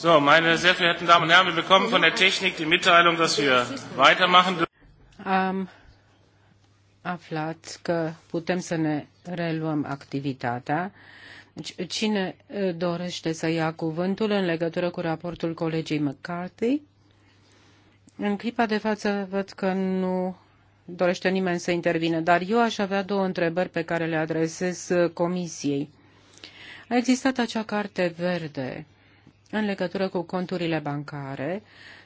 So, meine sehr verehrten Damen und Herren, wir bekommen von der Technik die Mitteilung, dass wir weitermachen dürfen. Am aflat că putem să ne reluăm activitatea. Deci, cine dorește să ia cuvântul în legătură cu raportul colegii McCarthy? În clipa de față văd că nu dorește nimeni să intervină, dar eu aș avea două întrebări pe care le adresez Comisiei. A existat acea carte verde în legătură cu conturile bancare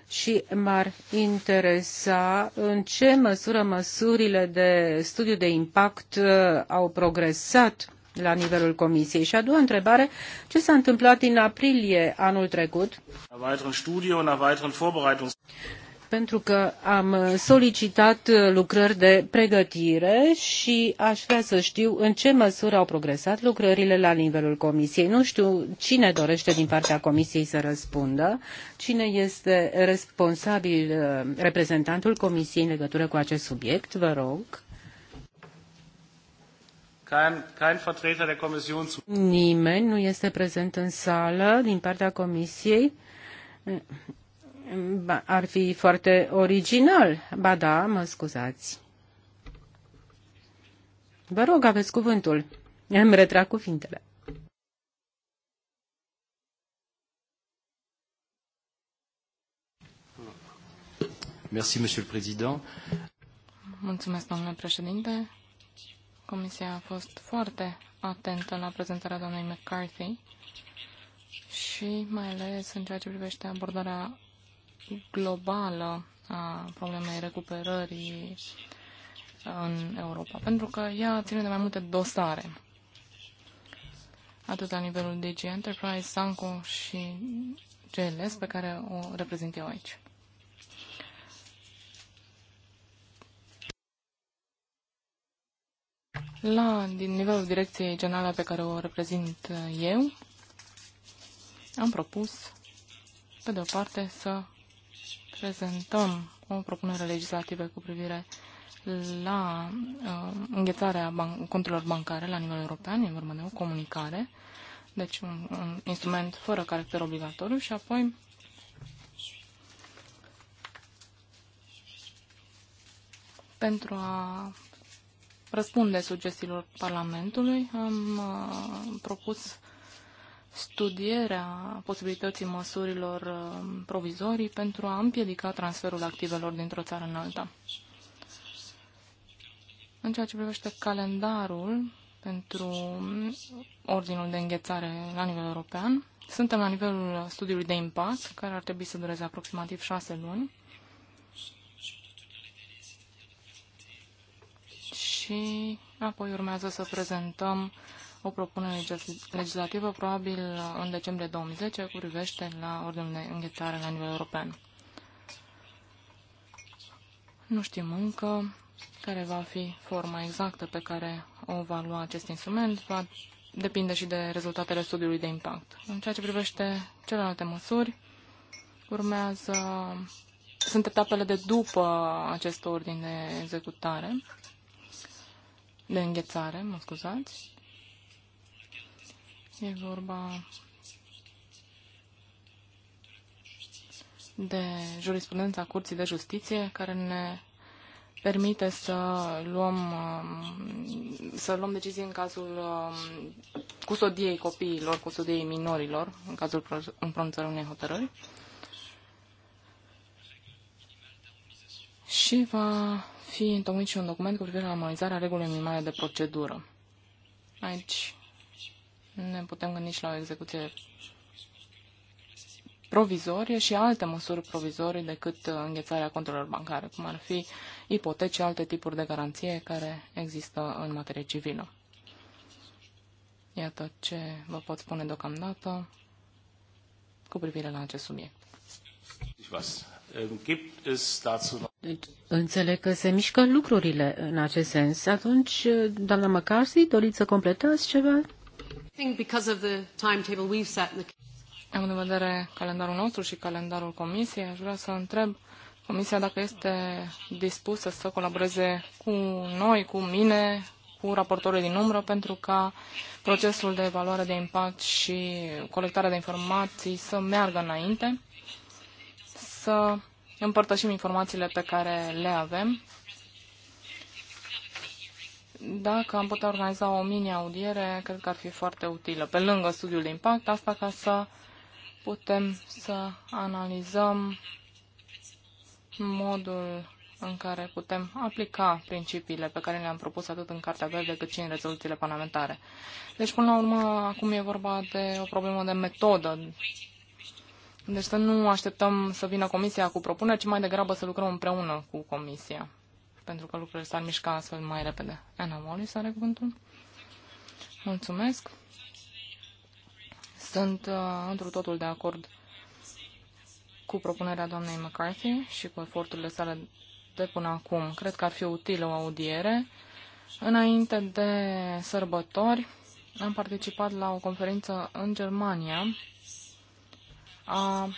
și m-ar interesa în ce măsură măsurile de studiu de impact uh, au progresat la nivelul Comisiei. Și a doua întrebare, ce s-a întâmplat din aprilie anul trecut? pentru că am solicitat uh, lucrări de pregătire și aș vrea să știu în ce măsură au progresat lucrările la nivelul Comisiei. Nu știu cine dorește din partea Comisiei să răspundă, cine este responsabil uh, reprezentantul Comisiei în legătură cu acest subiect, vă rog. Nimeni nu este prezent în sală din partea Comisiei ar fi foarte original. Ba da, mă scuzați. Vă rog, aveți cuvântul. Îmi retrag cuvintele. Merci, Monsieur le Président. Mulțumesc, domnule președinte. Comisia a fost foarte atentă la prezentarea doamnei McCarthy și mai ales în ceea ce privește abordarea globală a problemei recuperării în Europa, pentru că ea ține de mai multe dosare, atât la nivelul DG Enterprise, Sanco și GLS, pe care o reprezint eu aici. La din nivelul direcției generale pe care o reprezint eu, am propus, pe de o parte, să prezentăm o propunere legislativă cu privire la uh, înghețarea ban conturilor bancare la nivel european, e vorba de o comunicare, deci un, un instrument fără caracter obligatoriu și apoi pentru a răspunde sugestiilor Parlamentului am uh, propus studierea posibilității măsurilor uh, provizorii pentru a împiedica transferul activelor dintr-o țară în alta. În ceea ce privește calendarul pentru ordinul de înghețare la nivel european, suntem la nivelul studiului de impact, care ar trebui să dureze aproximativ șase luni. Și apoi urmează să prezentăm uh, o propunere legislativă, probabil în decembrie 2010, cu privește la ordinul de înghețare la nivel european. Nu știm încă care va fi forma exactă pe care o va lua acest instrument, va depinde și de rezultatele studiului de impact. În ceea ce privește celelalte măsuri, urmează, sunt etapele de după acest ordin de executare, de înghețare, mă scuzați, E vorba de jurisprudența Curții de Justiție care ne permite să luăm, um, să luăm decizii în cazul um, custodiei copiilor, custodiei minorilor, în cazul împrunțării unei hotărâri. Și va fi întocmit și un document cu privire la armonizarea regulii minimale de procedură. Aici ne putem gândi și la o execuție provizorie și alte măsuri provizorii decât uh, înghețarea conturilor bancare, cum ar fi ipoteci și alte tipuri de garanție care există în materie civilă. Iată ce vă pot spune deocamdată cu privire la acest subiect. Ähm, deci, înțeleg că se mișcă lucrurile în acest sens. Atunci, doamna McCarthy, doriți să completați ceva? Am în vedere calendarul nostru și calendarul comisiei, aș vrea să întreb comisia dacă este dispusă să colaboreze cu noi, cu mine, cu raportorul din umbră, pentru ca procesul de evaluare de impact și colectarea de informații să meargă înainte, să împărtășim informațiile pe care le avem dacă am putea organiza o mini-audiere, cred că ar fi foarte utilă, pe lângă studiul de impact, asta ca să putem să analizăm modul în care putem aplica principiile pe care le-am propus atât în Cartea Verde cât și în rezoluțiile parlamentare. Deci, până la urmă, acum e vorba de o problemă de metodă. Deci să nu așteptăm să vină Comisia cu propuneri, ci mai degrabă să lucrăm împreună cu Comisia pentru că lucrurile s-ar mișca astfel mai repede. Anna Wallis are cuvântul. Mulțumesc. Sunt uh, într totul de acord cu propunerea doamnei McCarthy și cu eforturile sale de până acum. Cred că ar fi utilă o audiere. Înainte de sărbători, am participat la o conferință în Germania a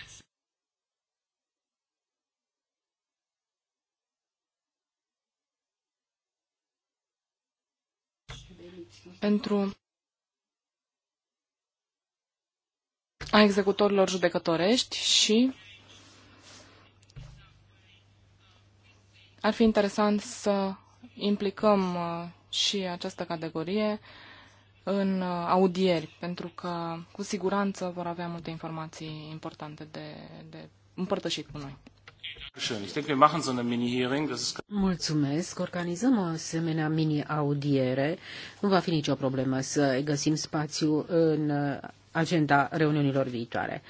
pentru a executorilor judecătorești și ar fi interesant să implicăm uh, și această categorie în uh, audieri, pentru că cu siguranță vor avea multe informații importante de, de împărtășit cu noi. Mulțumesc, organizăm o asemenea mini-audiere. Nu va fi nicio problemă să găsim spațiu în uh, agenda reuniunilor viitoare.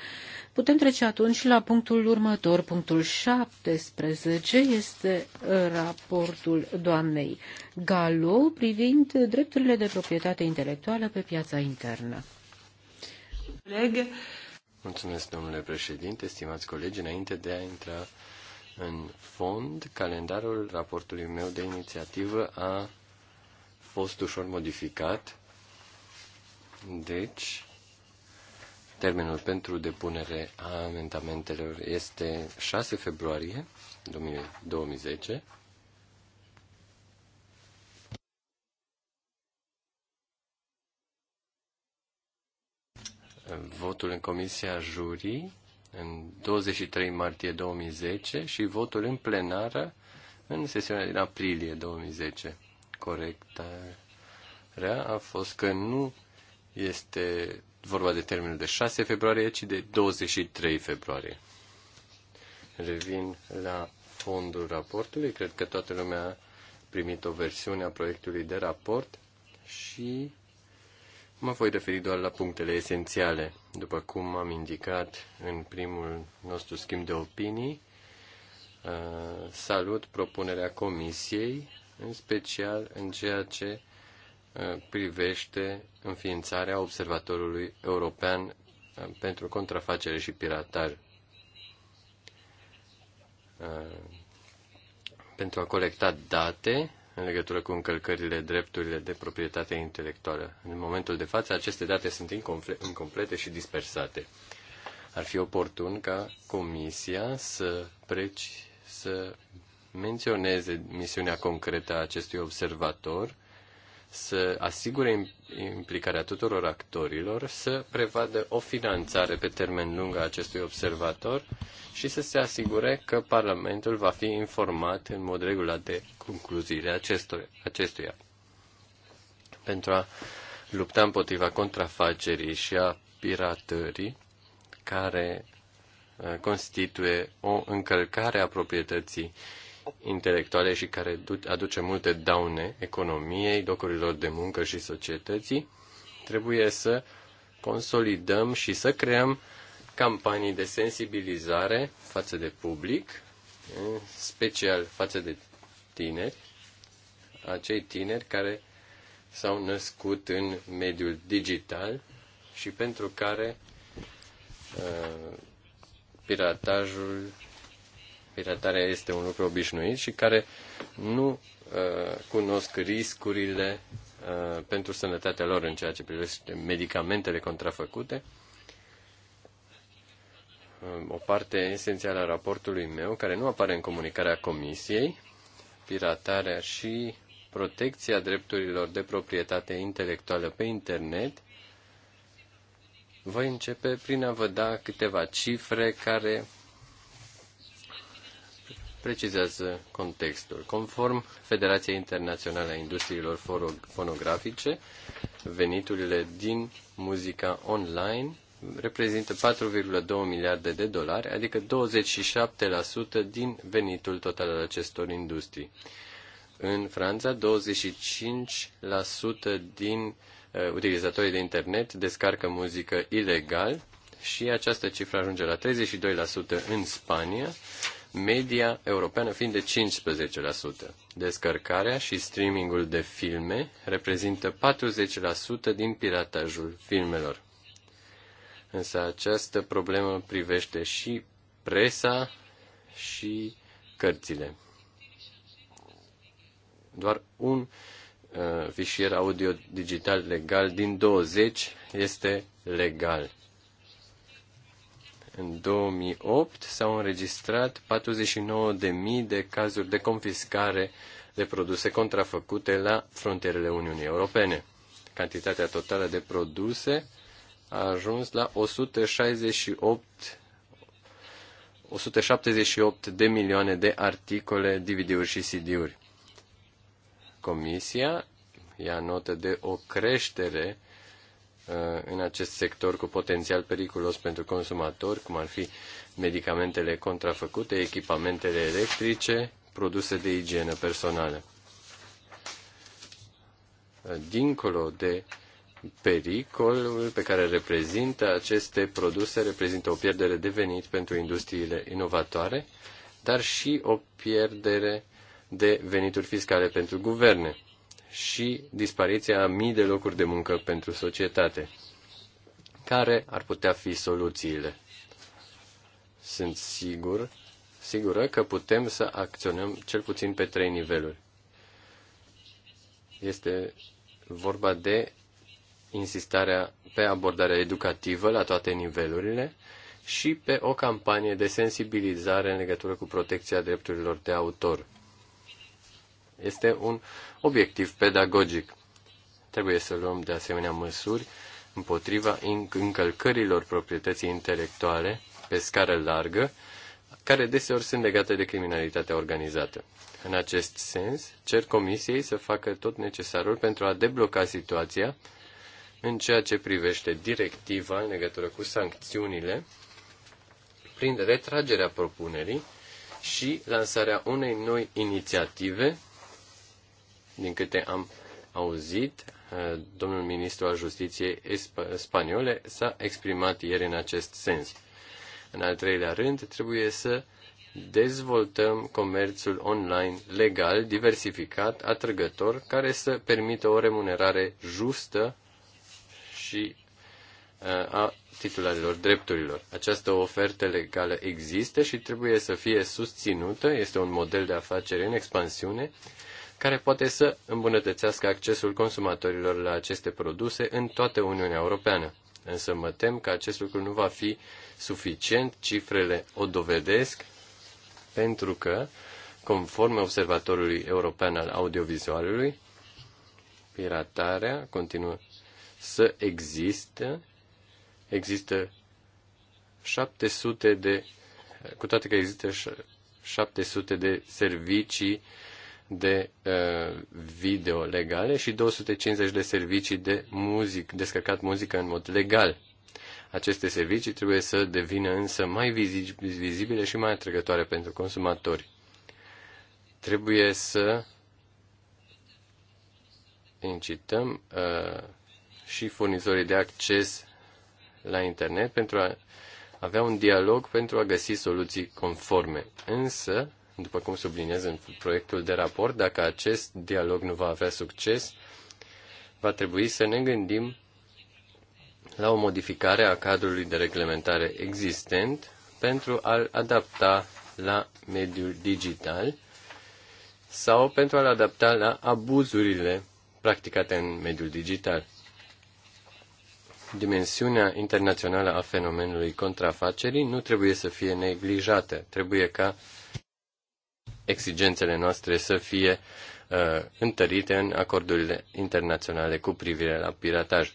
Putem trece atunci la punctul următor, punctul 17, este uh, raportul doamnei Galo privind drepturile de proprietate intelectuală pe piața internă. Coleg. Mulțumesc, domnule președinte, stimați colegi, înainte de a intra în fond, calendarul raportului meu de inițiativă a fost ușor modificat. Deci, termenul pentru depunere a amendamentelor este 6 februarie 2010. Votul în comisia jurii în 23 martie 2010 și votul în plenară în sesiunea din aprilie 2010. Corectarea a fost că nu este vorba de termenul de 6 februarie, ci de 23 februarie. Revin la fondul raportului. Cred că toată lumea a primit o versiune a proiectului de raport și Mă voi referi doar la punctele esențiale. După cum am indicat în primul nostru schimb de opinii, uh, salut propunerea Comisiei, în special în ceea ce uh, privește înființarea Observatorului European uh, pentru Contrafacere și Piratar pentru a colecta date în legătură cu încălcările drepturile de proprietate intelectuală. În momentul de față, aceste date sunt incomplete și dispersate. Ar fi oportun ca Comisia să, preci, să menționeze misiunea concretă a acestui observator să asigure implicarea tuturor actorilor, să prevadă o finanțare pe termen lung a acestui observator și să se asigure că Parlamentul va fi informat în mod regulat de concluziile acestuia. Pentru a lupta împotriva contrafacerii și a piratării, care uh, constituie o încălcare a proprietății intelectuale și care aduce multe daune economiei, locurilor de muncă și societății, trebuie să consolidăm și să creăm campanii de sensibilizare față de public, în special față de tineri, acei tineri care s-au născut în mediul digital și pentru care uh, piratajul Piratarea este un lucru obișnuit și care nu uh, cunosc riscurile uh, pentru sănătatea lor în ceea ce privește medicamentele contrafăcute. Um, o parte esențială a raportului meu, care nu apare în comunicarea Comisiei, piratarea și protecția drepturilor de proprietate intelectuală pe internet, voi începe prin a vă da câteva cifre care precizează contextul. Conform Federației Internaționale a Industriilor Fonografice, veniturile din muzica online reprezintă 4,2 miliarde de dolari, adică 27% din venitul total al acestor industrii. În Franța, 25% din uh, utilizatorii de internet descarcă muzică ilegal și această cifră ajunge la 32% în Spania media europeană fiind de 15%. Descărcarea și streamingul de filme reprezintă 40% din piratajul filmelor. Însă această problemă privește și presa și cărțile. Doar un uh, fișier audio digital legal din 20 este legal. În 2008 s-au înregistrat 49.000 de cazuri de confiscare de produse contrafăcute la frontierele Uniunii Europene. Cantitatea totală de produse a ajuns la 168 178 de milioane de articole, DVD-uri și CD-uri. Comisia ia notă de o creștere Uh, în acest sector cu potențial periculos pentru consumatori, cum ar fi medicamentele contrafăcute, echipamentele electrice, produse de igienă personală. Uh, dincolo de pericolul pe care reprezintă aceste produse, reprezintă o pierdere de venit pentru industriile inovatoare, dar și o pierdere de venituri fiscale pentru guverne și dispariția a mii de locuri de muncă pentru societate. Care ar putea fi soluțiile? Sunt sigur, sigură că putem să acționăm cel puțin pe trei niveluri. Este vorba de insistarea pe abordarea educativă la toate nivelurile și pe o campanie de sensibilizare în legătură cu protecția drepturilor de autor este un obiectiv pedagogic. Trebuie să luăm de asemenea măsuri împotriva încălcărilor proprietății intelectuale pe scară largă, care deseori sunt legate de criminalitatea organizată. În acest sens, cer Comisiei să facă tot necesarul pentru a debloca situația în ceea ce privește directiva în legătură cu sancțiunile prin retragerea propunerii și lansarea unei noi inițiative din câte am auzit, eh, domnul ministru al justiției spaniole s-a exprimat ieri în acest sens. În al treilea rând, trebuie să dezvoltăm comerțul online legal, diversificat, atrăgător, care să permită o remunerare justă și eh, a titularilor drepturilor. Această ofertă legală există și trebuie să fie susținută, este un model de afacere în expansiune care poate să îmbunătățească accesul consumatorilor la aceste produse în toată Uniunea Europeană. Însă mă tem că acest lucru nu va fi suficient, cifrele o dovedesc, pentru că, conform Observatorului European al Audiovizualului, piratarea continuă să există. Există 700 de, cu toate că există 700 de servicii de uh, video legale și 250 de servicii de muzic, descărcat muzică în mod legal. Aceste servicii trebuie să devină însă mai vizibile și mai atrăgătoare pentru consumatori. Trebuie să incităm uh, și furnizorii de acces la internet pentru a avea un dialog pentru a găsi soluții conforme. Însă, după cum subliniez în proiectul de raport, dacă acest dialog nu va avea succes, va trebui să ne gândim la o modificare a cadrului de reglementare existent pentru a-l adapta la mediul digital sau pentru a-l adapta la abuzurile practicate în mediul digital. Dimensiunea internațională a fenomenului contrafacerii nu trebuie să fie neglijată. Trebuie ca exigențele noastre să fie uh, întărite în acordurile internaționale cu privire la pirataj.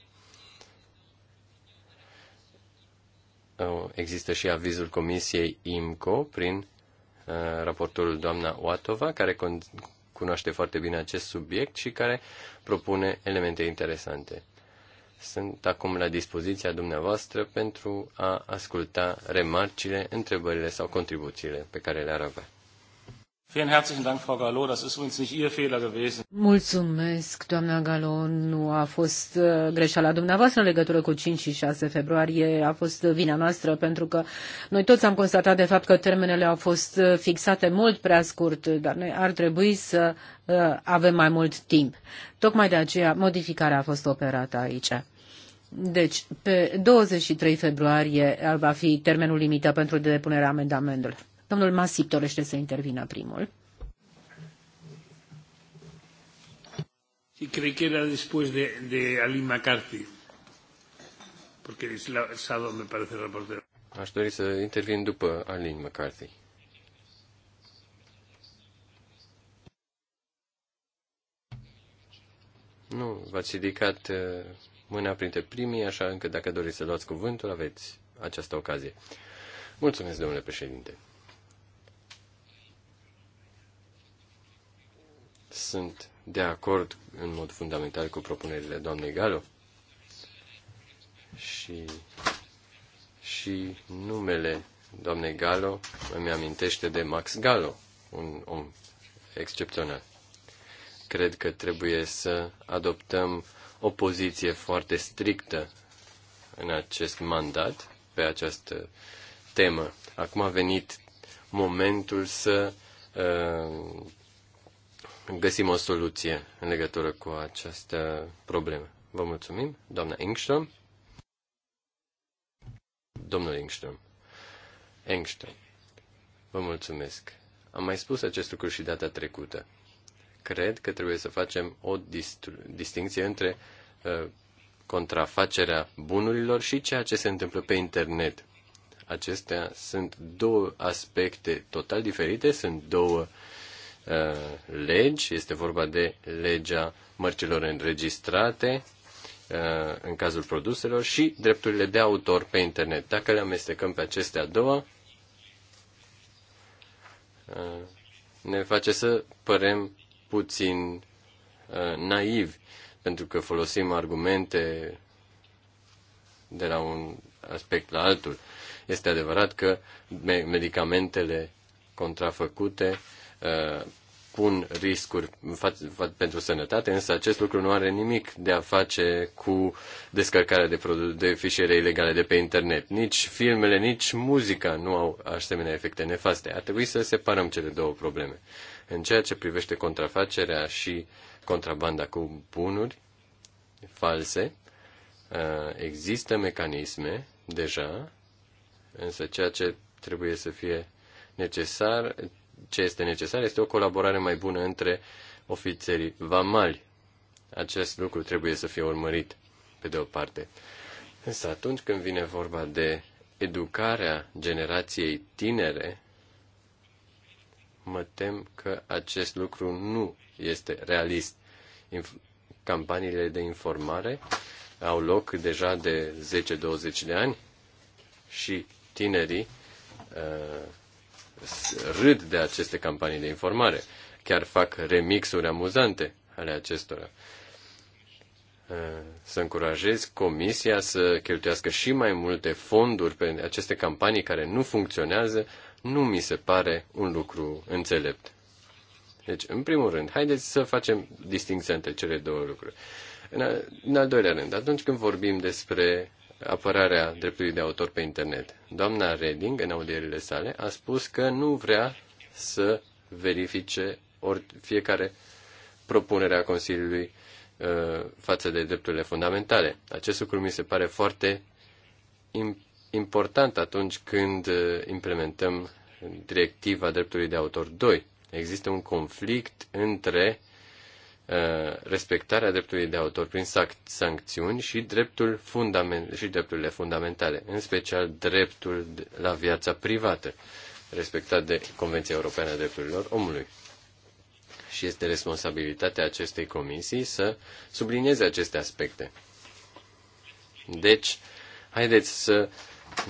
Uh, există și avizul Comisiei IMCO prin uh, raportul doamna Oatova, care cunoaște foarte bine acest subiect și care propune elemente interesante. Sunt acum la dispoziția dumneavoastră pentru a asculta remarcile, întrebările sau contribuțiile pe care le-ar avea. Vielen herzlichen Dank, Frau Gallo. Das ist übrigens nicht Ihr Fehler gewesen. Mulțumesc, doamna Gallo. Nu a fost uh, greșeala dumneavoastră în legătură cu 5 și 6 februarie. A fost vina noastră pentru că noi toți am constatat de fapt că termenele au fost uh, fixate mult prea scurt, dar noi ar trebui să uh, avem mai mult timp. Tocmai de aceea modificarea a fost operată aici. Deci, pe 23 februarie va fi termenul limită pentru depunerea amendamentelor. Domnul Masip dorește să intervină primul. Și cred că era después de, de Alin McCarthy, porque el sábado me parece reportero. Aș dori să intervin după Alin McCarthy. Nu, v-ați ridicat uh, mâna printre primii, așa încât dacă doriți să luați cuvântul, aveți această ocazie. Mulțumesc, domnule președinte. Sunt de acord în mod fundamental cu propunerile doamnei Galo și, și numele doamnei Galo îmi amintește de Max Galo, un om excepțional. Cred că trebuie să adoptăm o poziție foarte strictă în acest mandat, pe această temă. Acum a venit momentul să uh, găsim o soluție în legătură cu această problemă. Vă mulțumim, doamna Engström. Domnul Engström. Engström. Vă mulțumesc. Am mai spus acest lucru și data trecută. Cred că trebuie să facem o distinție între uh, contrafacerea bunurilor și ceea ce se întâmplă pe internet. Acestea sunt două aspecte total diferite, sunt două uh, Uh, legi. Este vorba de legea mărcilor înregistrate uh, în cazul produselor și drepturile de autor pe internet. Dacă le amestecăm pe acestea două, uh, ne face să părem puțin naivi, pentru că folosim argumente de la un aspect la altul. Este adevărat că medicamentele contrafăcute Uh, pun riscuri pentru sănătate, însă acest lucru nu are nimic de a face cu descărcarea de, de fișiere ilegale de pe internet. Nici filmele, nici muzica nu au asemenea efecte nefaste. Ar trebui să separăm cele două probleme. În ceea ce privește contrafacerea și contrabanda cu bunuri false, uh, există mecanisme deja, însă ceea ce trebuie să fie necesar ce este necesar este o colaborare mai bună între ofițerii vamali. Acest lucru trebuie să fie urmărit, pe de o parte. Însă atunci când vine vorba de educarea generației tinere, mă tem că acest lucru nu este realist. Inf- campaniile de informare au loc deja de 10-20 de ani și tinerii uh, râd de aceste campanii de informare. Chiar fac remixuri amuzante ale acestora. Uh, să încurajez Comisia să cheltuiască și mai multe fonduri pe aceste campanii care nu funcționează, nu mi se pare un lucru înțelept. Deci, în primul rând, haideți să facem distinția între cele două lucruri. În, al doilea rând, atunci când vorbim despre apărarea dreptului de autor pe internet. Doamna Reding, în audierile sale, a spus că nu vrea să verifice ori fiecare propunere a Consiliului uh, față de drepturile fundamentale. Acest lucru mi se pare foarte important atunci când uh, implementăm directiva dreptului de autor 2. Există un conflict între Uh, respectarea dreptului de autor prin sancțiuni și, dreptul fundament, și drepturile fundamentale, în special dreptul la viața privată, respectat de Convenția Europeană a Drepturilor Omului. Și este responsabilitatea acestei comisii să sublinieze aceste aspecte. Deci, haideți să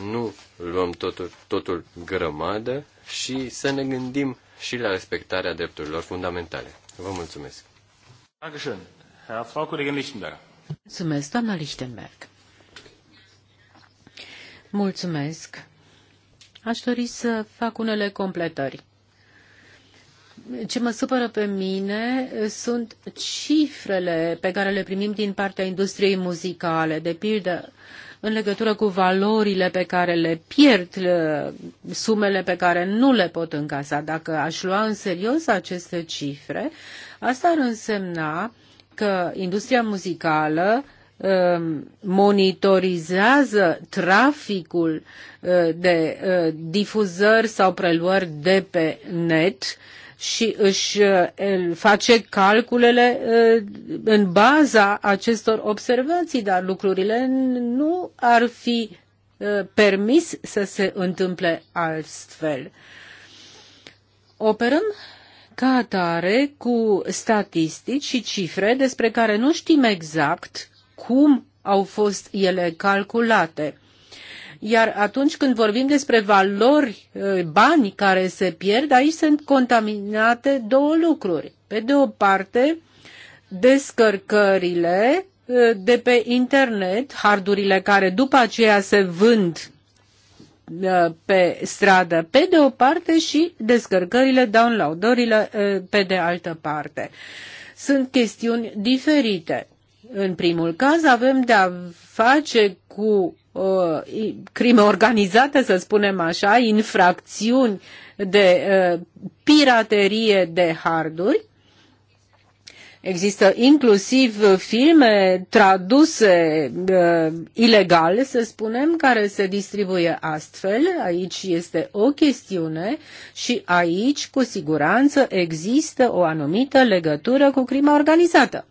nu luăm totul, totul grămadă și să ne gândim și la respectarea drepturilor fundamentale. Vă mulțumesc! Dankeschön. Herr Frau Kollegin Lichtenberger. Mulțumesc, doamna Lichtenberg. Mulțumesc. Aș dori să fac unele completări. Ce mă supără pe mine sunt cifrele pe care le primim din partea industriei muzicale. De pildă, în legătură cu valorile pe care le pierd, uh, sumele pe care nu le pot încasa. Dacă aș lua în serios aceste cifre, asta ar însemna că industria muzicală um, monitorizează traficul uh, de uh, difuzări sau preluări de pe net și își uh, face calculele uh, în baza acestor observații, dar lucrurile nu ar fi uh, permis să se întâmple altfel. Operăm ca atare cu statistici și cifre despre care nu știm exact cum au fost ele calculate. Iar atunci când vorbim despre valori, bani care se pierd, aici sunt contaminate două lucruri. Pe de o parte, descărcările de pe internet, hardurile care după aceea se vând pe stradă pe de o parte și descărcările, downloadurile pe de altă parte. Sunt chestiuni diferite. În primul caz avem de a face cu o crime organizate, să spunem așa, infracțiuni de uh, piraterie de harduri. Există inclusiv filme traduse uh, ilegal, să spunem, care se distribuie astfel. Aici este o chestiune și aici, cu siguranță, există o anumită legătură cu crima organizată.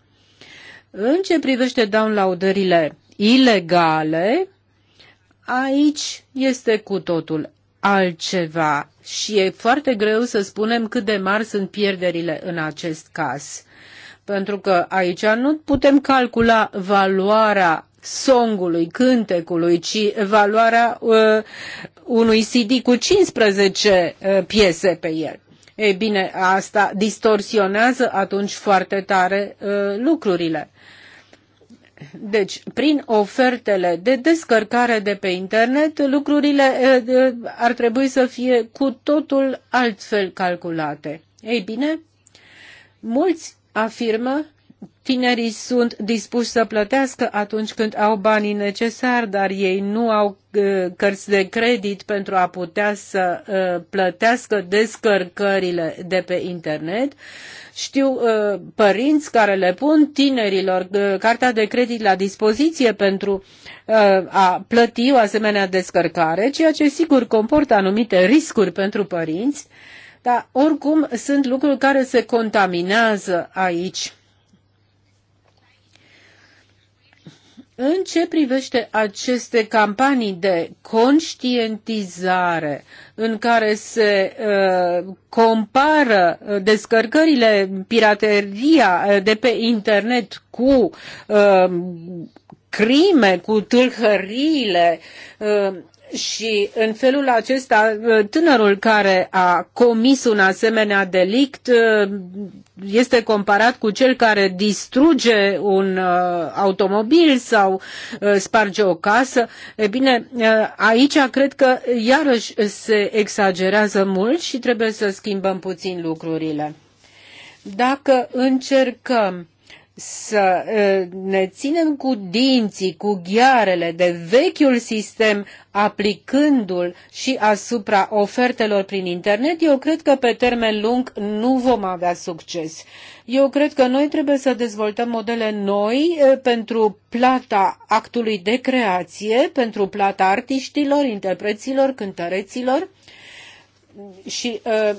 În ce privește downloadările ilegale, Aici este cu totul altceva și e foarte greu să spunem cât de mari sunt pierderile în acest caz. Pentru că aici nu putem calcula valoarea songului, cântecului, ci valoarea uh, unui CD cu 15 uh, piese pe el. E bine, asta distorsionează atunci foarte tare uh, lucrurile. Uh, deci, prin ofertele de descărcare de pe internet, lucrurile ar trebui să fie cu totul altfel calculate. Ei bine, mulți afirmă tinerii sunt dispuși să plătească atunci când au banii necesari, dar ei nu au uh, cărți de credit pentru a putea să uh, plătească descărcările de pe internet. Știu uh, părinți care le pun tinerilor cartea de credit la dispoziție pentru a plăti o asemenea descărcare, ceea ce sigur comportă anumite riscuri pentru părinți, dar oricum sunt lucruri care se contaminează aici În ce privește aceste campanii de conștientizare în care se uh, compară uh, descărcările, pirateria uh, de pe internet cu uh, crime, cu tâlhăriile, uh, și în felul acesta, ă, tânărul care a comis un asemenea delict ă, este comparat cu cel care distruge un ă, automobil sau sparge o casă. E bine, aici cred că iarăși se exagerează mult și trebuie să schimbăm puțin lucrurile. Dacă încercăm să ne ținem cu dinții, cu ghearele de vechiul sistem, aplicându-l și asupra ofertelor prin internet, eu cred că pe termen lung nu vom avea succes. Eu cred că noi trebuie să dezvoltăm modele noi pentru plata actului de creație, pentru plata artiștilor, interpreților, cântăreților și uh,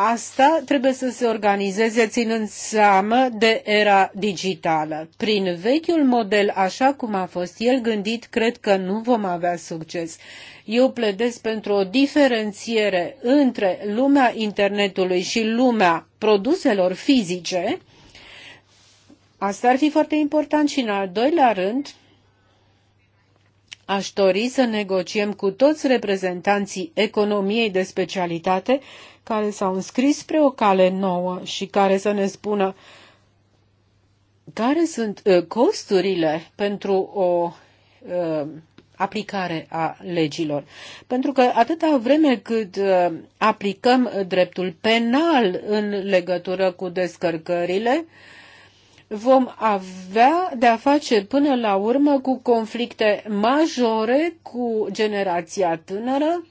Asta trebuie să se organizeze ținând seamă de era digitală. Prin vechiul model, așa cum a fost el gândit, cred că nu vom avea succes. Eu pledez pentru o diferențiere între lumea internetului și lumea produselor fizice. Asta ar fi foarte important și în al doilea rând, Aș dori să negociem cu toți reprezentanții economiei de specialitate care s-au înscris spre o cale nouă și care să ne spună care sunt uh, costurile pentru o uh, aplicare a legilor. Pentru că atâta vreme cât uh, aplicăm dreptul penal în legătură cu descărcările, vom avea de a face până la urmă cu conflicte majore cu generația tânără.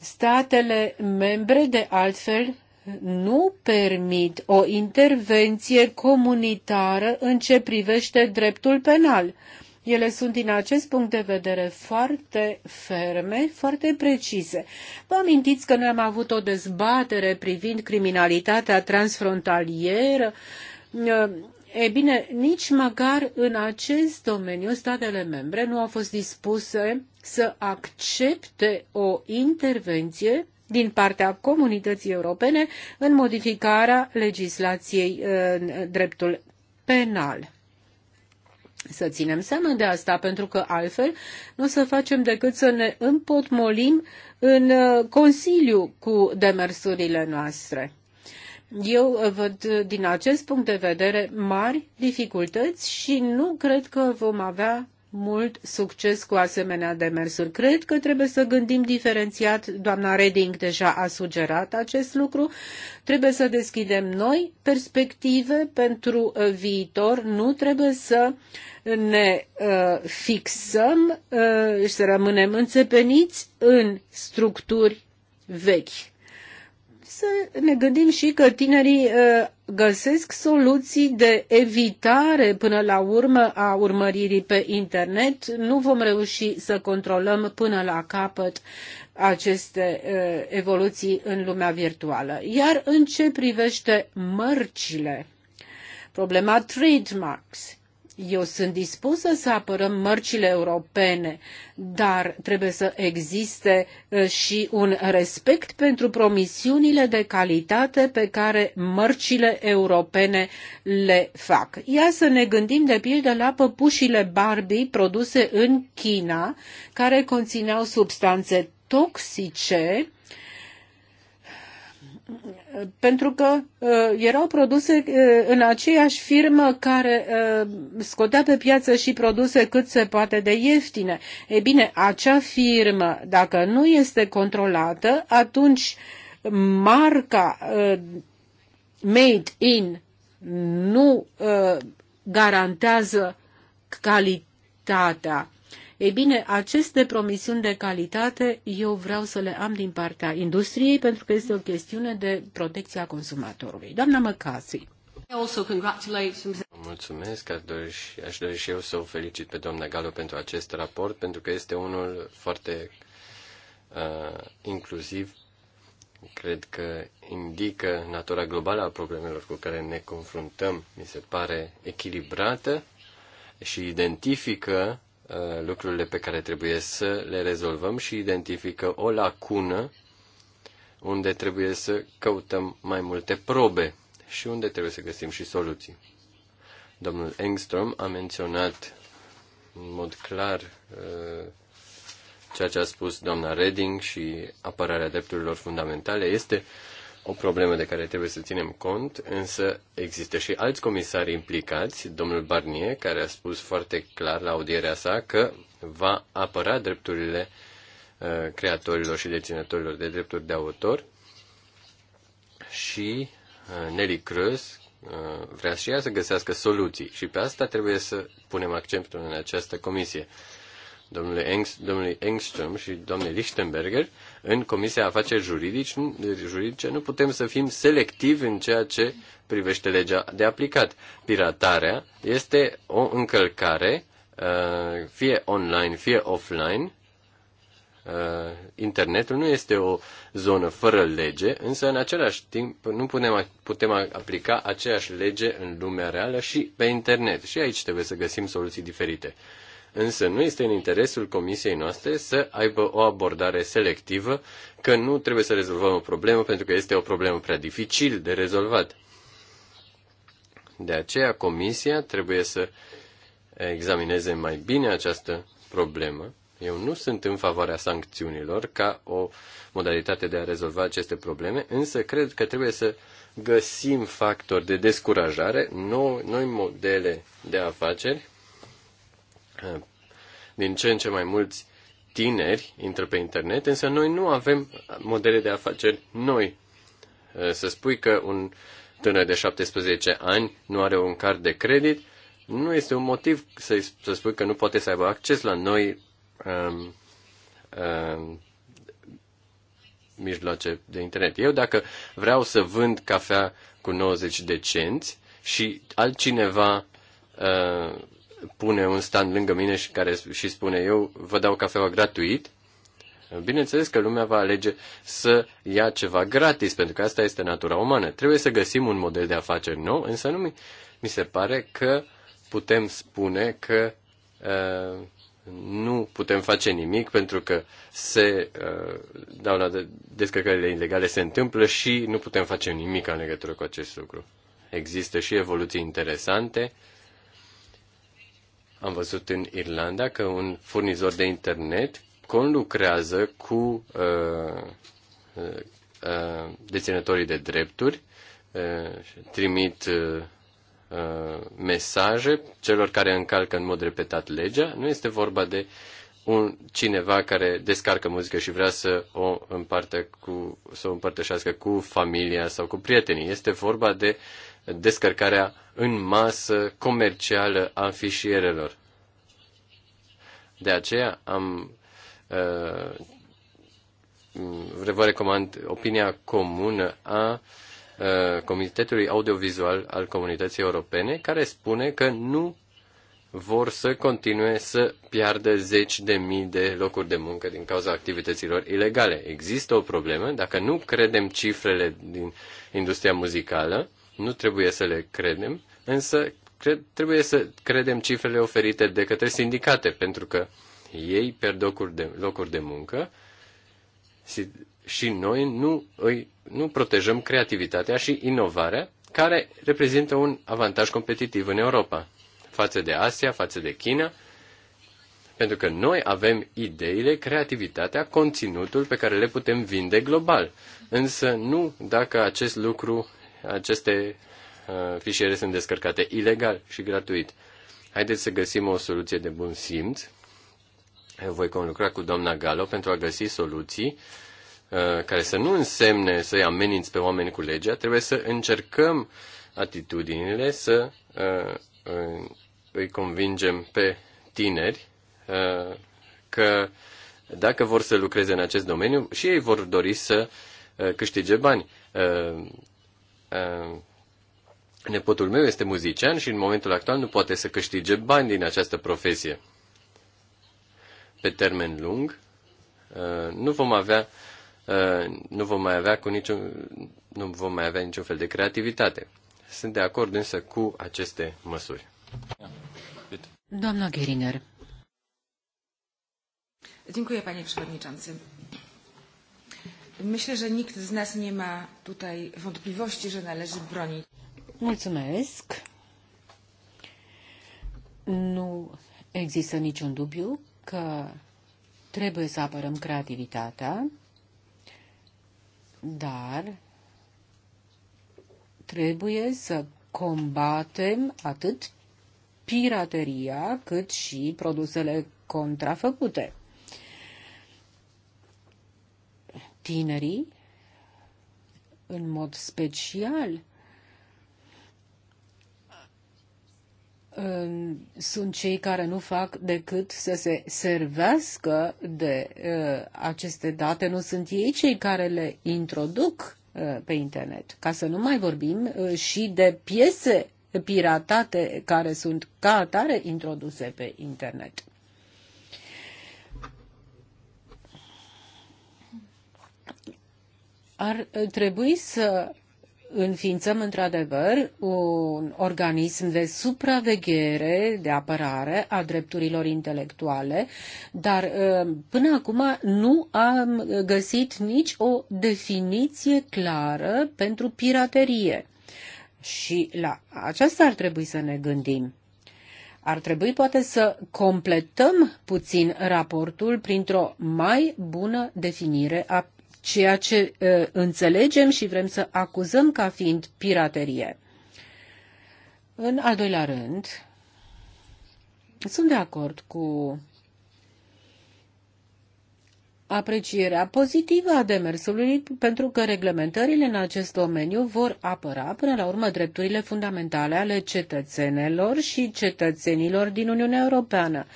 Statele membre, de altfel, nu permit o intervenție comunitară în ce privește dreptul penal. Ele sunt din acest punct de vedere foarte ferme, foarte precise. Vă amintiți că noi am avut o dezbatere privind criminalitatea transfrontalieră Eh, e bine, nici măcar în acest domeniu statele membre nu au fost dispuse să accepte o intervenție din partea comunității europene în modificarea legislației eh, în dreptul penal. Să ținem seama de asta, pentru că altfel nu o să facem decât să ne împotmolim în eh, Consiliu cu demersurile noastre. Eu uh, văd uh, din acest punct de vedere mari dificultăți și nu cred că vom avea mult succes cu asemenea demersuri. Cred că trebuie să gândim diferențiat, doamna Reding deja a sugerat acest lucru, trebuie să deschidem noi perspective pentru uh, viitor, nu trebuie să ne uh, fixăm uh, și să rămânem înțepeniți în structuri vechi să ne gândim și că tinerii uh, găsesc soluții de evitare până la urmă a urmăririi pe internet. Nu vom reuși să controlăm până la capăt aceste uh, evoluții în lumea virtuală. Iar în ce privește mărcile, problema trademarks, eu sunt dispusă să apărăm mărcile europene, dar trebuie să existe uh, și un respect pentru promisiunile de calitate pe care mărcile europene le fac. Ia să ne gândim de pildă la păpușile Barbie produse în China, care conțineau substanțe toxice pentru că uh, erau produse uh, în aceeași firmă care uh, scotea pe piață și produse cât se poate de ieftine. E bine, acea firmă, dacă nu este controlată, atunci marca made in nu garantează calitatea ei bine, aceste promisiuni de calitate eu vreau să le am din partea industriei pentru că este o chestiune de protecția consumatorului. Doamna Măcasi. Mulțumesc, aș dori, și, aș dori și eu să o felicit pe doamna Galo pentru acest raport, pentru că este unul foarte uh, inclusiv. Cred că indică natura globală a problemelor cu care ne confruntăm, mi se pare echilibrată și identifică Uh, lucrurile pe care trebuie să le rezolvăm și identifică o lacună unde trebuie să căutăm mai multe probe și unde trebuie să găsim și soluții. Domnul Engstrom a menționat în mod clar uh, ceea ce a spus doamna Reding și apărarea drepturilor fundamentale este o problemă de care trebuie să ținem cont, însă există și alți comisari implicați, domnul Barnier, care a spus foarte clar la audierea sa că va apăra drepturile uh, creatorilor și deținătorilor de drepturi de autor și uh, Nelly Cruz uh, vrea și ea să găsească soluții și pe asta trebuie să punem accentul în această comisie domnului, Eng, domnului Engström și domnului Lichtenberger, în Comisia Afaceri Juridici, Juridice nu putem să fim selectivi în ceea ce privește legea de aplicat. Piratarea este o încălcare, uh, fie online, fie offline. Uh, internetul nu este o zonă fără lege, însă în același timp nu putem, putem aplica aceeași lege în lumea reală și pe internet. Și aici trebuie să găsim soluții diferite. Însă nu este în interesul comisiei noastre să aibă o abordare selectivă că nu trebuie să rezolvăm o problemă pentru că este o problemă prea dificil de rezolvat. De aceea comisia trebuie să examineze mai bine această problemă. Eu nu sunt în favoarea sancțiunilor ca o modalitate de a rezolva aceste probleme, însă cred că trebuie să găsim factori de descurajare, noi, noi modele de afaceri din ce în ce mai mulți tineri intră pe internet, însă noi nu avem modele de afaceri noi. Să spui că un tânăr de 17 ani nu are un card de credit, nu este un motiv să, să spui că nu poate să aibă acces la noi um, um, mijloace de internet. Eu dacă vreau să vând cafea cu 90 de cenți și altcineva uh, pune un stand lângă mine și care și spune eu vă dau cafeaua gratuit, bineînțeles că lumea va alege să ia ceva gratis, pentru că asta este natura umană. Trebuie să găsim un model de afaceri nou, însă nu mi, mi se pare că putem spune că uh, nu putem face nimic pentru că se uh, dau la descărcările ilegale se întâmplă și nu putem face nimic în legătură cu acest lucru. Există și evoluții interesante uh, am văzut în Irlanda că un furnizor de internet conlucrează cu uh, uh, uh deținătorii de drepturi, uh, trimit uh, uh, mesaje celor care încalcă în mod repetat legea. Nu este vorba de un cineva care descarcă muzică și vrea să o împarte cu, să o împărtășească cu familia sau cu prietenii. Este vorba de uh, descărcarea în masă comercială a fișierelor. De aceea am uh, vă recomand opinia comună a uh, Comitetului Audiovizual al Comunității Europene, care spune că nu vor să continue să piardă zeci de mii de locuri de muncă din cauza activităților ilegale. Există o problemă, dacă nu credem cifrele din industria muzicală, nu trebuie să le credem, însă cred, trebuie să credem cifrele oferite de către sindicate, pentru că ei pierd locuri de, locuri de muncă și noi nu, îi, nu protejăm creativitatea și inovarea, care reprezintă un avantaj competitiv în Europa, față de Asia, față de China, pentru că noi avem ideile, creativitatea, conținutul pe care le putem vinde global. Însă nu dacă acest lucru aceste uh, fișiere sunt descărcate ilegal și gratuit. Haideți să găsim o soluție de bun simț. Eu voi conlucra cu doamna Galo pentru a găsi soluții uh, care să nu însemne să-i ameninți pe oameni cu legea, trebuie să încercăm atitudinile, să uh, îi convingem pe tineri că dacă vor să lucreze în acest domeniu și ei vor dori să câștige bani. Uh, nepotul meu este muzician și în momentul actual nu poate să câștige bani din această profesie. Pe termen lung, uh, nu vom avea uh, nu vom mai avea cu niciun, nu vom mai avea niciun fel de creativitate. Sunt de acord însă cu aceste măsuri. Doamna Geringer. Dziękuję, panie przewodniczący. Myślę, że nikt z nas nie ma tutaj wątpliwości, że należy bronić. Mulțumesc. Nu există niciun dubiu că trebuie să apărăm creativitatea, dar trebuie să combatem atât pirateria cât și produsele contrafăcute. tinerii, în mod special, sunt cei care nu fac decât să se servească de uh, aceste date, nu sunt ei cei care le introduc uh, pe internet. Ca să nu mai vorbim uh, și de piese piratate care sunt ca atare introduse pe internet. ar uh, trebui să înființăm într-adevăr un organism de supraveghere, de apărare a drepturilor intelectuale, dar uh, până acum nu am găsit nici o definiție clară pentru piraterie. Și la aceasta ar trebui să ne gândim. Ar trebui poate să completăm puțin raportul printr-o mai bună definire a ceea ce înțelegem și vrem să acuzăm ca fiind piraterie. În al doilea rând, sunt de acord cu aprecierea pozitivă a demersului pentru că reglementările în acest domeniu vor apăra până la urmă drepturile fundamentale ale cetățenilor și cetățenilor din Uniunea Europeană.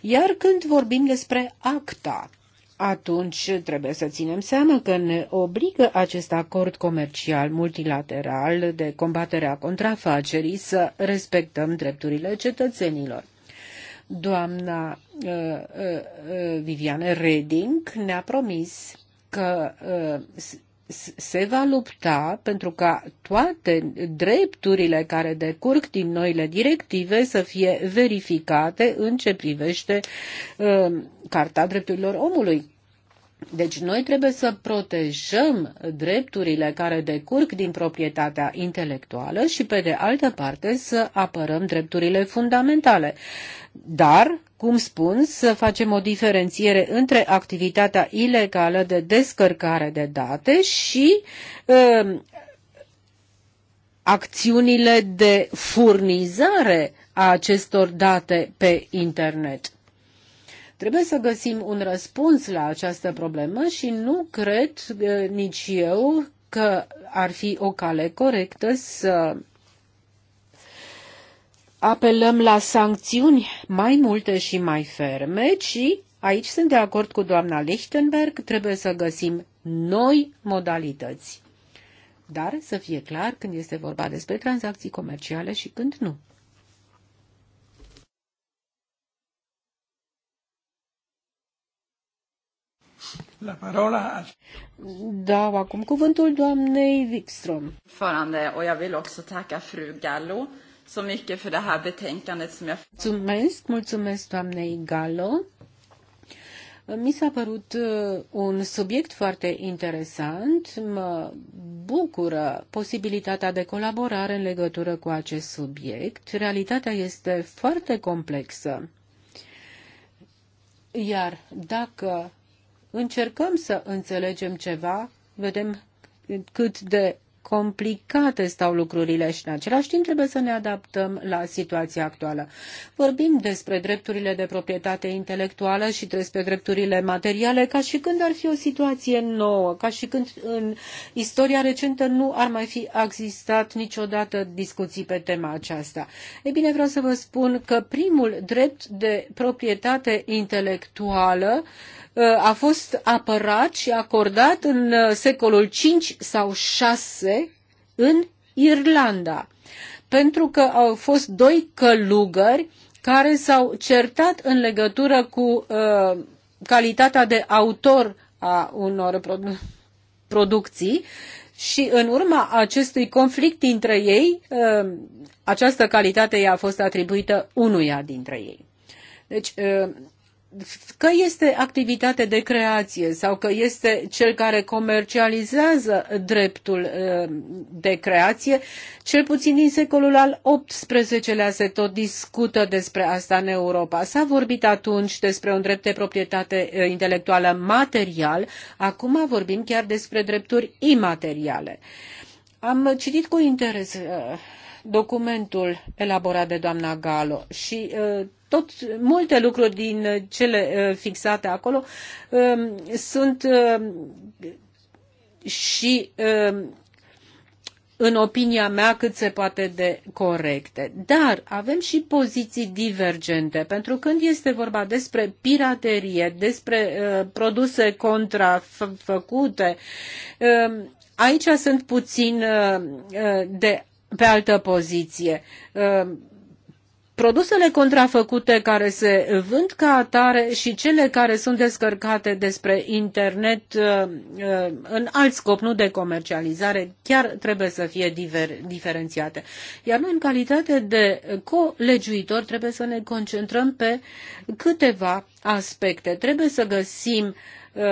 Iar când vorbim despre acta, atunci trebuie să ținem seama că ne obligă acest acord comercial multilateral de combatere a contrafacerii să respectăm drepturile cetățenilor. Doamna uh, uh, uh Viviane Reding ne-a promis că uh, se va lupta pentru ca toate drepturile care decurg din noile directive să fie verificate în ce privește uh, Carta Drepturilor Omului. Deci noi trebuie să protejăm drepturile care decurg din proprietatea intelectuală și, pe de altă parte, să apărăm drepturile fundamentale. Dar, cum spun, să facem o diferențiere între activitatea ilegală de descărcare de date și uh, acțiunile de furnizare a acestor date pe internet. Trebuie să găsim un răspuns la această problemă și nu cred nici eu că ar fi o cale corectă să apelăm la sancțiuni mai multe și mai ferme, ci aici sunt de acord cu doamna Lichtenberg, trebuie să găsim noi modalități. Dar să fie clar când este vorba despre tranzacții comerciale și când nu. La parola. Dau acum cuvântul doamnei Wikström. Förande, och jag vill också tacka fru Gallo så mycket för det här betänkandet som jag... Mulțumesc, mulțumesc doamnei Gallo. Mi s-a părut uh, un subiect foarte interesant. Mă bucură posibilitatea de colaborare în legătură cu acest subiect. Realitatea este foarte complexă. Iar dacă încercăm să înțelegem ceva, vedem cât de complicate stau lucrurile și în același timp trebuie să ne adaptăm la situația actuală. Vorbim despre drepturile de proprietate intelectuală și despre drepturile materiale ca și când ar fi o situație nouă, ca și când în istoria recentă nu ar mai fi existat niciodată discuții pe tema aceasta. E bine, vreau să vă spun că primul drept de proprietate intelectuală uh, Uh, a fost apărat și acordat în uh, secolul 5 sau 6 în Irlanda, pentru că au fost doi călugări care s-au certat în legătură cu uh, calitatea de autor a unor produ- producții și în urma acestui conflict dintre ei, uh, această calitate i-a fost atribuită unuia dintre ei. Deci, uh, că este activitate de creație sau că este cel care comercializează dreptul uh, de creație, cel puțin din secolul al XVIII-lea se tot discută despre asta în Europa. S-a vorbit atunci despre un drept de proprietate uh, intelectuală material, acum vorbim chiar despre drepturi imateriale. Am citit cu interes uh, documentul elaborat de doamna Galo și tot multe lucruri din uh, cele uh, fixate acolo um, sunt um, și um, în opinia mea, cât se poate de corecte. Dar avem și poziții divergente, pentru când este vorba despre piraterie, despre uh, produse contrafăcute, uh, aici sunt puțin uh, uh, de pe altă poziție. Uh, produsele contrafăcute care se vând ca atare și cele care sunt descărcate despre internet uh, uh, în alt scop, nu de comercializare, chiar trebuie să fie diver, diferențiate. Iar noi, în calitate de colegiuitor, trebuie să ne concentrăm pe câteva aspecte. Trebuie să găsim uh,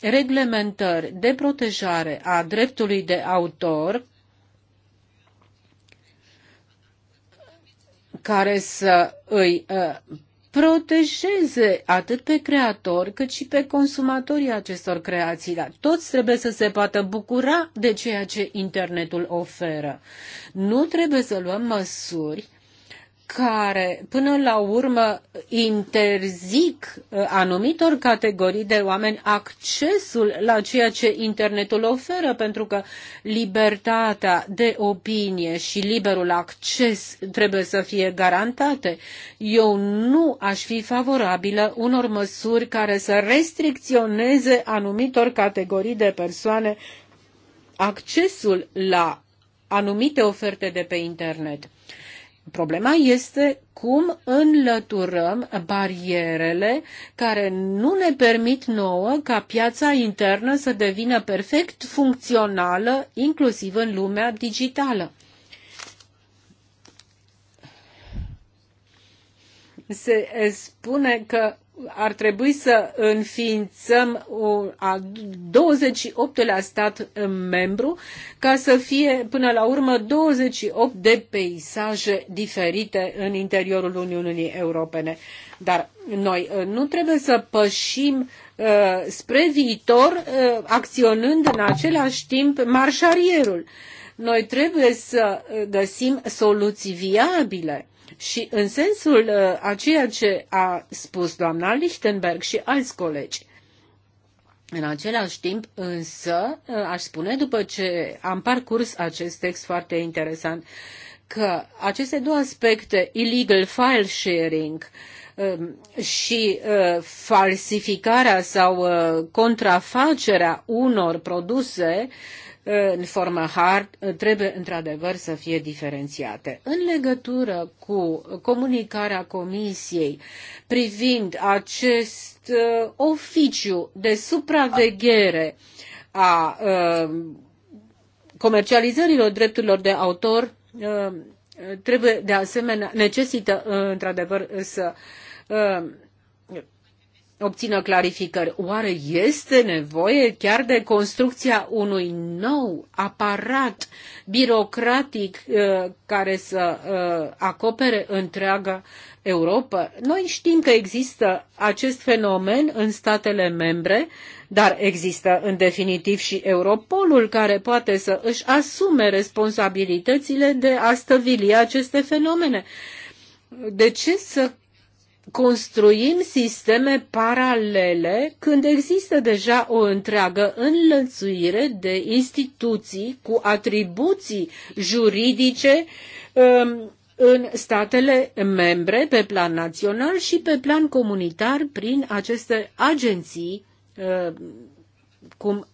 reglementări de protejare a dreptului de autor, care să îi uh, protejeze atât pe creator cât și pe consumatorii acestor creații. Dar toți trebuie să se poată bucura de ceea ce internetul oferă. Nu trebuie să luăm măsuri care până la urmă interzic uh, anumitor categorii de oameni accesul la ceea ce internetul oferă, pentru că libertatea de opinie și liberul acces trebuie să fie garantate. Eu nu aș fi favorabilă unor măsuri care să restricționeze anumitor categorii de persoane accesul la anumite oferte de pe internet Problema este cum înlăturăm barierele care nu ne permit nouă ca piața internă să devină perfect funcțională, inclusiv în lumea digitală. Se spune că ar trebui să înființăm a 28-lea stat membru ca să fie până la urmă 28 de peisaje diferite în interiorul Uniunii Europene. Dar noi uh, nu trebuie să pășim uh, spre viitor uh, acționând în același timp marșarierul. Noi trebuie să uh, găsim soluții viabile și în sensul uh, a ceea ce a spus doamna Lichtenberg și alți colegi, în același timp, însă, uh, aș spune, după ce am parcurs acest text foarte interesant, că aceste două aspecte, illegal file sharing um, și uh, falsificarea sau contrafacerea unor produse, în formă hard trebuie într-adevăr să fie diferențiate. În legătură cu comunicarea Comisiei privind acest uh, oficiu de supraveghere a uh, comercializărilor drepturilor de autor, uh, trebuie de asemenea necesită într-adevăr să obțină clarificări. Oare este nevoie chiar de construcția unui nou aparat birocratic uh, care să uh, acopere întreaga Europa? Noi știm că există acest fenomen în statele membre, dar există în definitiv și Europolul care poate să își asume responsabilitățile de a stăvili aceste fenomene. De ce să construim sisteme paralele când există deja o întreagă înlănțuire de instituții cu atribuții juridice um, în statele membre pe plan național și pe plan comunitar prin aceste agenții uh, cum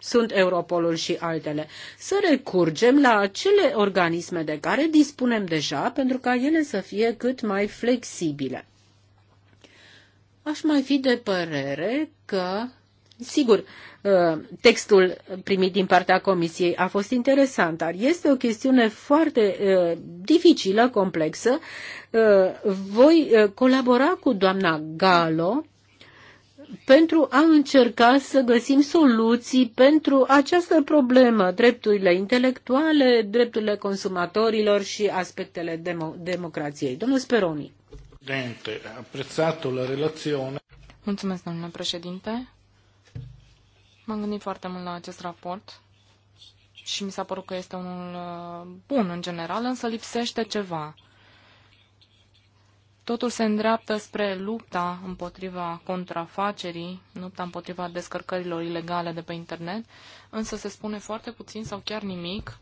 sunt Europolul și altele, să recurgem la acele organisme de care dispunem deja pentru ca ele să fie cât mai flexibile. Aș mai fi de părere că, sigur, ă, textul primit din partea Comisiei a fost interesant, dar este o chestiune foarte ă, dificilă, complexă. Ă, voi colabora cu doamna Galo pentru a încerca să găsim soluții pentru această problemă, drepturile intelectuale, drepturile consumatorilor și aspectele demo- democrației. Domnul Speroni. Președinte, apprezzato la relazione. Mulțumesc, domnule președinte. M-am gândit foarte mult la acest raport și mi s-a părut că este unul uh, bun în general, însă lipsește ceva. Totul se îndreaptă spre lupta împotriva contrafacerii, lupta împotriva descărcărilor ilegale de pe internet, însă se spune foarte puțin sau chiar nimic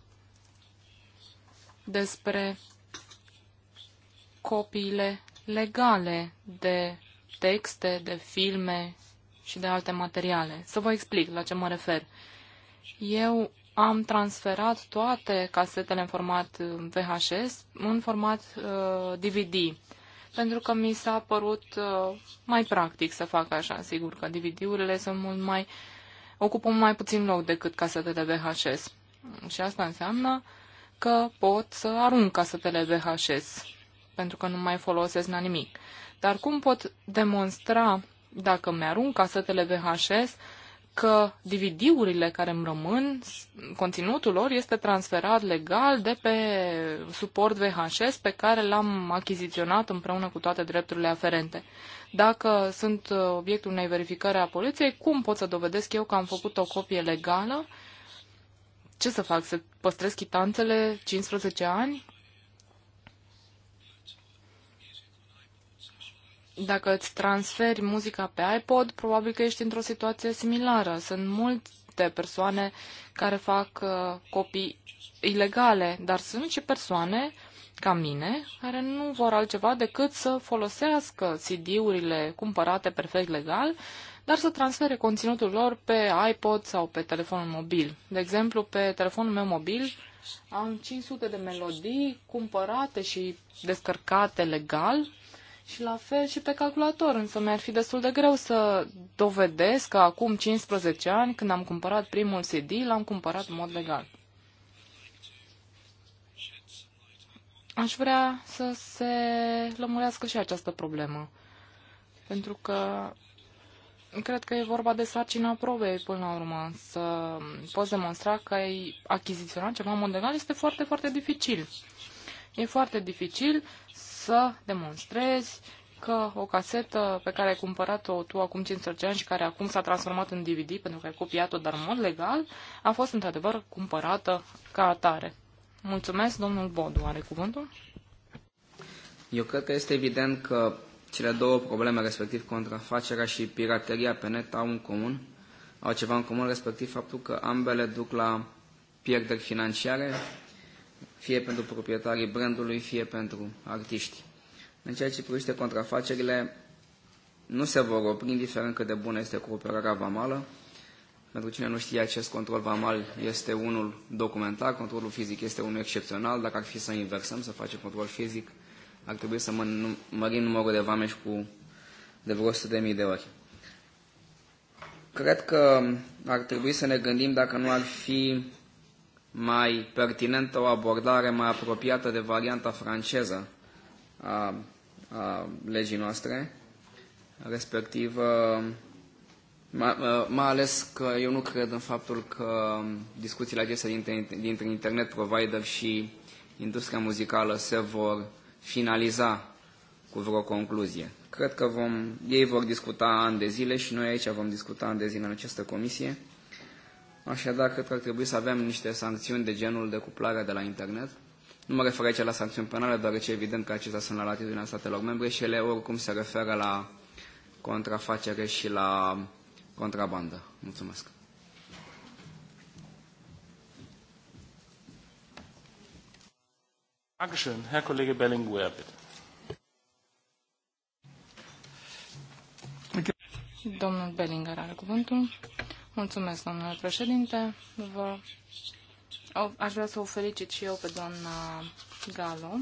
despre copiile legale de texte, de filme și de alte materiale. Să vă explic la ce mă refer. Eu am transferat toate casetele în format uh, VHS în format uh, DVD pentru că mi s-a părut uh, mai practic să fac așa. Sigur că DVD-urile sunt mult mai, ocupă mai puțin loc decât casetele VHS. Și asta înseamnă că pot să arunc casetele VHS, pentru că nu mai folosesc la nimic. Dar cum pot demonstra dacă mi-arunc casetele VHS că DVD-urile care îmi rămân, conținutul lor este transferat legal de pe suport VHS pe care l-am achiziționat împreună cu toate drepturile aferente. Dacă sunt obiectul unei verificări a poliției, cum pot să dovedesc eu că am făcut o copie legală? Ce să fac? Să păstrez chitanțele 15 ani? Dacă îți transferi muzica pe iPod, probabil că ești într-o situație similară. Sunt multe persoane care fac uh, copii ilegale, dar sunt și persoane ca mine, care nu vor altceva decât să folosească CD-urile cumpărate perfect legal, dar să transfere conținutul lor pe iPod sau pe telefonul mobil. De exemplu, pe telefonul meu mobil am 500 de melodii cumpărate și descărcate legal și la fel și pe calculator, însă mi-ar fi destul de greu să dovedesc că acum 15 ani, când am cumpărat primul CD, l-am cumpărat în mod legal. Aș vrea să se lămurească și această problemă, pentru că cred că e vorba de sarcina probei până la urmă. Să poți demonstra că ai achiziționat ceva în mod legal este foarte, foarte dificil. E foarte dificil să demonstrezi că o casetă pe care ai cumpărat-o tu acum 15 ani și care acum s-a transformat în DVD pentru că ai copiat-o, dar în mod legal, a fost într-adevăr cumpărată ca atare. Mulțumesc, domnul Bodu. Are cuvântul? Eu cred că este evident că cele două probleme, respectiv contrafacerea și pirateria pe net, au în comun, au ceva în comun, respectiv faptul că ambele duc la pierderi financiare, fie pentru proprietarii brandului, fie pentru artiști. În ceea ce privește contrafacerile, nu se vor opri, indiferent cât de bună este cooperarea vamală. Pentru cine nu știe, acest control vamal este unul documentar, controlul fizic este unul excepțional. Dacă ar fi să inversăm, să facem control fizic, ar trebui să mă, mărim numărul de și cu de vreo 100.000 de ori. Cred că ar trebui să ne gândim dacă nu ar fi mai pertinentă, o abordare mai apropiată de varianta franceză a, a legii noastre, respectiv mai ales că eu nu cred în faptul că discuțiile acestea dintre, dintre internet provider și industria muzicală se vor finaliza cu vreo concluzie. Cred că vom, ei vor discuta ani de zile și noi aici vom discuta ani de zile în această comisie Așadar, cred că ar trebui să avem niște sancțiuni de genul de cuplare de la internet. Nu mă refer aici la sancțiuni penale, deoarece evident că acestea sunt la latitudinea statelor membre și ele oricum se referă la contrafacere și la contrabandă. Mulțumesc. Dankeschön. Herr Kollege Bellinguer, bitte. Domnul Bellinger are cuvântul. Mulțumesc, domnule președinte. Vă... Aș vrea să o felicit și eu pe doamna Galo,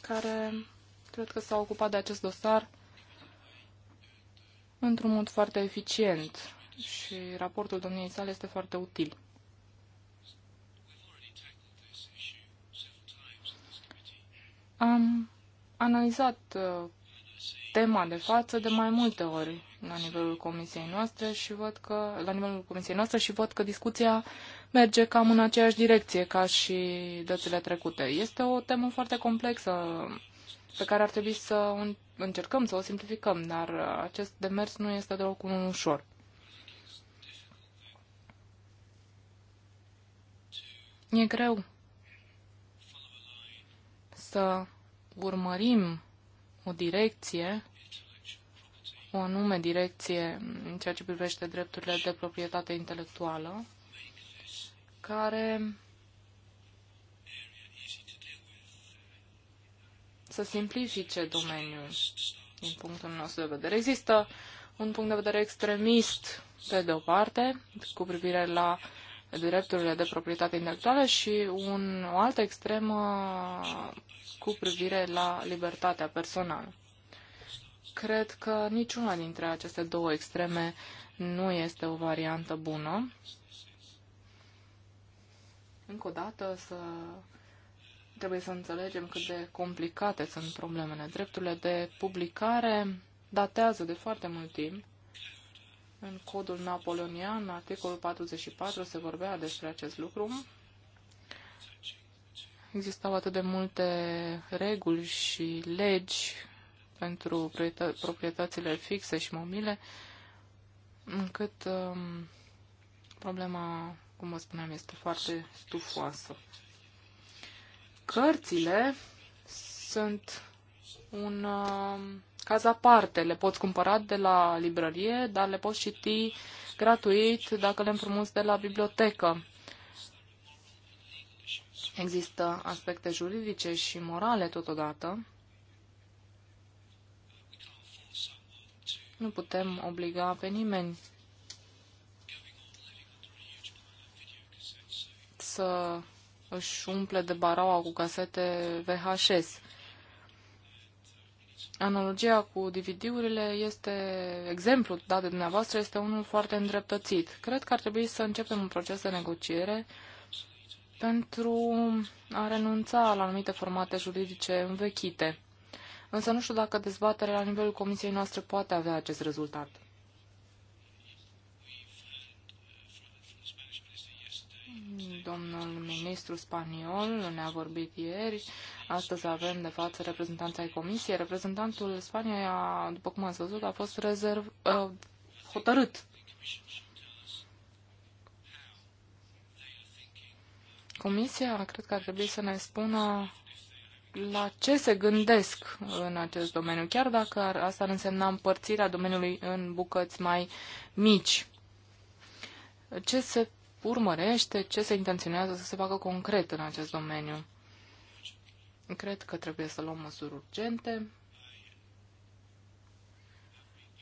care cred că s-a ocupat de acest dosar într-un mod foarte eficient și raportul domniei sale este foarte util. Am analizat uh, tema de față de mai multe ori la nivelul comisiei noastre și văd că, la nivelul comisiei noastre și văd că discuția merge cam în aceeași direcție ca și dățile trecute. Este o temă foarte complexă pe care ar trebui să încercăm să o simplificăm, dar acest demers nu este deloc unul ușor. E greu să urmărim o direcție o anume direcție în ceea ce privește drepturile de proprietate intelectuală, care să simplifice domeniul din punctul nostru de vedere. Există un punct de vedere extremist, pe de o parte, cu privire la drepturile de proprietate intelectuală și un, o altă extremă cu privire la libertatea personală cred că niciuna dintre aceste două extreme nu este o variantă bună. Încă o dată să trebuie să înțelegem cât de complicate sunt problemele. Drepturile de publicare datează de foarte mult timp. În codul napoleonian, articolul 44, se vorbea despre acest lucru. Existau atât de multe reguli și legi pentru proprietățile fixe și mobile, încât um, problema, cum vă spuneam, este foarte stufoasă. Cărțile sunt un uh, caz aparte. Le poți cumpăra de la librărie, dar le poți citi gratuit dacă le împrumuți de la bibliotecă. Există aspecte juridice și morale totodată Nu putem obliga pe nimeni să își umple de baraua cu casete VHS. Analogia cu DVD-urile este, exemplul dat de dumneavoastră este unul foarte îndreptățit. Cred că ar trebui să începem un proces de negociere pentru a renunța la anumite formate juridice învechite însă nu știu dacă dezbaterea la nivelul comisiei noastre poate avea acest rezultat. Domnul ministru spaniol ne-a vorbit ieri, astăzi avem de față reprezentanța ai comisiei. Reprezentantul Spaniei, a, după cum ați văzut, a fost rezerv, uh, hotărât Comisia cred că ar trebui să ne spună la ce se gândesc în acest domeniu, chiar dacă ar, asta ar însemna împărțirea domeniului în bucăți mai mici. Ce se urmărește, ce se intenționează să se facă concret în acest domeniu? Cred că trebuie să luăm măsuri urgente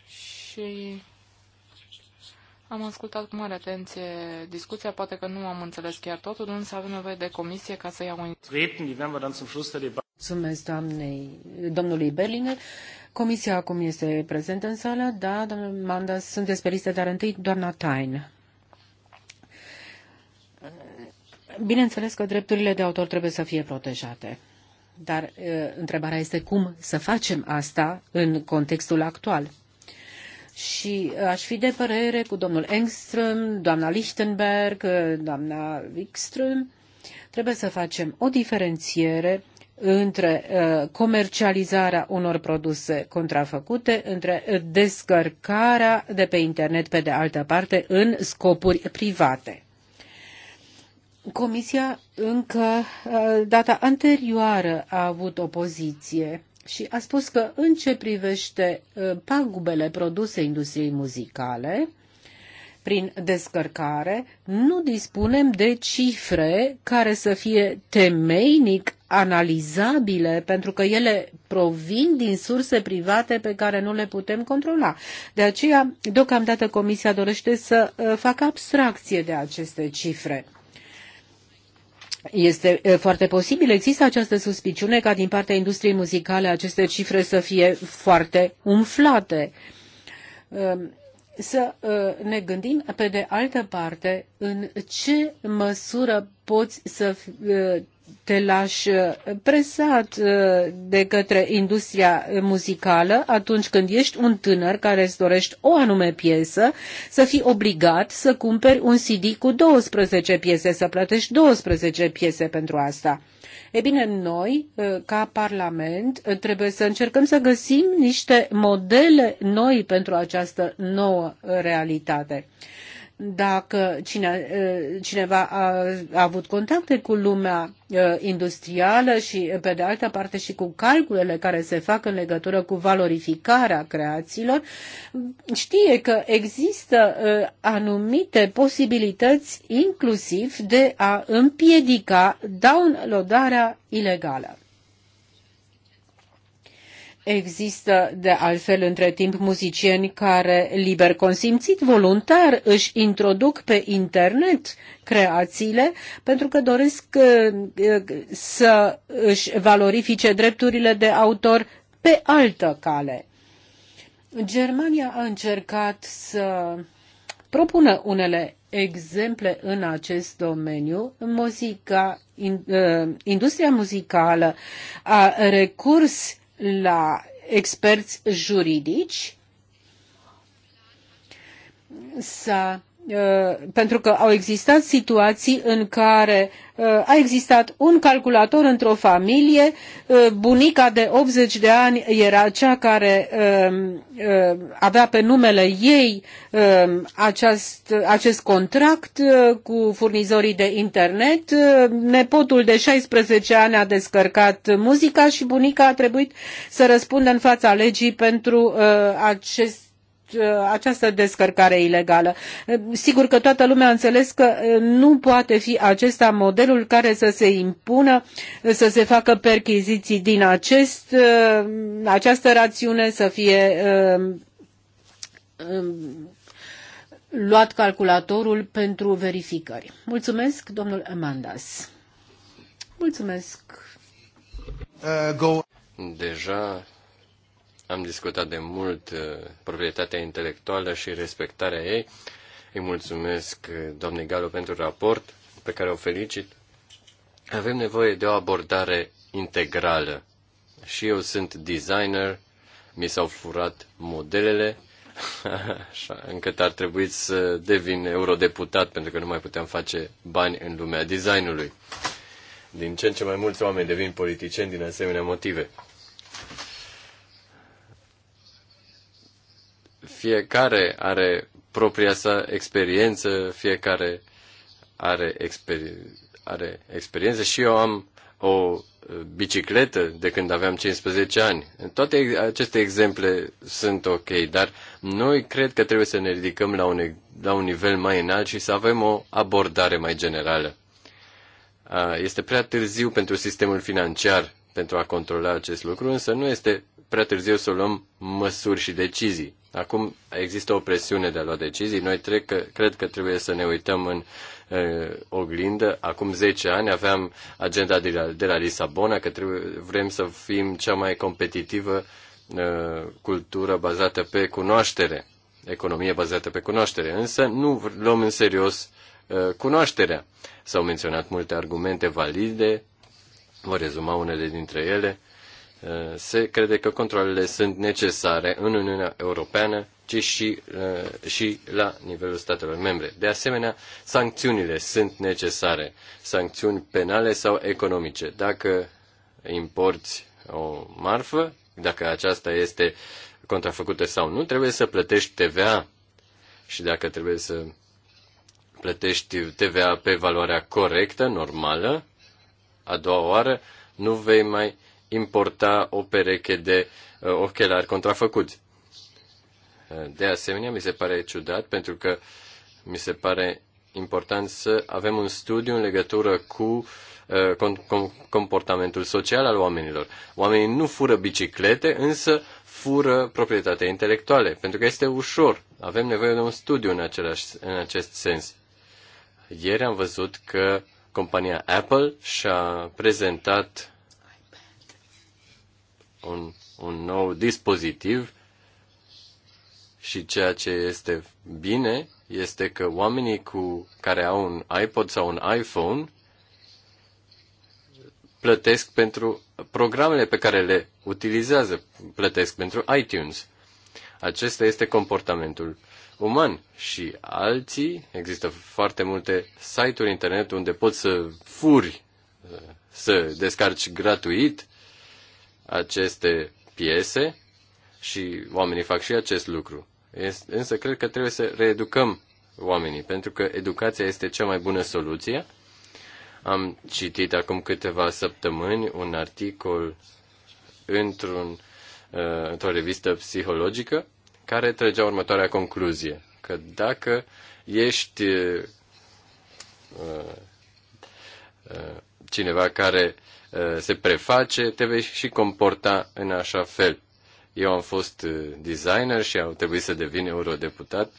și am ascultat cu mare atenție discuția, poate că nu am înțeles chiar totul, însă avem nevoie de comisie ca să iau un... Mulțumesc doamnei, domnului Berliner. Comisia acum este prezentă în sală, da, domnul Manda, sunteți pe listă, dar întâi doamna Tain. Bineînțeles că drepturile de autor trebuie să fie protejate. Dar uh, întrebarea este cum să facem asta în contextul actual și uh, aș fi de părere cu domnul Engström, doamna Lichtenberg, uh, doamna Wikström, trebuie să facem o diferențiere între uh, comercializarea unor produse contrafăcute, între descărcarea de pe internet, pe de altă parte, în scopuri private. Comisia încă data anterioară a avut o poziție și a spus că în ce privește uh, pagubele produse industriei muzicale, prin descărcare, nu dispunem de cifre care să fie temeinic analizabile, pentru că ele provin din surse private pe care nu le putem controla. De aceea, deocamdată, Comisia dorește să uh, facă abstracție de aceste cifre este foarte posibil. Există această suspiciune ca din partea industriei muzicale aceste cifre să fie foarte umflate. Să ne gândim, pe de altă parte, în ce măsură poți să te lași uh, presat uh, de către industria muzicală atunci când ești un tânăr care îți dorești o anume piesă, să fii obligat să cumperi un CD cu 12 piese, să plătești 12 piese pentru asta. E bine, noi, uh, ca Parlament, trebuie să încercăm să găsim niște modele noi pentru această nouă realitate. Dacă cine, eh, cineva a, a avut contacte cu lumea eh, industrială și, pe de altă parte, și cu calculele care se fac în legătură cu valorificarea creațiilor, știe că există eh, anumite posibilități inclusiv de a împiedica downloadarea ilegală. Există, de altfel, între timp, muzicieni care, liber consimțit, voluntar, își introduc pe internet creațiile pentru că doresc uh, uh, să își valorifice drepturile de autor pe altă cale. Germania a încercat să propună unele exemple în acest domeniu. Muzica, uh, industria muzicală a recurs la experți juridici. să Uh, pentru că au existat situații în care uh, a existat un calculator într-o familie, uh, bunica de 80 de ani era cea care um, avea pe numele ei um, acest, acest contract cu furnizorii de internet, nepotul de 16 ani a descărcat muzica și bunica a trebuit să răspundă în fața legii pentru acest Uh, această descărcare ilegală. Uh, sigur că toată lumea a înțeles că uh, nu poate fi acesta modelul care să se impună, să se facă perchiziții din acest, această rațiune, să fie um, luat calculatorul pentru verificări. Mulțumesc, domnul Amandas. Mulțumesc. Deja am discutat de mult uh, proprietatea intelectuală și respectarea ei. Îi mulțumesc uh, doamnei Galo pentru raport pe care o felicit. Avem nevoie de o abordare integrală. Și eu sunt designer, mi s-au furat modelele, așa, încât ar trebui să devin eurodeputat, pentru că nu mai puteam face bani în lumea designului. Din ce în ce mai mulți oameni devin politicieni din asemenea motive. fiecare are propria sa experiență, fiecare are, exper- are experiență și eu am o uh, bicicletă de când aveam 15 ani. Toate aceste exemple sunt ok, dar noi cred că trebuie să ne ridicăm la un, la un nivel mai înalt și să avem o abordare mai generală. Este prea târziu pentru sistemul financiar pentru a controla acest lucru, însă nu este prea târziu să luăm măsuri și decizii. Acum există o presiune de a lua decizii. Noi trec, cred că trebuie să ne uităm în uh, oglindă. Acum 10 ani aveam agenda de la, de la Lisabona, că trebuie, vrem să fim cea mai competitivă uh, cultură bazată pe cunoaștere, economie bazată pe cunoaștere. Însă nu luăm în serios uh, cunoașterea. S-au menționat multe argumente valide, vă rezuma unele dintre ele. Eh, se crede că controlele sunt necesare în Uniunea Europeană, ci și, eh, și la nivelul statelor membre. De asemenea, sancțiunile sunt necesare, sancțiuni penale sau economice. Dacă importi o marfă, dacă aceasta este contrafăcută sau nu, trebuie să plătești TVA și dacă trebuie să plătești TVA pe valoarea corectă, normală, a doua oară, nu vei mai uh, importa o pereche de uh, ochelari contrafăcuți. Uh, de asemenea, mi se pare ciudat pentru că mi se pare important să avem un studiu în legătură cu uh, comportamentul social al oamenilor. Oamenii nu fură biciclete, însă fură proprietatea intelectuale, pentru că este ușor. Avem nevoie de un studiu în, același, în acest sens. Ieri am văzut că compania Apple și-a prezentat un, un nou dispozitiv și ceea ce este bine este că oamenii cu, care au un iPod sau un iPhone plătesc pentru programele pe care le utilizează, plătesc pentru iTunes. Acesta este comportamentul uman și alții, există foarte multe site-uri internet unde poți să furi, să descarci gratuit aceste piese și oamenii fac și acest lucru. Însă cred că trebuie să reeducăm oamenii, pentru că educația este cea mai bună soluție. Am citit acum câteva săptămâni un articol într-un, uh, într-o revistă psihologică care trăgea următoarea concluzie, că dacă ești uh, uh, cineva care Eh, se preface, te vei și comporta în așa fel. Eu am fost eh, designer și am trebuit să devin eurodeputat.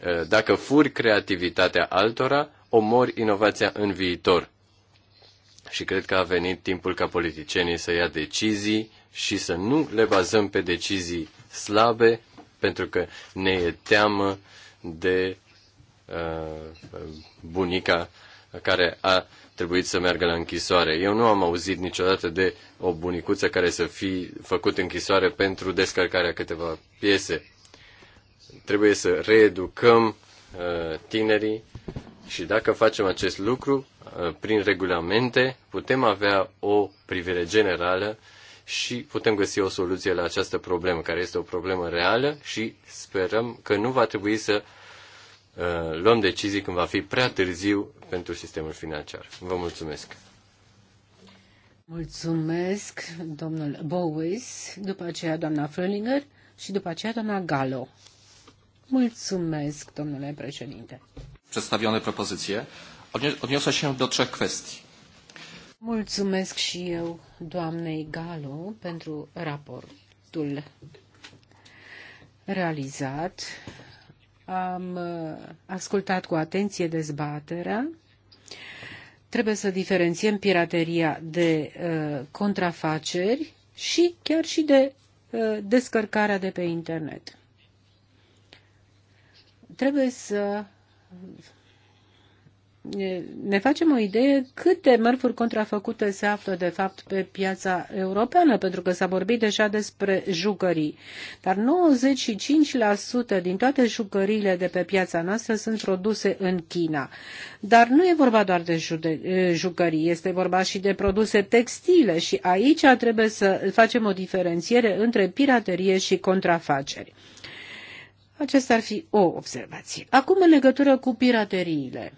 Eh, dacă furi creativitatea altora, omori inovația în viitor. Și cred că a venit timpul ca politicienii să ia decizii și să nu le bazăm pe decizii slabe, pentru că ne e teamă de uh, bunica care a trebuit să meargă la închisoare. Eu nu am auzit niciodată de o bunicuță care să fi făcut închisoare pentru descărcarea câteva piese. Trebuie să reeducăm uh, tinerii și dacă facem acest lucru, uh, prin regulamente, putem avea o privire generală și putem găsi o soluție la această problemă, care este o problemă reală și sperăm că nu va trebui să uh, Uh, luăm decizii când va fi prea târziu pentru sistemul financiar. Vă mulțumesc! Mulțumesc, domnul Bowis, după aceea doamna Frölinger și după aceea doamna Gallo. Mulțumesc, domnule președinte. Przedstawione propozycje. Odniosę się do trzech kwestii. Mulțumesc și eu, doamnei Galo, pentru raportul realizat am uh, ascultat cu atenție dezbaterea. Trebuie să diferențiem pirateria de uh, contrafaceri și chiar și de uh, descărcarea de pe internet. Trebuie să ne facem o idee câte mărfuri contrafăcute se află de fapt pe piața europeană, pentru că s-a vorbit deja despre jucării. Dar 95% din toate jucăriile de pe piața noastră sunt produse în China. Dar nu e vorba doar de jucării, este vorba și de produse textile și aici trebuie să facem o diferențiere între piraterie și contrafaceri. Acesta ar fi o observație. Acum în legătură cu pirateriile.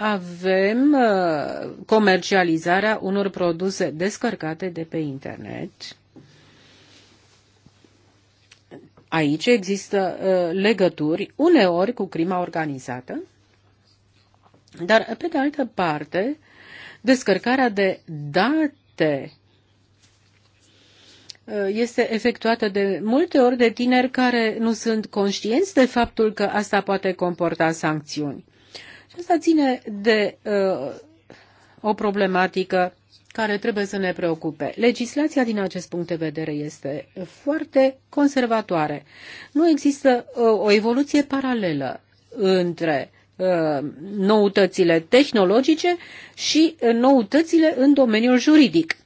avem uh, comercializarea unor produse descărcate de pe internet. Aici există uh, legături uneori cu crima organizată, dar pe de altă parte, descărcarea de date uh, este efectuată de multe ori de tineri care nu sunt conștienți de faptul că asta poate comporta sancțiuni. Asta ține de uh, o problematică care trebuie să ne preocupe. Legislația din acest punct de vedere este foarte conservatoare. Nu există uh, o evoluție paralelă între uh, noutățile tehnologice și uh, noutățile în domeniul juridic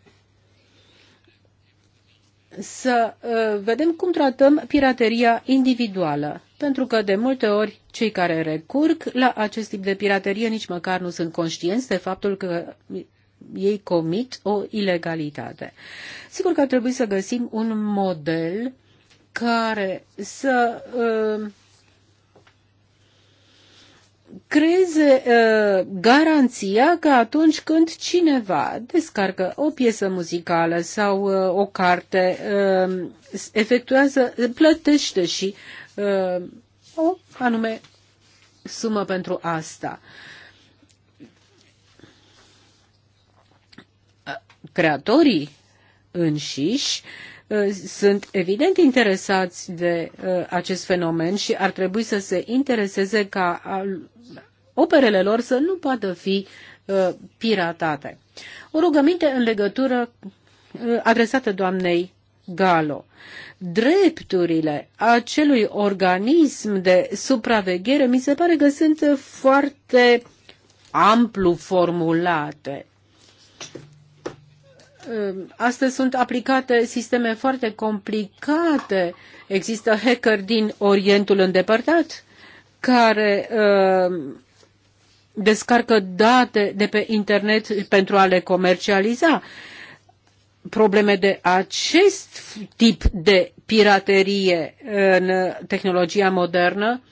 să uh, vedem cum tratăm pirateria individuală pentru că de multe ori cei care recurg la acest tip de piraterie nici măcar nu sunt conștienți de faptul că ei comit o ilegalitate. Sigur că ar trebui să găsim un model care să creze uh, creeze uh, garanția că atunci când cineva descarcă o piesă muzicală sau uh, o carte, uh, efectuează, plătește și Uh, o anume sumă pentru asta. Creatorii înșiși uh, sunt evident interesați de uh, acest fenomen și ar trebui să se intereseze ca operele lor să nu poată fi piratate. O rugăminte în legătură adresată doamnei Galo. Drepturile acelui organism de supraveghere mi se pare că sunt foarte amplu formulate. Ehm, astăzi sunt aplicate sisteme foarte complicate. Există hacker din Orientul îndepărtat care uh, descarcă date de pe internet pentru a le comercializa probleme de acest tip de piraterie în tehnologia modernă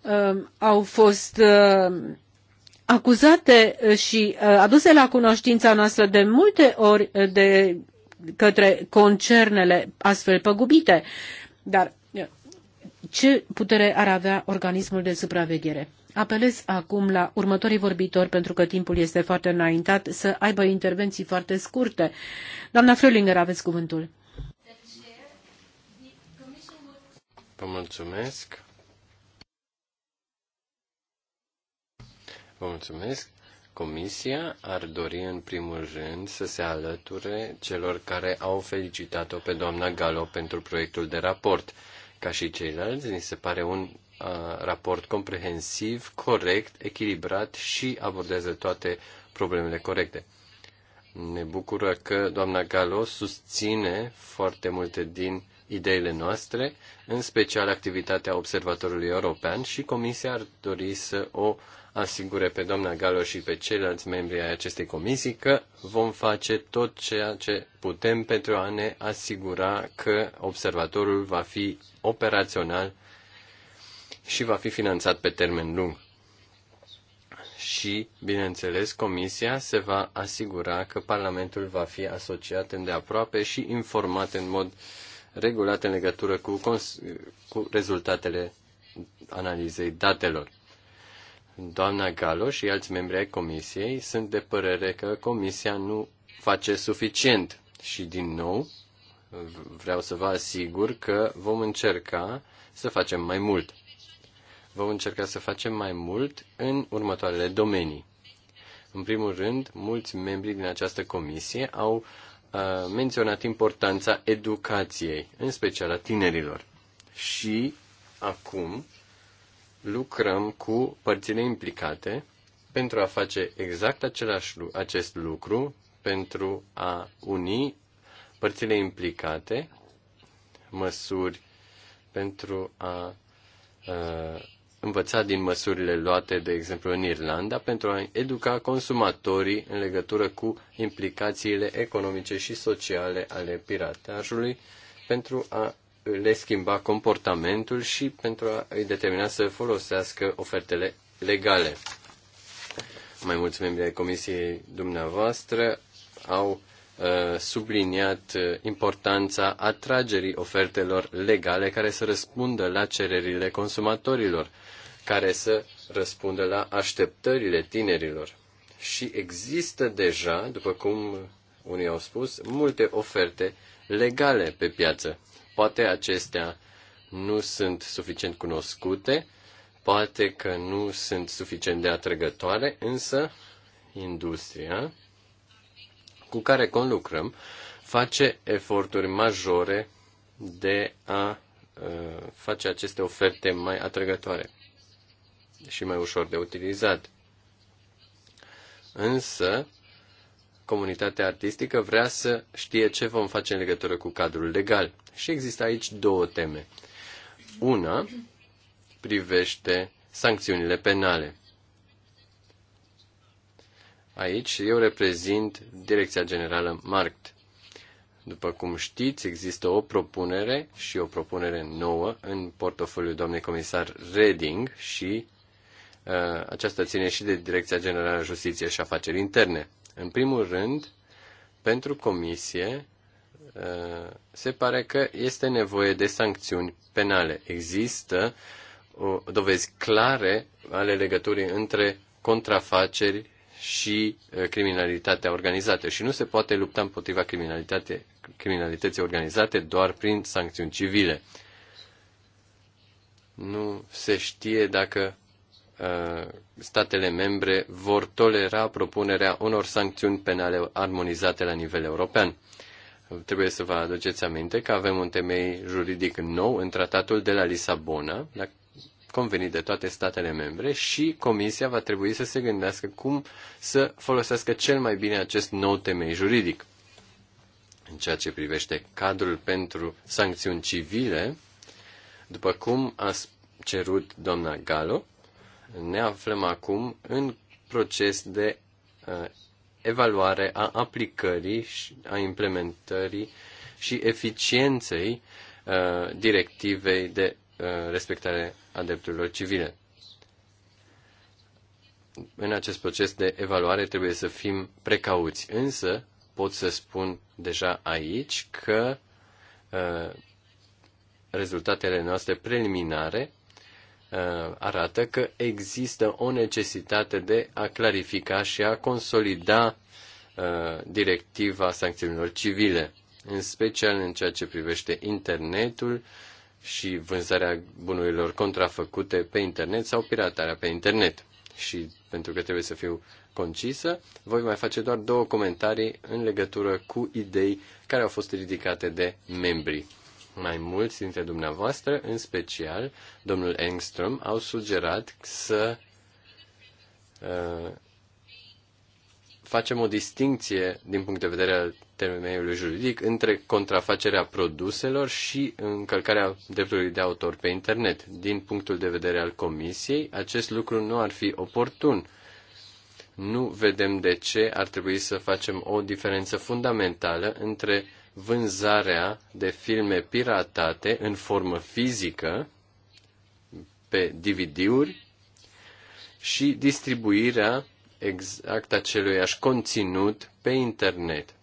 um, au fost uh, acuzate și uh, aduse la cunoștința noastră de multe ori de către concernele astfel păgubite. Dar uh, ce putere ar avea organismul de supraveghere? Apelez acum la următorii vorbitori, pentru că timpul este foarte înaintat, să aibă intervenții foarte scurte. Doamna Frölinger, aveți cuvântul. Vă mulțumesc. Vă mulțumesc. Comisia ar dori în primul rând să se alăture celor care au felicitat-o pe doamna Galo pentru proiectul de raport. Ca și ceilalți, mi se pare un raport comprehensiv, corect, echilibrat și abordează toate problemele corecte. Ne bucură că doamna Galo susține foarte multe din ideile noastre, în special activitatea Observatorului European și Comisia ar dori să o asigure pe doamna Galo și pe ceilalți membri ai acestei comisii că vom face tot ceea ce putem pentru a ne asigura că observatorul va fi operațional și va fi finanțat pe termen lung. Și, bineînțeles, Comisia se va asigura că Parlamentul va fi asociat îndeaproape și informat în mod regulat în legătură cu, cu rezultatele analizei datelor. Doamna Galo și alți membri ai Comisiei sunt de părere că Comisia nu face suficient și, din nou, vreau să vă asigur că vom încerca să facem mai mult vom încerca să facem mai mult în următoarele domenii. În primul rând, mulți membri din această comisie au uh, menționat importanța educației, în special a tinerilor. Și acum lucrăm cu părțile implicate pentru a face exact același, acest lucru, pentru a uni părțile implicate, măsuri pentru a uh, învăța din măsurile luate, de exemplu, în Irlanda, pentru a educa consumatorii în legătură cu implicațiile economice și sociale ale piratajului, pentru a le schimba comportamentul și pentru a îi determina să folosească ofertele legale. Mai mulți membri ai comisiei dumneavoastră au Uh, subliniat uh, importanța atragerii ofertelor legale care să răspundă la cererile consumatorilor, care să răspundă la așteptările tinerilor. Și există deja, după cum unii au spus, multe oferte legale pe piață. Poate acestea nu sunt suficient cunoscute, poate că nu sunt suficient de atrăgătoare, însă industria cu care conlucrăm face eforturi majore de a uh, face aceste oferte mai atrăgătoare și mai ușor de utilizat. Însă, comunitatea artistică vrea să știe ce vom face în legătură cu cadrul legal. Și există aici două teme. Una privește sancțiunile penale aici. Eu reprezint Direcția Generală Markt. După cum știți, există o propunere și o propunere nouă în portofoliul doamnei comisar Reding și uh, aceasta ține și de Direcția Generală Justiție și Afaceri Interne. În primul rând, pentru comisie uh, se pare că este nevoie de sancțiuni penale. Există uh, dovezi clare ale legăturii între contrafaceri și uh, criminalitatea organizată. Și nu se poate lupta împotriva criminalității organizate doar prin sancțiuni civile. Nu se știe dacă uh, statele membre vor tolera propunerea unor sancțiuni penale armonizate la nivel european. Trebuie să vă aduceți aminte că avem un temei juridic nou în tratatul de la Lisabona, convenit de toate statele membre și Comisia va trebui să se gândească cum să folosească cel mai bine acest nou temei juridic. În ceea ce privește cadrul pentru sancțiuni civile, după cum a cerut doamna Galo, ne aflăm acum în proces de uh, evaluare a aplicării și a implementării și eficienței uh, directivei de uh, respectare a drepturilor civile. În acest proces de evaluare trebuie să fim precauți, însă pot să spun deja aici că uh, rezultatele noastre preliminare uh, arată că există o necesitate de a clarifica și a consolida uh, directiva sancțiunilor civile, în special în ceea ce privește internetul și vânzarea bunurilor contrafăcute pe internet sau piratarea pe internet. Și pentru că trebuie să fiu concisă, voi mai face doar două comentarii în legătură cu idei care au fost ridicate de membrii. Mai mulți dintre dumneavoastră, în special domnul Engström, au sugerat să uh, facem o distinție din punct de vedere al termenului juridic între contrafacerea produselor și încălcarea dreptului de autor pe internet. Din punctul de vedere al comisiei, acest lucru nu ar fi oportun. Nu vedem de ce ar trebui să facem o diferență fundamentală între vânzarea de filme piratate în formă fizică pe DVD-uri și distribuirea exact aceluiași conținut pe internet.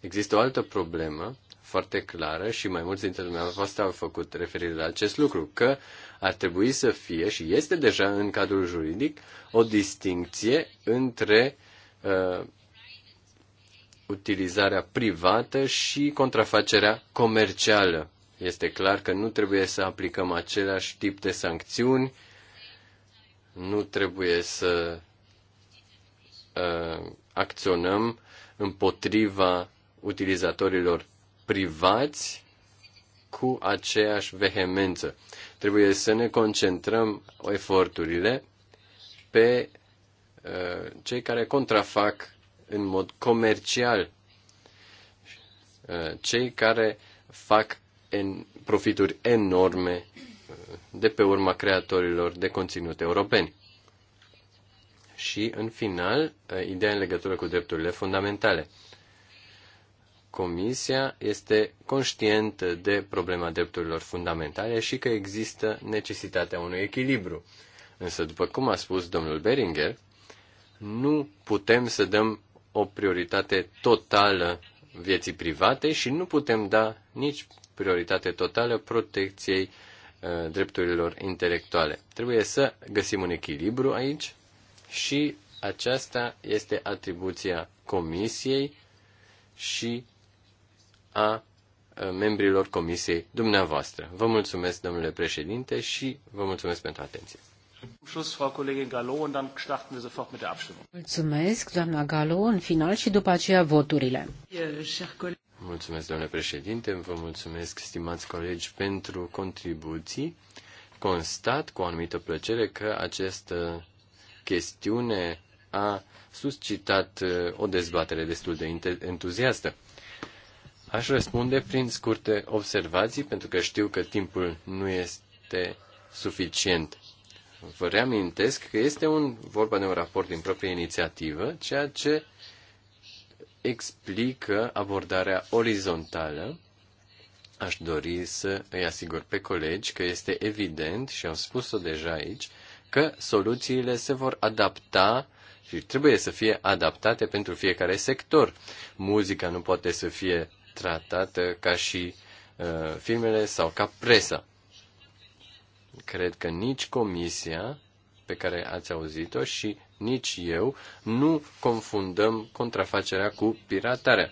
Există o altă problemă foarte clară și mai mulți dintre dumneavoastră au făcut referire la acest lucru, că ar trebui să fie și este deja în cadrul juridic o distincție între uh, utilizarea privată și contrafacerea comercială. Este clar că nu trebuie să aplicăm același tip de sancțiuni uh, nu trebuie să uh, acționăm împotriva utilizatorilor privați cu aceeași vehemență. Trebuie să ne concentrăm eforturile pe uh, cei care contrafac în mod comercial, uh, cei care fac en- profituri enorme de pe urma creatorilor de conținut europeni. Și, în final, ideea în legătură cu drepturile fundamentale. Comisia este conștientă de problema drepturilor fundamentale și că există necesitatea unui echilibru. Însă, după cum a spus domnul Beringer, nu putem să dăm o prioritate totală vieții private și nu putem da nici prioritate totală protecției Uh, drepturilor intelectuale. Trebuie să găsim un echilibru aici și aceasta este atribuția comisiei și a uh, membrilor comisiei dumneavoastră. Vă mulțumesc, domnule președinte, și vă mulțumesc pentru atenție. Mulțumesc, doamna Galo, în final și după aceea voturile. Mulțumesc, domnule președinte, vă mulțumesc, stimați colegi, pentru contribuții. Constat cu o anumită plăcere că această chestiune a suscitat uh, o dezbatere destul de entuziastă. Aș răspunde prin scurte observații, pentru că știu că timpul nu este suficient. Vă reamintesc că este un, vorba de un raport din proprie inițiativă, ceea ce explică abordarea orizontală. Aș dori să îi asigur pe colegi că este evident, și am spus-o deja aici, că soluțiile se vor adapta și trebuie să fie adaptate pentru fiecare sector. Muzica nu poate să fie tratată ca și uh, filmele sau ca presa. Cred că nici comisia pe care ați auzit-o și nici eu, nu confundăm contrafacerea cu piratarea.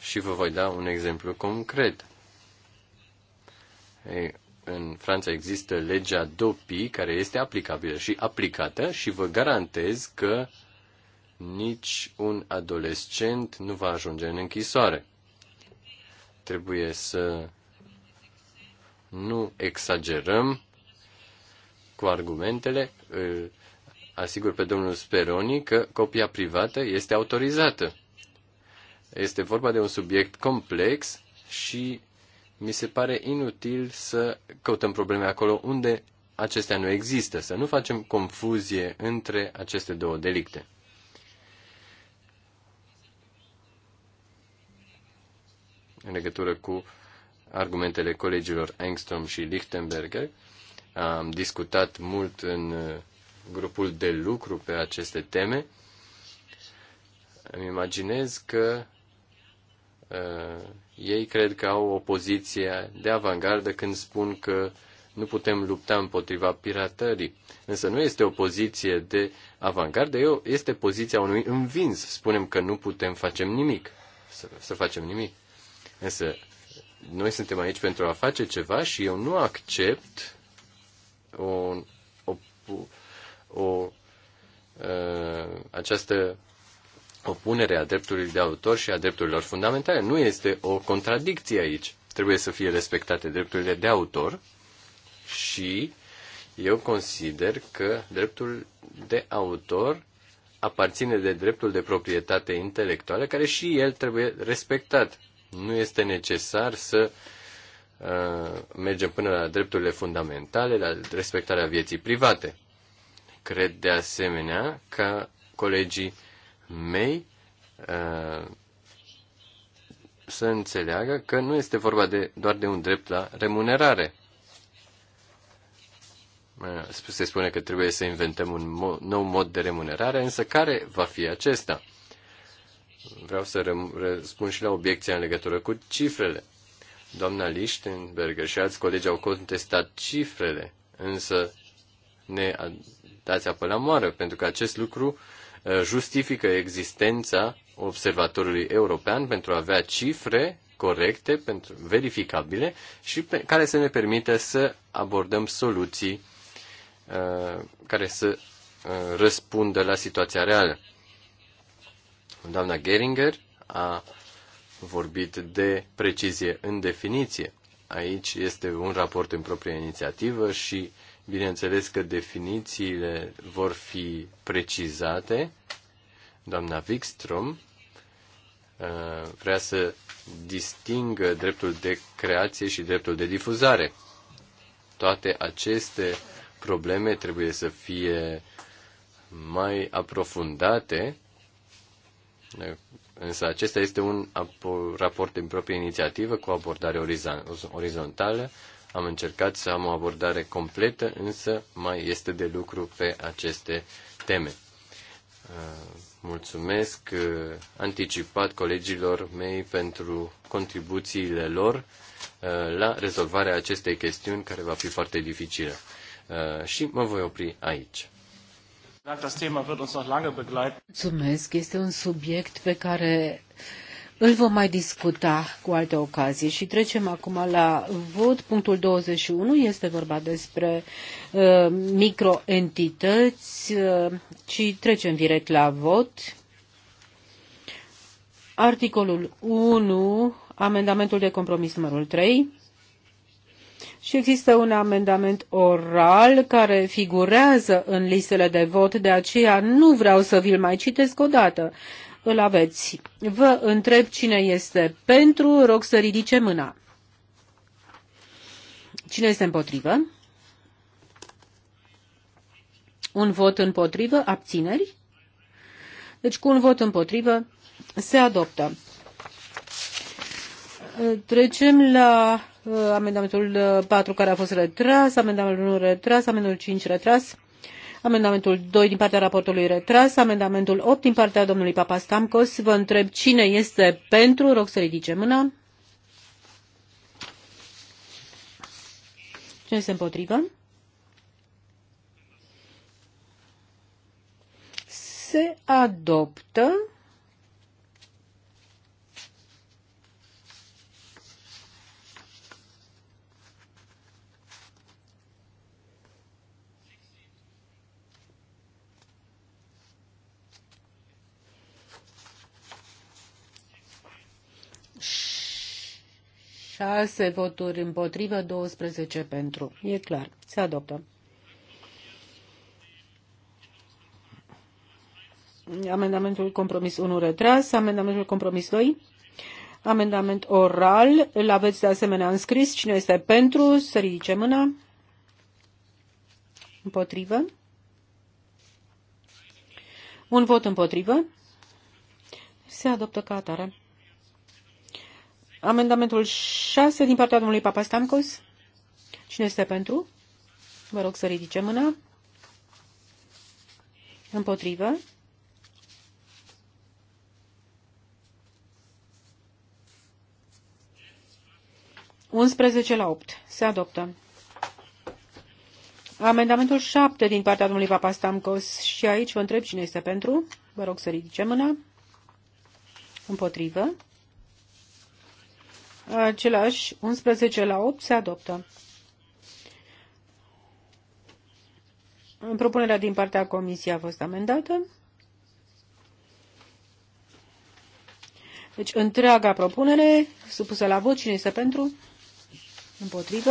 Și vă voi da un exemplu concret. Ei, în Franța există legea DOPI care este aplicabilă și aplicată și vă garantez că nici un adolescent nu va ajunge în închisoare. Trebuie să nu exagerăm cu argumentele, îl asigur pe domnul Speroni că copia privată este autorizată. Este vorba de un subiect complex și mi se pare inutil să căutăm probleme acolo unde acestea nu există, să nu facem confuzie între aceste două delicte. În legătură cu argumentele colegilor Engstrom și Lichtenberger, am discutat mult în uh, grupul de lucru pe aceste teme. Îmi imaginez că uh, ei cred că au o poziție de avangardă când spun că nu putem lupta împotriva piratării. Însă nu este o poziție de avangardă, este poziția unui învins. Spunem că nu putem face nimic, să, să facem nimic. Însă noi suntem aici pentru a face ceva și eu nu accept o, o, o această opunere a drepturilor de autor și a drepturilor fundamentale. Nu este o contradicție aici. Trebuie să fie respectate drepturile de autor și eu consider că dreptul de autor aparține de dreptul de proprietate intelectuală, care și el trebuie respectat. Nu este necesar să uh, Uh, mergem până la drepturile fundamentale, la respectarea vieții private. Cred de asemenea că colegii mei uh, să înțeleagă că nu este vorba de, doar de un drept la remunerare. Uh, se spune că trebuie să inventăm un nou mod de remunerare, însă care va fi acesta? Vreau să răspund și la obiecția în legătură cu cifrele. Doamna Lichtenberger și alți colegi au contestat cifrele, însă ne dați apă la moară, pentru că acest lucru uh, justifică existența observatorului european pentru a avea cifre corecte, pentru, verificabile și pe, care să ne permită să abordăm soluții uh, care să uh, răspundă la situația reală. Doamna Geringer a vorbit de precizie în definiție. Aici este un raport în proprie inițiativă și bineînțeles că definițiile vor fi precizate. Doamna Wikström uh, vrea să distingă dreptul de creație și dreptul de difuzare. Toate aceste probleme trebuie să fie mai aprofundate uh, Însă acesta este un raport din proprie inițiativă cu abordare orizontală. Am încercat să am o abordare completă, însă mai este de lucru pe aceste teme. Uh, mulțumesc uh, anticipat colegilor mei pentru contribuțiile lor uh, la rezolvarea acestei chestiuni care va fi foarte dificilă. Și mă voi opri aici. Mulțumesc, este un subiect pe care îl vom mai discuta cu alte ocazii și trecem acum la vot. Punctul 21 este vorba despre uh, microentități uh, și trecem direct la vot. Articolul 1, amendamentul de compromis numărul 3 și există un amendament oral care figurează în listele de vot, de aceea nu vreau să vi-l mai citesc odată. Îl aveți. Vă întreb cine este pentru, rog să ridice mâna. Cine este împotrivă? Un vot împotrivă, abțineri? Deci cu un vot împotrivă se adoptă. Trecem la uh, amendamentul 4 uh, care a fost retras, amendamentul 1 retras, amendamentul 5 retras, amendamentul 2 din partea raportului retras, amendamentul 8 din partea domnului Papa Stamcos. Vă întreb cine este pentru, rog să ridice mâna. Cine este împotrivă? Se adoptă 6 voturi împotrivă, 12 pentru. E clar. Se adoptă. Amendamentul compromis 1 retras, amendamentul compromis 2, amendament oral, îl aveți de asemenea înscris. Cine este pentru, să ridice mâna. Împotrivă. Un vot împotrivă. Se adoptă ca atare. Amendamentul 6 din partea domnului Papa Stamcos. Cine este pentru? Vă rog să ridice mâna. Împotrivă. Unsprezece la opt. Se adoptă. Amendamentul 7 din partea domnului Papa Stamcos. și aici vă întreb cine este pentru. Vă rog să ridice mâna. Împotrivă. Același 11 la 8 se adoptă. Propunerea din partea Comisiei a fost amendată. Deci întreaga propunere supusă la vot. Cine este pentru? Împotrivă.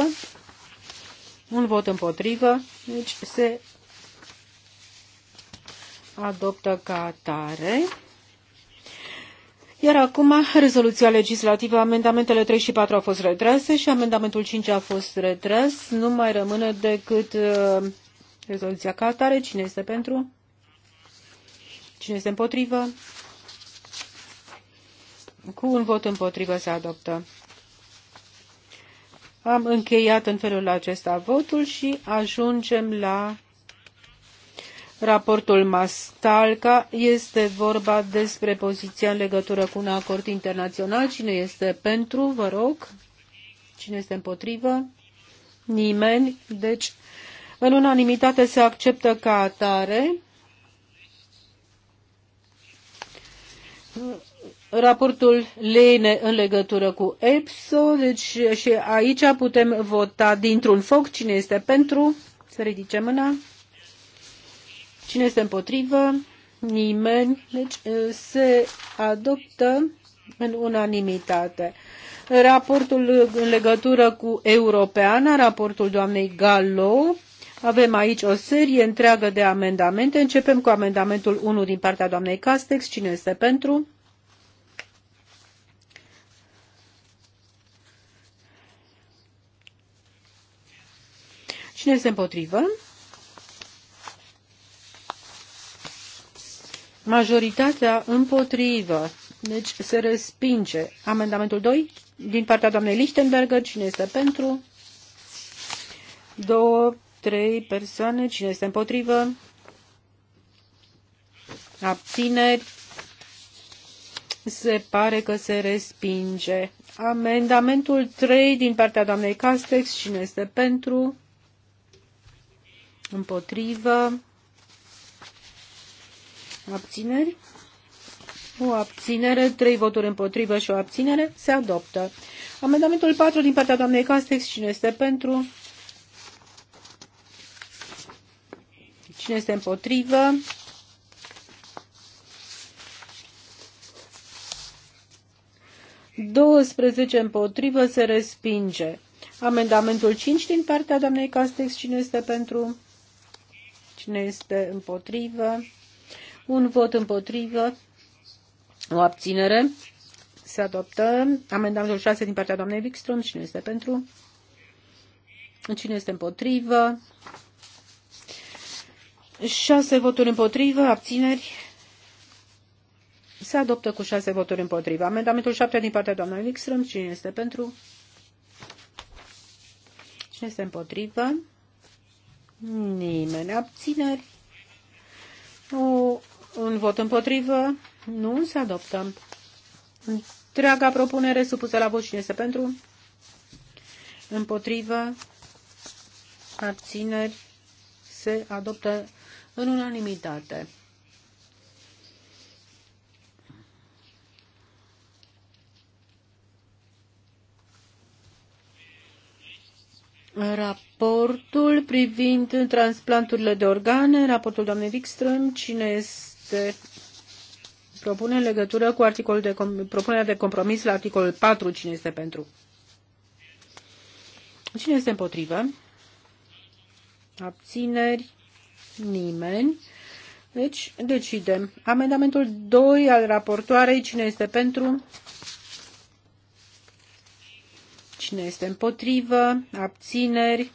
Un vot împotrivă. Deci se adoptă ca atare. Iar acum, rezoluția legislativă, amendamentele 3 și 4 au fost retrase și amendamentul 5 a fost retras. Nu mai rămâne decât uh, rezoluția ca atare. Cine este pentru? Cine este împotrivă? Cu un vot împotrivă se adoptă. Am încheiat în felul acesta votul și ajungem la raportul Mastalca este vorba despre poziția în legătură cu un acord internațional. Cine este pentru, vă rog? Cine este împotrivă? Nimeni. Deci, în unanimitate se acceptă ca atare. Raportul Lene în legătură cu EPSO, deci și aici putem vota dintr-un foc cine este pentru. Să ridice mâna. Cine este împotrivă? Nimeni. Deci se adoptă în unanimitate. Raportul în legătură cu Europeana, raportul doamnei Gallo, avem aici o serie întreagă de amendamente. Începem cu amendamentul 1 din partea doamnei Castex. Cine este pentru? Cine este împotrivă? majoritatea împotrivă. Deci se respinge. Amendamentul 2 din partea doamnei Lichtenberger. Cine este pentru? Două, trei persoane. Cine este împotrivă? Abțineri. Se pare că se respinge. Amendamentul 3 din partea doamnei Castex. Cine este pentru? Împotrivă. Abțineri? O abținere, trei voturi împotrivă și o abținere, se adoptă. Amendamentul 4 din partea doamnei Castex, cine este pentru? Cine este împotrivă? Douăsprezece împotrivă se respinge. Amendamentul 5 din partea doamnei Castex, cine este pentru? Cine este împotrivă? un vot împotrivă, o abținere. Se adoptă amendamentul 6 din partea doamnei Wikström. Cine este pentru? Cine este împotrivă? 6 voturi împotrivă, abțineri. Se adoptă cu 6 voturi împotrivă. Amendamentul 7 din partea doamnei Wikström. Cine este pentru? Cine este împotrivă? Nimeni. Abțineri. O un vot împotrivă? Nu se adoptă. Întreaga propunere supusă la vot cine este pentru? Împotrivă? Abțineri? Se adoptă în unanimitate. Raportul privind transplanturile de organe, raportul doamnei Wikström, cine este niște propune în legătură cu articolul de, propunerea de compromis la articolul 4. Cine este pentru? Cine este împotrivă? Abțineri? Nimeni. Deci, decidem. Amendamentul 2 al raportoarei. Cine este pentru? Cine este împotrivă? Abțineri?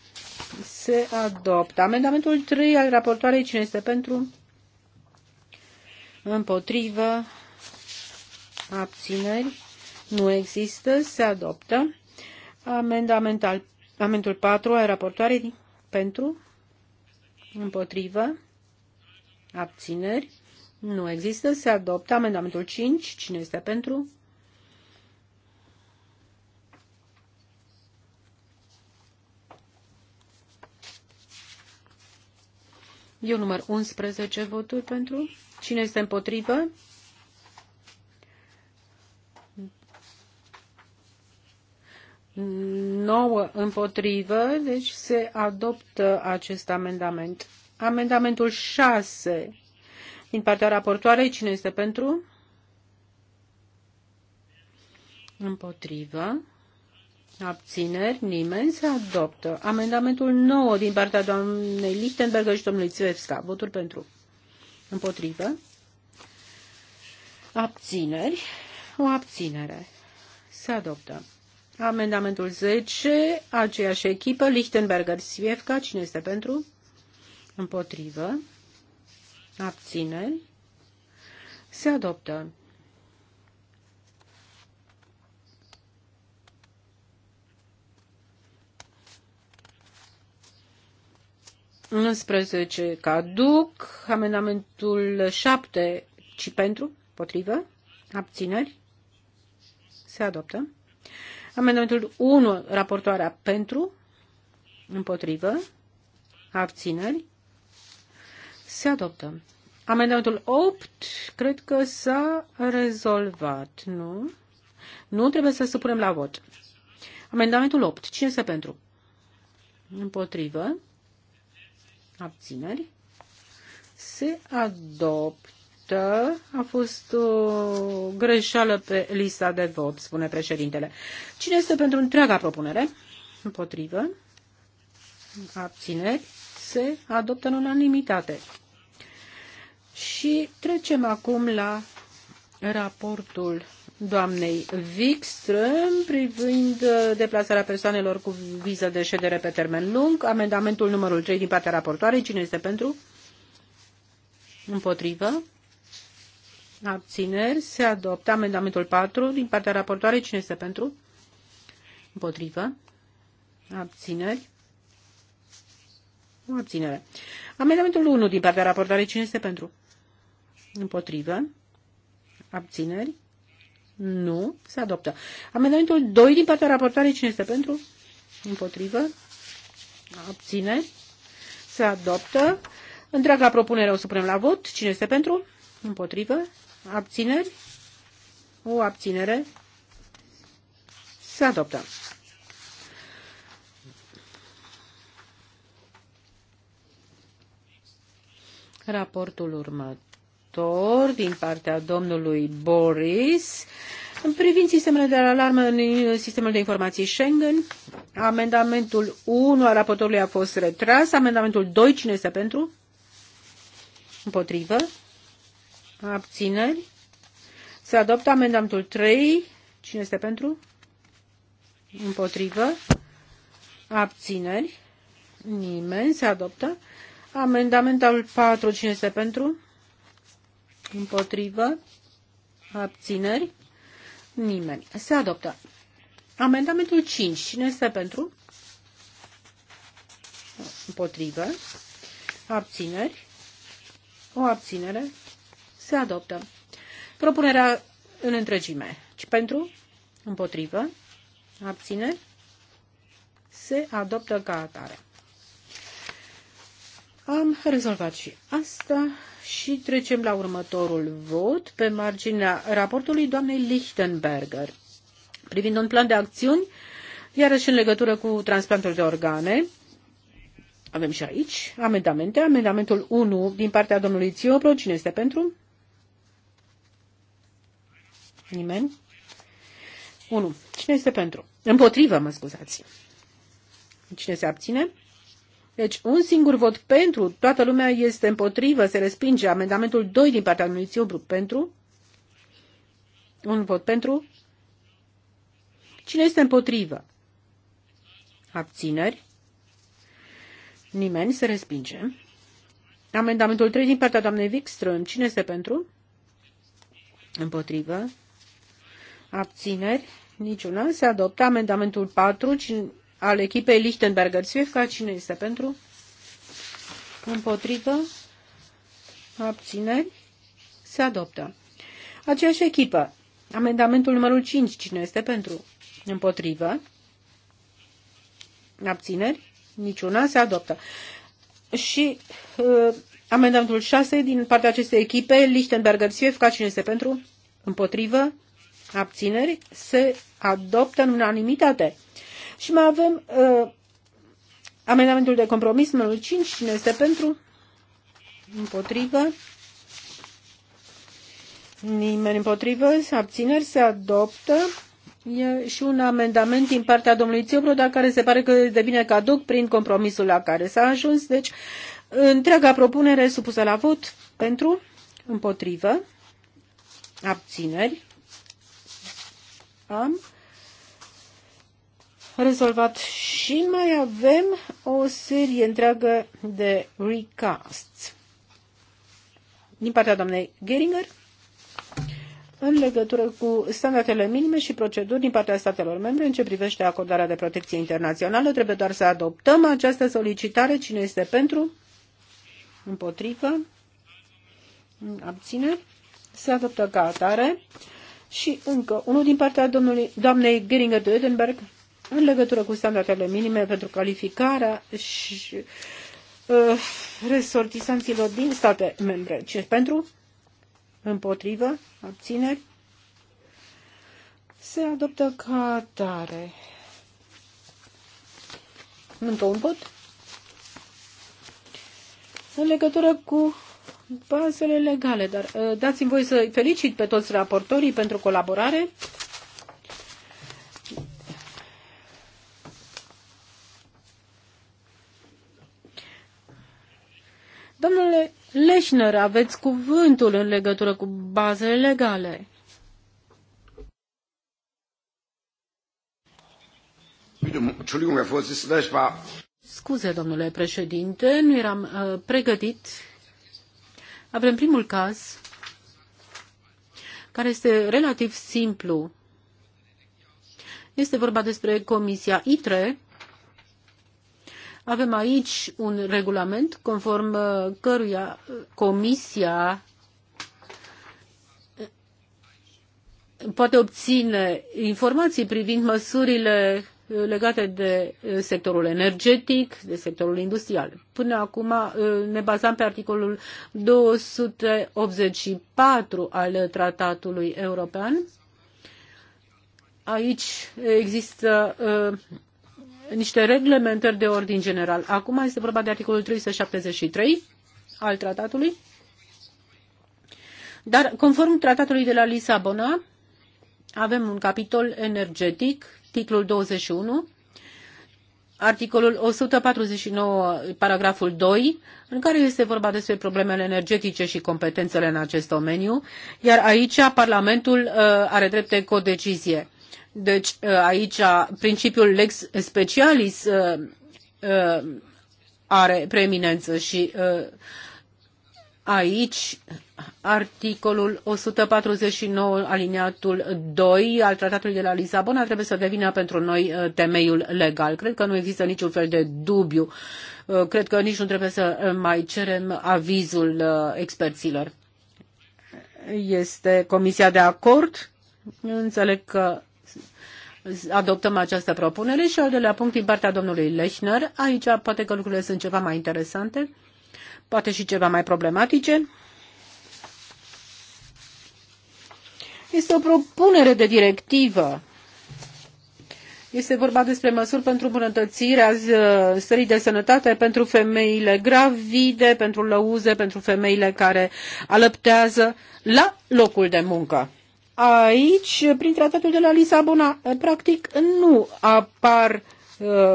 Se adoptă. Amendamentul 3 al raportoarei. Cine este pentru? împotrivă, abțineri, nu există, se adoptă. Amendamental, amendul 4 al raportoarei pentru, împotrivă, abțineri, nu există, se adoptă. Amendamentul 5, cine este pentru? Eu număr 11 voturi pentru. Cine este împotrivă? Nouă împotrivă, deci se adoptă acest amendament. Amendamentul 6 din partea raportoarei, cine este pentru? Împotrivă. Abțineri, nimeni se adoptă. Amendamentul 9 din partea doamnei Lichtenberger și domnului Țevesca. Voturi pentru. Împotrivă. Abțineri. O abținere. Se adoptă. Amendamentul 10, aceeași echipă, Lichtenberger, Sviefka, cine este pentru? Împotrivă. Abțineri. Se adoptă. 11 caduc, amendamentul 7 ci pentru, potrivă, abțineri, se adoptă. Amendamentul 1, raportoarea pentru, împotrivă, abțineri, se adoptă. Amendamentul 8, cred că s-a rezolvat, nu? Nu trebuie să supunem la vot. Amendamentul 8, cine este pentru? Împotrivă, abțineri, se adoptă. A fost o greșeală pe lista de vot, spune președintele. Cine este pentru întreaga propunere? Împotrivă. Abțineri. Se adoptă în unanimitate. Și trecem acum la raportul doamnei Wikström privind uh, deplasarea persoanelor cu viză de ședere pe termen lung. Amendamentul numărul 3 din partea raportoarei. Cine este pentru? Împotrivă. Abțineri. Se adoptă amendamentul 4 din partea raportoarei. Cine este pentru? Împotrivă. Abțineri. O abținere. Amendamentul 1 din partea raportoarei. Cine este pentru? Împotrivă. Abțineri. Nu. Se adoptă. Amendamentul 2 din partea raportoarei. Cine este pentru? Împotrivă. Abține. Se adoptă. Întreaga propunere o supunem la vot. Cine este pentru? Împotrivă. Abțineri. O abținere. Se adoptă. Raportul următor raportor din partea domnului Boris în privind sistemele de alarmă în sistemul de informații Schengen. Amendamentul 1 al raportorului a fost retras. Amendamentul 2, cine este pentru? Împotrivă. Abțineri. Se adoptă amendamentul 3. Cine este pentru? Împotrivă. Abțineri. Nimeni. Se adoptă. Amendamentul 4. Cine este pentru? Împotrivă? Abțineri? Nimeni. Se adoptă. Amendamentul 5. Cine este pentru? Împotrivă. Abțineri. O abținere. Se adoptă. Propunerea în întregime. Pentru? Împotrivă. Abțineri. Se adoptă ca atare. Am rezolvat și asta și trecem la următorul vot pe marginea raportului doamnei Lichtenberger privind un plan de acțiuni, iarăși în legătură cu transplantul de organe. Avem și aici amendamente. Amendamentul 1 din partea domnului Țiobro. Cine este pentru? Nimeni? 1. Cine este pentru? Împotrivă, mă scuzați. Cine se abține? Deci un singur vot pentru, toată lumea este împotrivă, se respinge amendamentul 2 din partea lui Ciobru pentru. Un vot pentru. Cine este împotrivă? Abțineri. Nimeni se respinge. Amendamentul 3 din partea doamnei Wikström. Cine este pentru? Împotrivă. Abțineri. Niciuna. Se adoptă amendamentul 4. Cine al echipei Lichtenberger Zwiefka. cine este pentru? Împotrivă? Abțineri? Se adoptă. Aceeași echipă. Amendamentul numărul 5. Cine este pentru? Împotrivă? Abțineri? Niciuna se adoptă. Și uh, amendamentul 6 din partea acestei echipe, Lichtenberger Zwiefka. cine este pentru? Împotrivă? Abțineri? Se adoptă în unanimitate. Și mai avem uh, amendamentul de compromis numărul 5. Cine este pentru? Împotrivă. Nimeni împotrivă. Abțineri se adoptă. E și un amendament din partea domnului Țiobro, dar care se pare că devine caduc prin compromisul la care s-a ajuns. Deci, întreaga propunere supusă la vot pentru, împotrivă, abțineri. Am rezolvat și mai avem o serie întreagă de recasts. Din partea doamnei Geringer, în legătură cu standardele minime și proceduri din partea statelor membre în ce privește acordarea de protecție internațională, trebuie doar să adoptăm această solicitare. Cine este pentru? Împotrivă? Abține? Se adoptă ca atare. Și încă unul din partea domnului, doamnei Geringer de Edinburgh în legătură cu standardele minime pentru calificarea și uh, resortisanților din state membre. Ce pentru? Împotrivă? Abțineri? Se adoptă ca tare, Încă un vot? În legătură cu bazele legale, dar uh, dați-mi voi să felicit pe toți raportorii pentru colaborare. Leșner, aveți cuvântul în legătură cu bazele legale. Deci, Scuze, domnule președinte, nu eram uh, pregătit. Avem primul caz, care este relativ simplu. Este vorba despre Comisia ITRE, avem aici un regulament conform uh, căruia uh, Comisia uh, poate obține informații privind măsurile legate de sectorul energetic, de sectorul industrial. Până acum ne bazam pe articolul 284 al tratatului european. Aici există niște reglementări de ordin general. Acum este vorba de articolul 373 al tratatului, dar conform tratatului de la Lisabona avem un capitol energetic, titlul 21, articolul 149, paragraful 2, în care este vorba despre problemele energetice și competențele în acest domeniu, iar aici Parlamentul uh, are drept de codecizie. Deci uh, aici uh, principiul lex specialis uh, are preeminență și aici articolul 149 aliniatul 2 al tratatului de la Lisabona trebuie să devină pentru noi temeiul legal. Cred că nu există niciun fel de dubiu. Cred că nici nu trebuie să mai cerem avizul experților. Este comisia de acord? Înțeleg că adoptăm această propunere și al doilea punct din partea domnului Lechner. Aici poate că lucrurile sunt ceva mai interesante, poate și ceva mai problematice. Este o propunere de directivă. Este vorba despre măsuri pentru îmbunătățirea stării de sănătate pentru femeile gravide, pentru lăuze, pentru femeile care alăptează la locul de muncă. Aici, prin tratatul de la Lisabona, practic nu apar uh,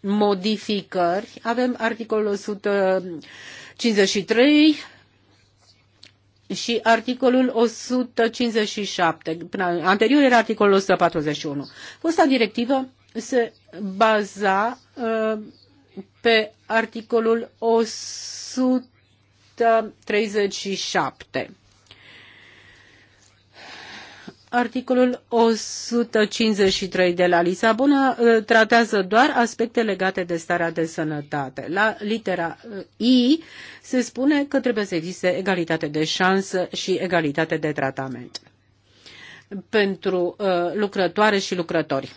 modificări. Avem articolul 153 și articolul 157. anterior era articolul 141. Fosta directivă se baza uh, pe articolul 137. Articolul 153 de la Lisabona uh, tratează doar aspecte legate de starea de sănătate. La litera uh, I se spune că trebuie să existe egalitate de șansă și egalitate de tratament pentru uh, lucrătoare și lucrători.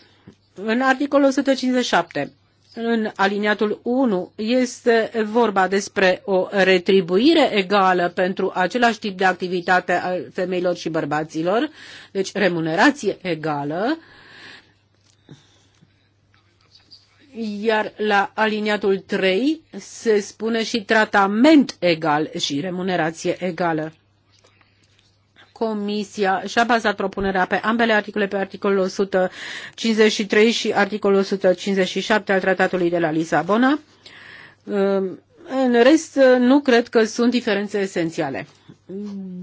În articolul 157 în aliniatul 1 este vorba despre o retribuire egală pentru același tip de activitate a femeilor și bărbaților, deci remunerație egală, iar la aliniatul 3 se spune și tratament egal și remunerație egală. Comisia și-a bazat propunerea pe ambele articole, pe articolul 153 și articolul 157 al Tratatului de la Lisabona. În rest, nu cred că sunt diferențe esențiale.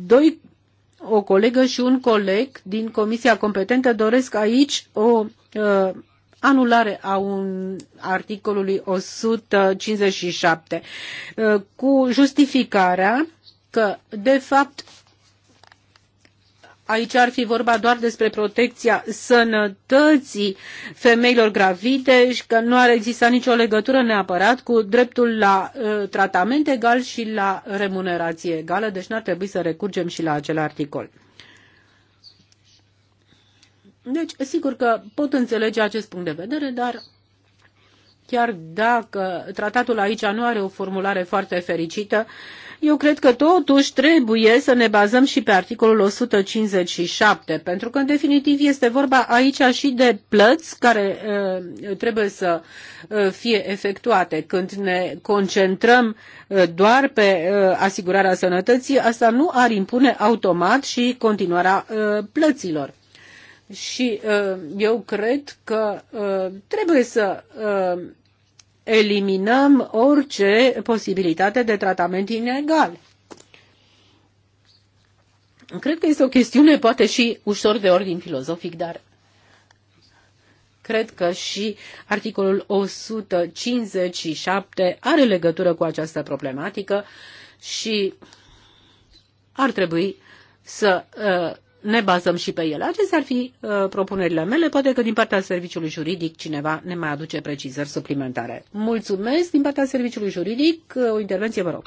Doi, o colegă și un coleg din Comisia competentă doresc aici o uh, anulare a un articolului 157 uh, cu justificarea că, de fapt, Aici ar fi vorba doar despre protecția sănătății femeilor gravide și că nu ar exista nicio legătură neapărat cu dreptul la uh, tratament egal și la remunerație egală, deci n-ar trebui să recurgem și la acel articol. Deci, sigur că pot înțelege acest punct de vedere, dar chiar dacă tratatul aici nu are o formulare foarte fericită, uh, eu cred că totuși trebuie să ne bazăm și pe articolul 157, pentru că în definitiv este vorba aici și de plăți care uh, trebuie să uh, fie efectuate. Când ne concentrăm uh, doar pe uh, asigurarea sănătății, asta nu ar impune automat și continuarea uh, plăților. Și uh, eu cred că trebuie să eliminăm orice posibilitate de tratament inegal. Cred că este o chestiune poate și ușor de ordin filozofic, dar cred că și articolul 157 are legătură cu această problematică și ar trebui să uh, ne bazăm și pe ele. Acestea ar fi uh, propunerile mele. Poate că din partea serviciului juridic cineva ne mai aduce precizări suplimentare. Mulțumesc din partea serviciului juridic. Uh, o intervenție, vă rog.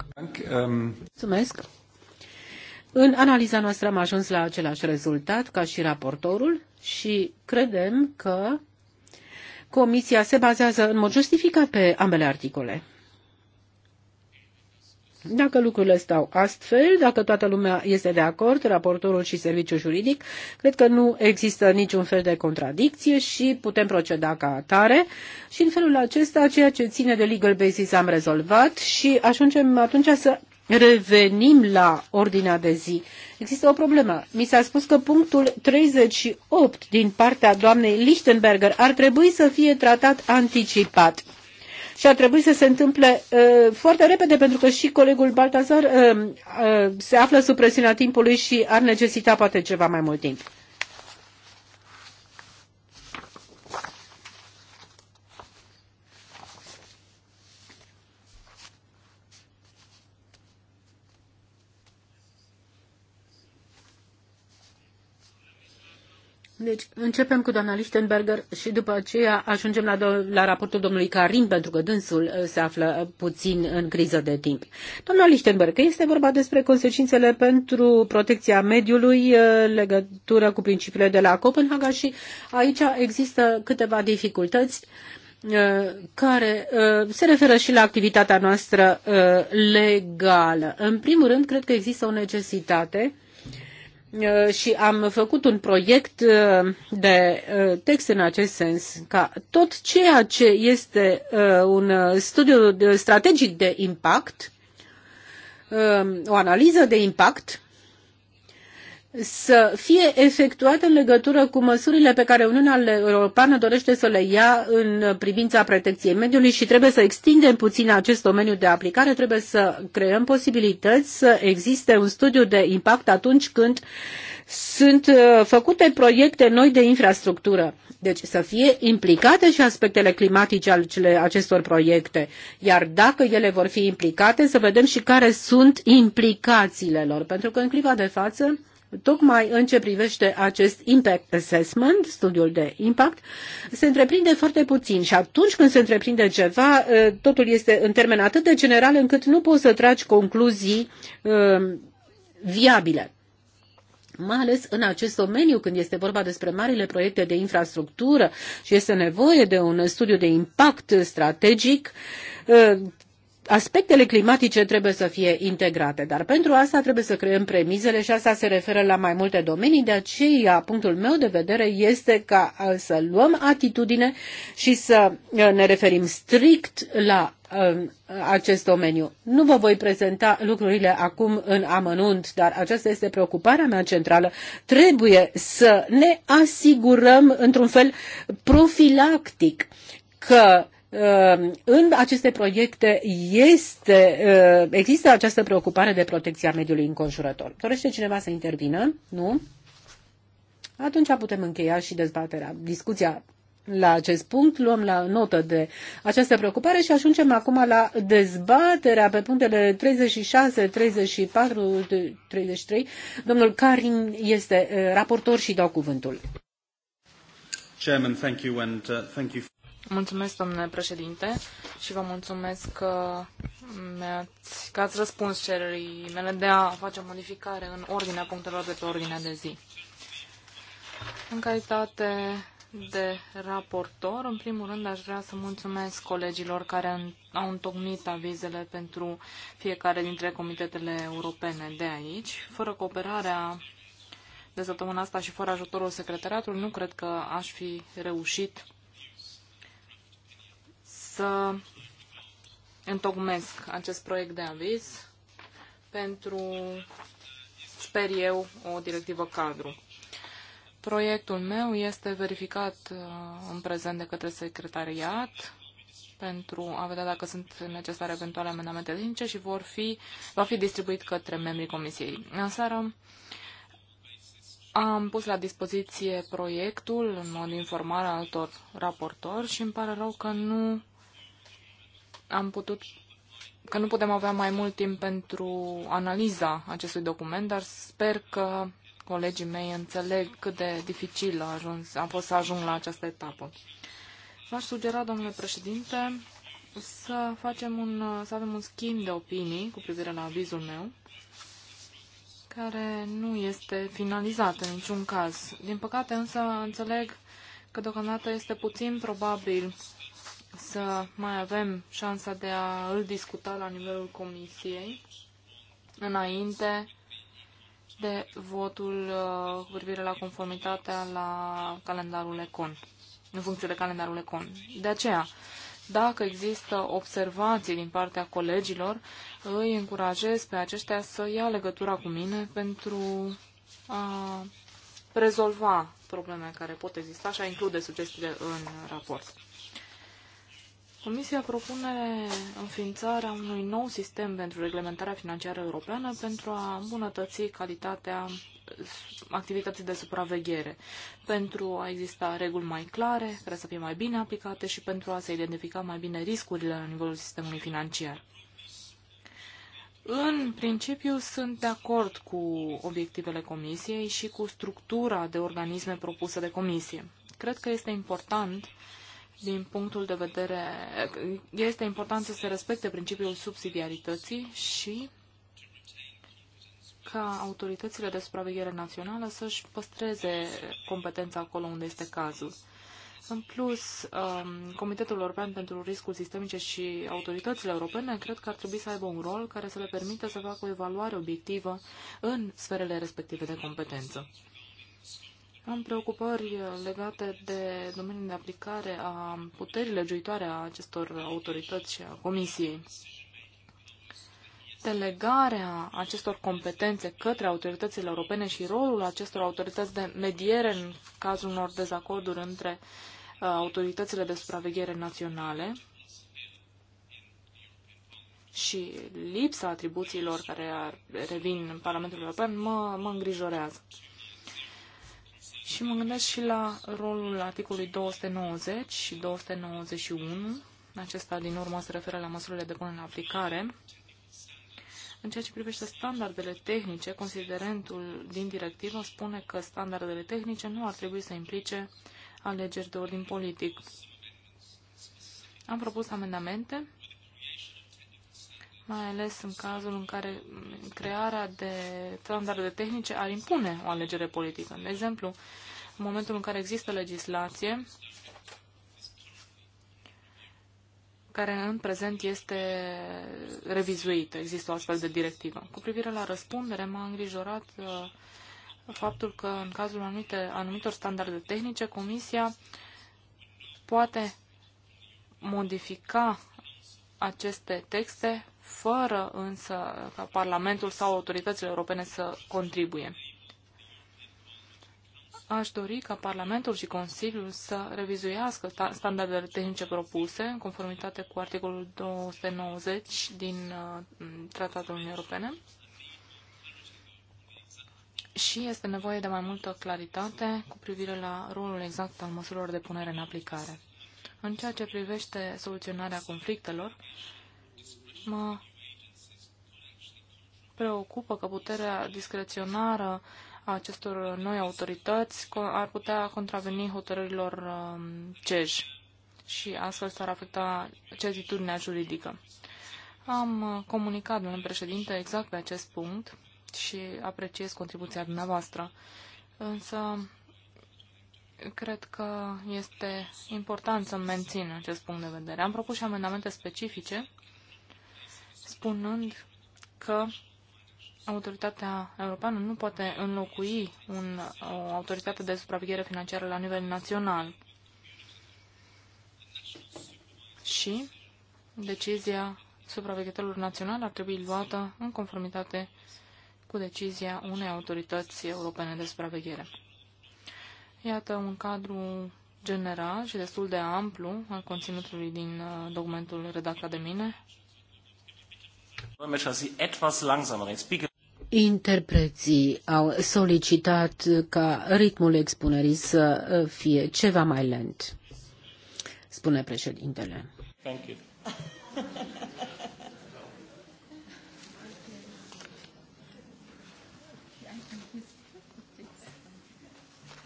Um, Mulțumesc. În analiza noastră am ajuns la același rezultat ca și raportorul și credem că Comisia se bazează în mod justificat pe ambele articole. Dacă lucrurile stau astfel, dacă toată lumea este de acord, raportorul și serviciul juridic, cred că nu există niciun fel de contradicție și putem proceda ca atare. Și în felul acesta, ceea ce ține de legal basis am rezolvat și ajungem atunci să revenim la ordinea de zi. Există o problemă. Mi s-a spus că punctul 38 din partea doamnei Lichtenberger ar trebui să fie tratat anticipat și ar trebui să se întâmple uh, foarte repede, pentru că și colegul Baltazar uh, uh, se află sub presiunea timpului și ar necesita poate ceva mai mult timp. Deci, începem cu doamna Lichtenberger și după aceea ajungem la, do- la raportul domnului Karim, pentru că dânsul uh, se află uh, puțin în criză de timp. Doamna Lichtenberger, este vorba despre consecințele pentru protecția mediului, uh, legătură cu principiile de la Copenhaga și aici există câteva dificultăți care se referă și la activitatea noastră legală. În primul rând, cred că există o necesitate uh, Uh, și am făcut un proiect uh, de uh, text în acest sens, ca tot ceea ce este un studiu strategic de impact, o analiză de impact, să fie efectuate în legătură cu măsurile pe care Uniunea Europeană dorește să le ia în privința protecției mediului și trebuie să extindem puțin acest domeniu de aplicare, trebuie să creăm posibilități să existe un studiu de impact atunci când sunt uh, făcute proiecte noi de infrastructură. Deci să fie implicate și aspectele climatice ale acestor proiecte, iar dacă ele vor fi implicate, să vedem și care sunt implicațiile lor, pentru că în clipa de față Tocmai în ce privește acest impact assessment, studiul de impact, se întreprinde foarte puțin și atunci când se întreprinde ceva, eh, totul este în termen atât de general încât nu poți să tragi concluzii eh, viabile mai ales în acest domeniu, când este vorba despre marile proiecte de infrastructură și este nevoie de un studiu de impact strategic, eh, aspectele climatice trebuie să fie integrate, dar pentru asta trebuie să creăm premizele și asta se referă la mai multe domenii, de aceea punctul meu de vedere este ca să luăm atitudine și să ne referim strict la acest domeniu. Nu vă voi prezenta lucrurile acum în amănunt, dar aceasta este preocuparea mea centrală. Trebuie să ne asigurăm într-un fel profilactic că Ehm, în aceste proiecte este, ehm, există această preocupare de protecția mediului înconjurător. Dorește cineva să intervină? Nu? Atunci putem încheia și dezbaterea, discuția la acest punct, luăm la notă de această preocupare și ajungem acum la dezbaterea pe punctele 36, 34, 33. Domnul Karin este eh, raportor și dau cuvântul. Chairman, thank you and, uh, thank you. Mulțumesc, domnule președinte, și vă mulțumesc că, mi-ați, că ați răspuns cererii mele de a face o modificare în ordinea punctelor de pe ordinea de zi. În calitate de raportor, în primul rând aș vrea să mulțumesc colegilor care au întocmit avizele pentru fiecare dintre comitetele europene de aici. Fără cooperarea de săptămâna asta și fără ajutorul secretariatului, nu cred că aș fi reușit să întocmesc acest proiect de aviz pentru, sper eu, o directivă cadru. Proiectul meu este verificat uh, în prezent de către secretariat pentru a vedea dacă sunt necesare eventuale amendamente tehnice și vor fi, va fi distribuit către membrii comisiei. În seară am pus la dispoziție proiectul în mod informal al altor raportori și îmi pare rău că nu am putut că nu putem avea mai mult timp pentru analiza acestui document, dar sper că colegii mei înțeleg cât de dificil a, ajuns, a fost să ajung la această etapă. V-aș sugera, domnule președinte, să, facem un, să avem un schimb de opinii cu privire la avizul meu, care nu este finalizat în niciun caz. Din păcate, însă, înțeleg că deocamdată este puțin probabil să mai avem șansa de a îl discuta la nivelul comisiei înainte de votul uh, cu privire la conformitatea la calendarul ECON, în funcție de calendarul ECON. De aceea, dacă există observații din partea colegilor, îi încurajez pe aceștia să ia legătura cu mine pentru a rezolva probleme care pot exista și a include sugestiile în raport. Comisia propune înființarea unui nou sistem pentru reglementarea financiară europeană pentru a îmbunătăți calitatea activității de supraveghere, pentru a exista reguli mai clare, care să fie mai bine aplicate și pentru a se identifica mai bine riscurile la nivelul sistemului financiar. În principiu, sunt de acord cu obiectivele Comisiei și cu structura de organisme propusă de Comisie. Cred că este important din punctul de vedere, este important să se respecte principiul subsidiarității și ca autoritățile de supraveghere națională să-și păstreze competența acolo unde este cazul. În plus, um, Comitetul European pentru Riscul Sistemice și autoritățile europene cred că ar trebui să aibă un rol care să le permită să facă o evaluare obiectivă în sferele respective de competență. Am preocupări legate de domeniul de aplicare a puterii legiuitoare a acestor autorități și a Comisiei. Delegarea acestor competențe către autoritățile europene și rolul acestor autorități de mediere în cazul unor dezacorduri între uh, autoritățile de supraveghere naționale și lipsa atribuțiilor care revin în Parlamentul European mă, mă îngrijorează. Și mă gândesc și la rolul articolului 290 și 291. Acesta, din urmă, se referă la măsurile de până la aplicare. În ceea ce privește standardele tehnice, considerentul din directivă spune că standardele tehnice nu ar trebui să implice alegeri de ordin politic. Am propus amendamente mai ales în cazul în care crearea de standarde tehnice ar impune o alegere politică. De exemplu, în momentul în care există legislație care în prezent este revizuită, există o astfel de directivă. Cu privire la răspundere, m-a îngrijorat uh, faptul că în cazul anumite, anumitor standarde tehnice, Comisia poate modifica aceste texte fără însă ca Parlamentul sau autoritățile europene să contribuie. Aș dori ca Parlamentul și Consiliul să revizuiască standardele tehnice propuse în conformitate cu articolul 290 din uh, Tratatul Uniunii Europene și este nevoie de mai multă claritate cu privire la rolul exact al măsurilor de punere în aplicare. În ceea ce privește soluționarea conflictelor, Mă preocupă că puterea discreționară a acestor noi autorități ar putea contraveni hotărârilor um, CEJ și astfel s-ar afecta certitudinea juridică. Am uh, comunicat, domnule președinte, exact pe acest punct și apreciez contribuția dumneavoastră. Însă, cred că este important să mențin acest punct de vedere. Am propus și amendamente specifice spunând că autoritatea europeană nu poate înlocui un, o autoritate de supraveghere financiară la nivel național. Și decizia supraveghetorilor național ar trebui luată în conformitate cu decizia unei autorități europene de supraveghere. Iată un cadru general și destul de amplu al conținutului din uh, documentul redactat de mine Interpreții au solicitat ca ritmul expunerii să uh, fie ceva mai lent, spune președintele. Thank you.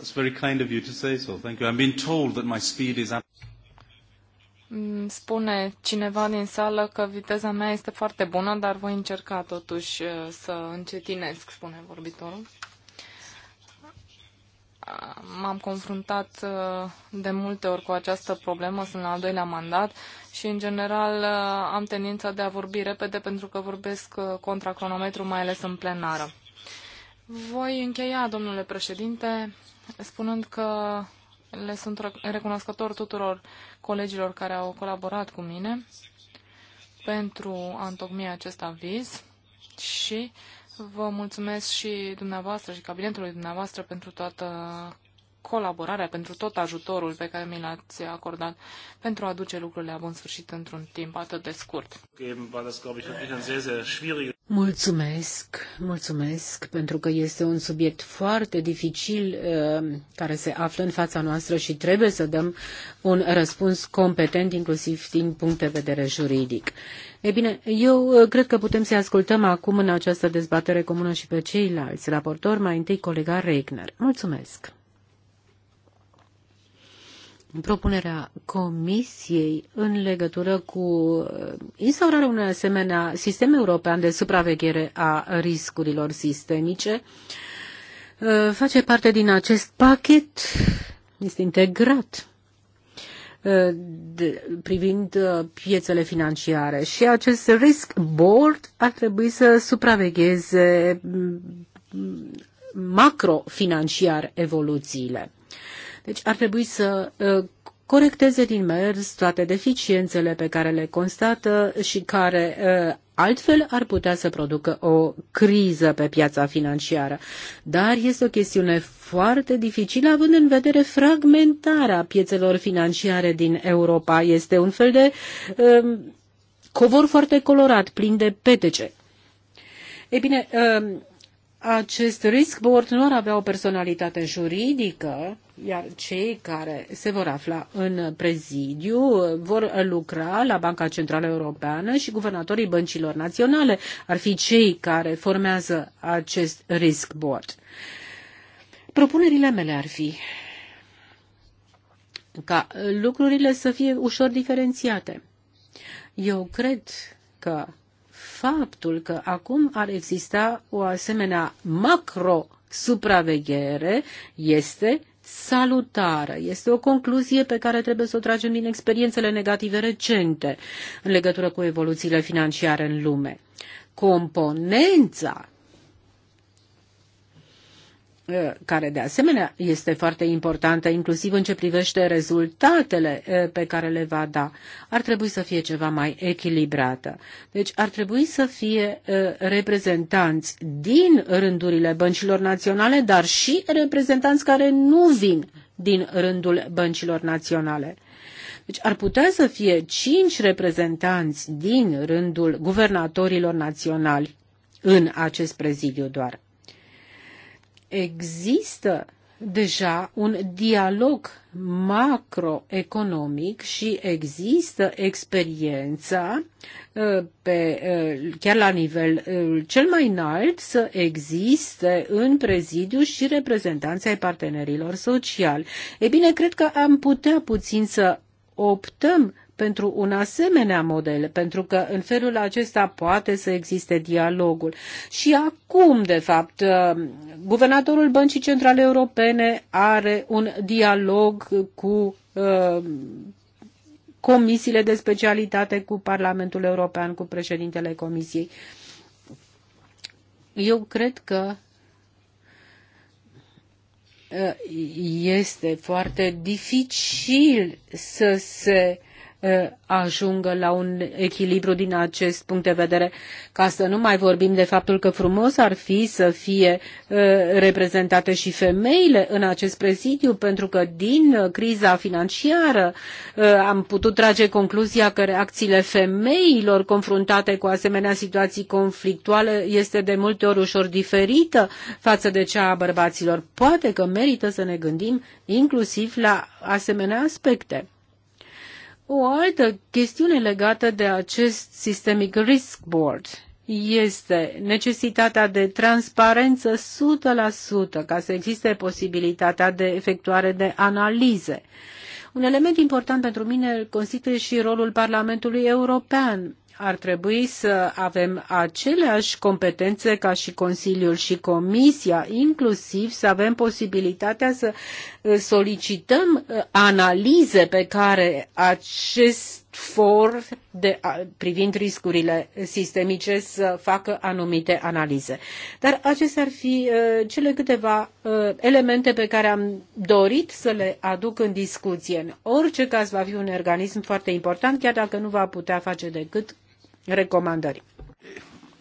That's very kind of you to say so. Thank you. I'm being told that my speed is Mm, spune cineva din sală că viteza mea este foarte bună, dar voi încerca totuși uh, să încetinesc, spune vorbitorul. Uh, m-am confruntat uh, de multe ori cu această problemă, sunt la al doilea mandat și, în general, am tendința de a vorbi repede pentru că vorbesc contra cronometru, mai ales în plenară. Voi încheia, domnule președinte, spunând că le sunt recunoscător tuturor colegilor care au colaborat cu mine pentru a întocmi acest aviz și vă mulțumesc și dumneavoastră și cabinetului dumneavoastră pentru toată colaborarea, pentru tot ajutorul pe care mi l-ați acordat pentru a duce lucrurile la bun sfârșit într-un timp atât de scurt. Mulțumesc, mulțumesc, pentru că este un subiect foarte dificil uh, care se află în fața noastră și trebuie să dăm un răspuns competent, inclusiv din punct de vedere juridic. E bine, eu uh, cred că putem să ascultăm acum în această dezbatere comună și pe ceilalți raportori, mai întâi colega Regner. Mulțumesc! propunerea Comisiei în legătură cu uh, instaurarea unui asemenea sistem european de supraveghere a riscurilor sistemice uh, face parte din acest pachet, este integrat uh, de, privind piețele financiare și acest risk board ar trebui să supravegheze mm, macrofinanciar evoluțiile. Deci ar trebui să uh, corecteze din mers toate deficiențele pe care le constată și care uh, altfel ar putea să producă o criză pe piața financiară. Dar este o chestiune foarte dificilă având în vedere fragmentarea piețelor financiare din Europa. Este un fel de um, covor foarte colorat, plin de petece. Ei bine, um, acest risk board nu ar avea o personalitate juridică, iar cei care se vor afla în prezidiu vor lucra la Banca Centrală Europeană și guvernatorii băncilor naționale ar fi cei care formează acest risk board. Propunerile mele ar fi ca lucrurile să fie ușor diferențiate. Eu cred că faptul că acum ar exista o asemenea macro supraveghere este salutară. Este o concluzie pe care trebuie să o tragem din experiențele negative recente în legătură cu evoluțiile financiare în lume. Componența care de asemenea este foarte importantă, inclusiv în ce privește rezultatele pe care le va da, ar trebui să fie ceva mai echilibrată. Deci ar trebui să fie reprezentanți din rândurile băncilor naționale, dar și reprezentanți care nu vin din rândul băncilor naționale. Deci ar putea să fie cinci reprezentanți din rândul guvernatorilor naționali în acest prezidiu doar există deja un dialog macroeconomic și există experiența uh, pe, uh, chiar la nivel uh, cel mai înalt să existe în prezidiu și reprezentanța ai partenerilor sociali. E bine, cred că am putea puțin să optăm pentru un asemenea model, pentru că în felul acesta poate să existe dialogul. Și acum, de fapt, uh, guvernatorul Băncii Centrale Europene are un dialog cu uh, comisiile de specialitate, cu Parlamentul European, cu președintele Comisiei. Eu cred că uh, este foarte dificil să se Uh, ajungă la un echilibru din acest punct de vedere, ca să nu mai vorbim de faptul că frumos ar fi să fie uh, reprezentate și femeile în acest prezidiu, pentru că din criza financiară uh, am putut trage concluzia că reacțiile femeilor confruntate cu asemenea situații conflictuale este de multe ori ușor diferită față de cea a bărbaților. Poate că merită să ne gândim inclusiv la asemenea aspecte. O altă chestiune legată de acest Systemic Risk Board este necesitatea de transparență 100% ca să existe posibilitatea de efectuare de analize. Un element important pentru mine constituie și rolul Parlamentului European ar trebui să avem aceleași competențe ca și Consiliul și Comisia, inclusiv să avem posibilitatea să uh, solicităm uh, analize pe care acest for de, privind riscurile sistemice să facă anumite analize. Dar acestea ar fi uh, cele câteva elemente pe care am dorit să le aduc în discuție. În orice caz va fi un organism foarte important, chiar dacă nu va putea face decât recomandări.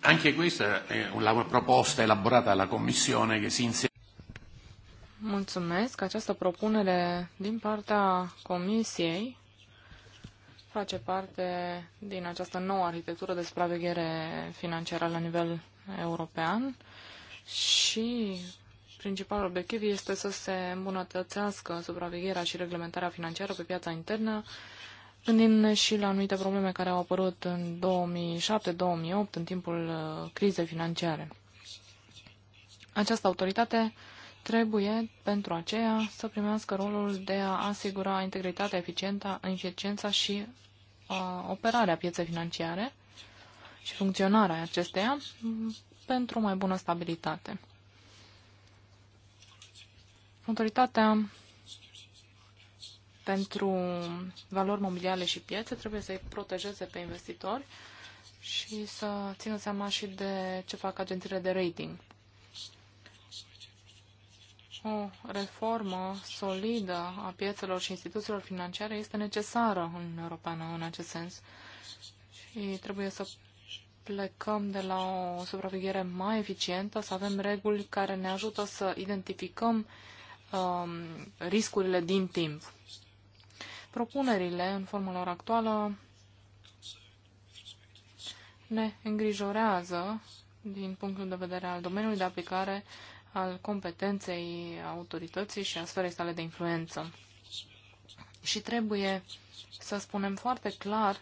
Anche questa è una proposta elaborata alla Commissione che si inserisce. Mulțumesc. Această propunere din partea Comisiei face parte din această nouă arhitectură de supraveghere financiară la nivel european și principalul obiectiv este să se îmbunătățească supravegherea și reglementarea financiară pe piața internă Gândind ne și la anumite probleme care au apărut în 2007-2008, în timpul uh, crizei financiare. Această autoritate trebuie pentru aceea să primească rolul de a asigura integritatea, eficiența, eficiența și a, uh, operarea pieței financiare și funcționarea acesteia mm, pentru o mai bună stabilitate. Autoritatea pentru valori mobiliale și piețe, trebuie să-i protejeze pe investitori și să țină seama și de ce fac agențiile de rating. O reformă solidă a piețelor și instituțiilor financiare este necesară în Europeană în acest sens și trebuie să plecăm de la o supraveghere mai eficientă, să avem reguli care ne ajută să identificăm um, riscurile din timp. Propunerile, în formă lor actuală, ne îngrijorează din punctul de vedere al domeniului de aplicare al competenței autorității și a sferei sale de influență. Și trebuie să spunem foarte clar,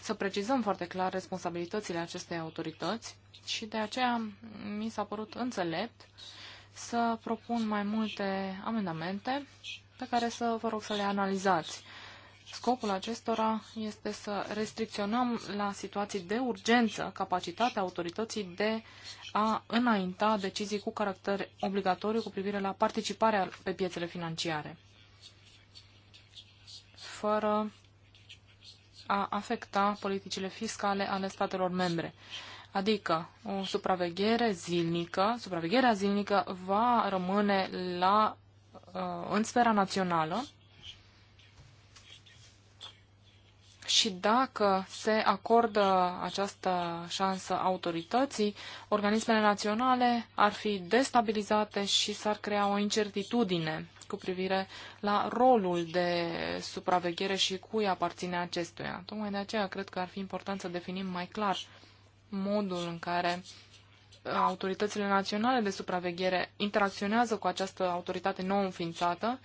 să precizăm foarte clar responsabilitățile acestei autorități și de aceea mi s-a părut înțelept să propun mai multe amendamente pe care să vă rog să le analizați. Scopul acestora este să restricționăm la situații de urgență capacitatea autorității de a înainta decizii cu caracter obligatoriu cu privire la participarea pe piețele financiare, fără a afecta politicile fiscale ale statelor membre. Adică o supraveghere zilnică, supravegherea zilnică va rămâne la Uh, în sfera națională și dacă se acordă această șansă autorității, organismele naționale ar fi destabilizate și s-ar crea o incertitudine cu privire la rolul de supraveghere și cui aparține acestuia. Tocmai de aceea cred că ar fi important să definim mai clar modul în care uh, autoritățile naționale de supraveghere interacționează cu această autoritate nou înființată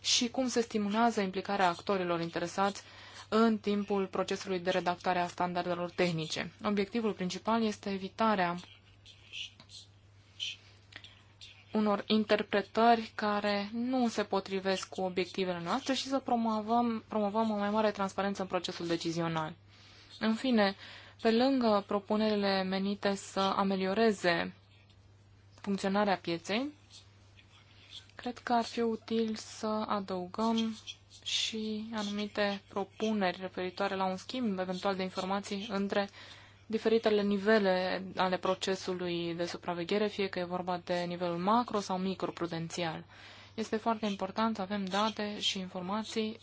și cum se stimulează implicarea actorilor interesați în timpul procesului de redactare a standardelor tehnice. Obiectivul principal este evitarea unor interpretări care nu se potrivesc cu obiectivele noastre și să promovăm, promovăm o mai mare transparență în procesul decizional. În fine, pe lângă propunerile menite să amelioreze funcționarea pieței, cred că ar fi util să adăugăm și anumite propuneri referitoare la un schimb eventual de informații între diferitele nivele ale procesului de supraveghere, fie că e vorba de nivelul macro sau microprudențial. Este foarte important să avem date și informații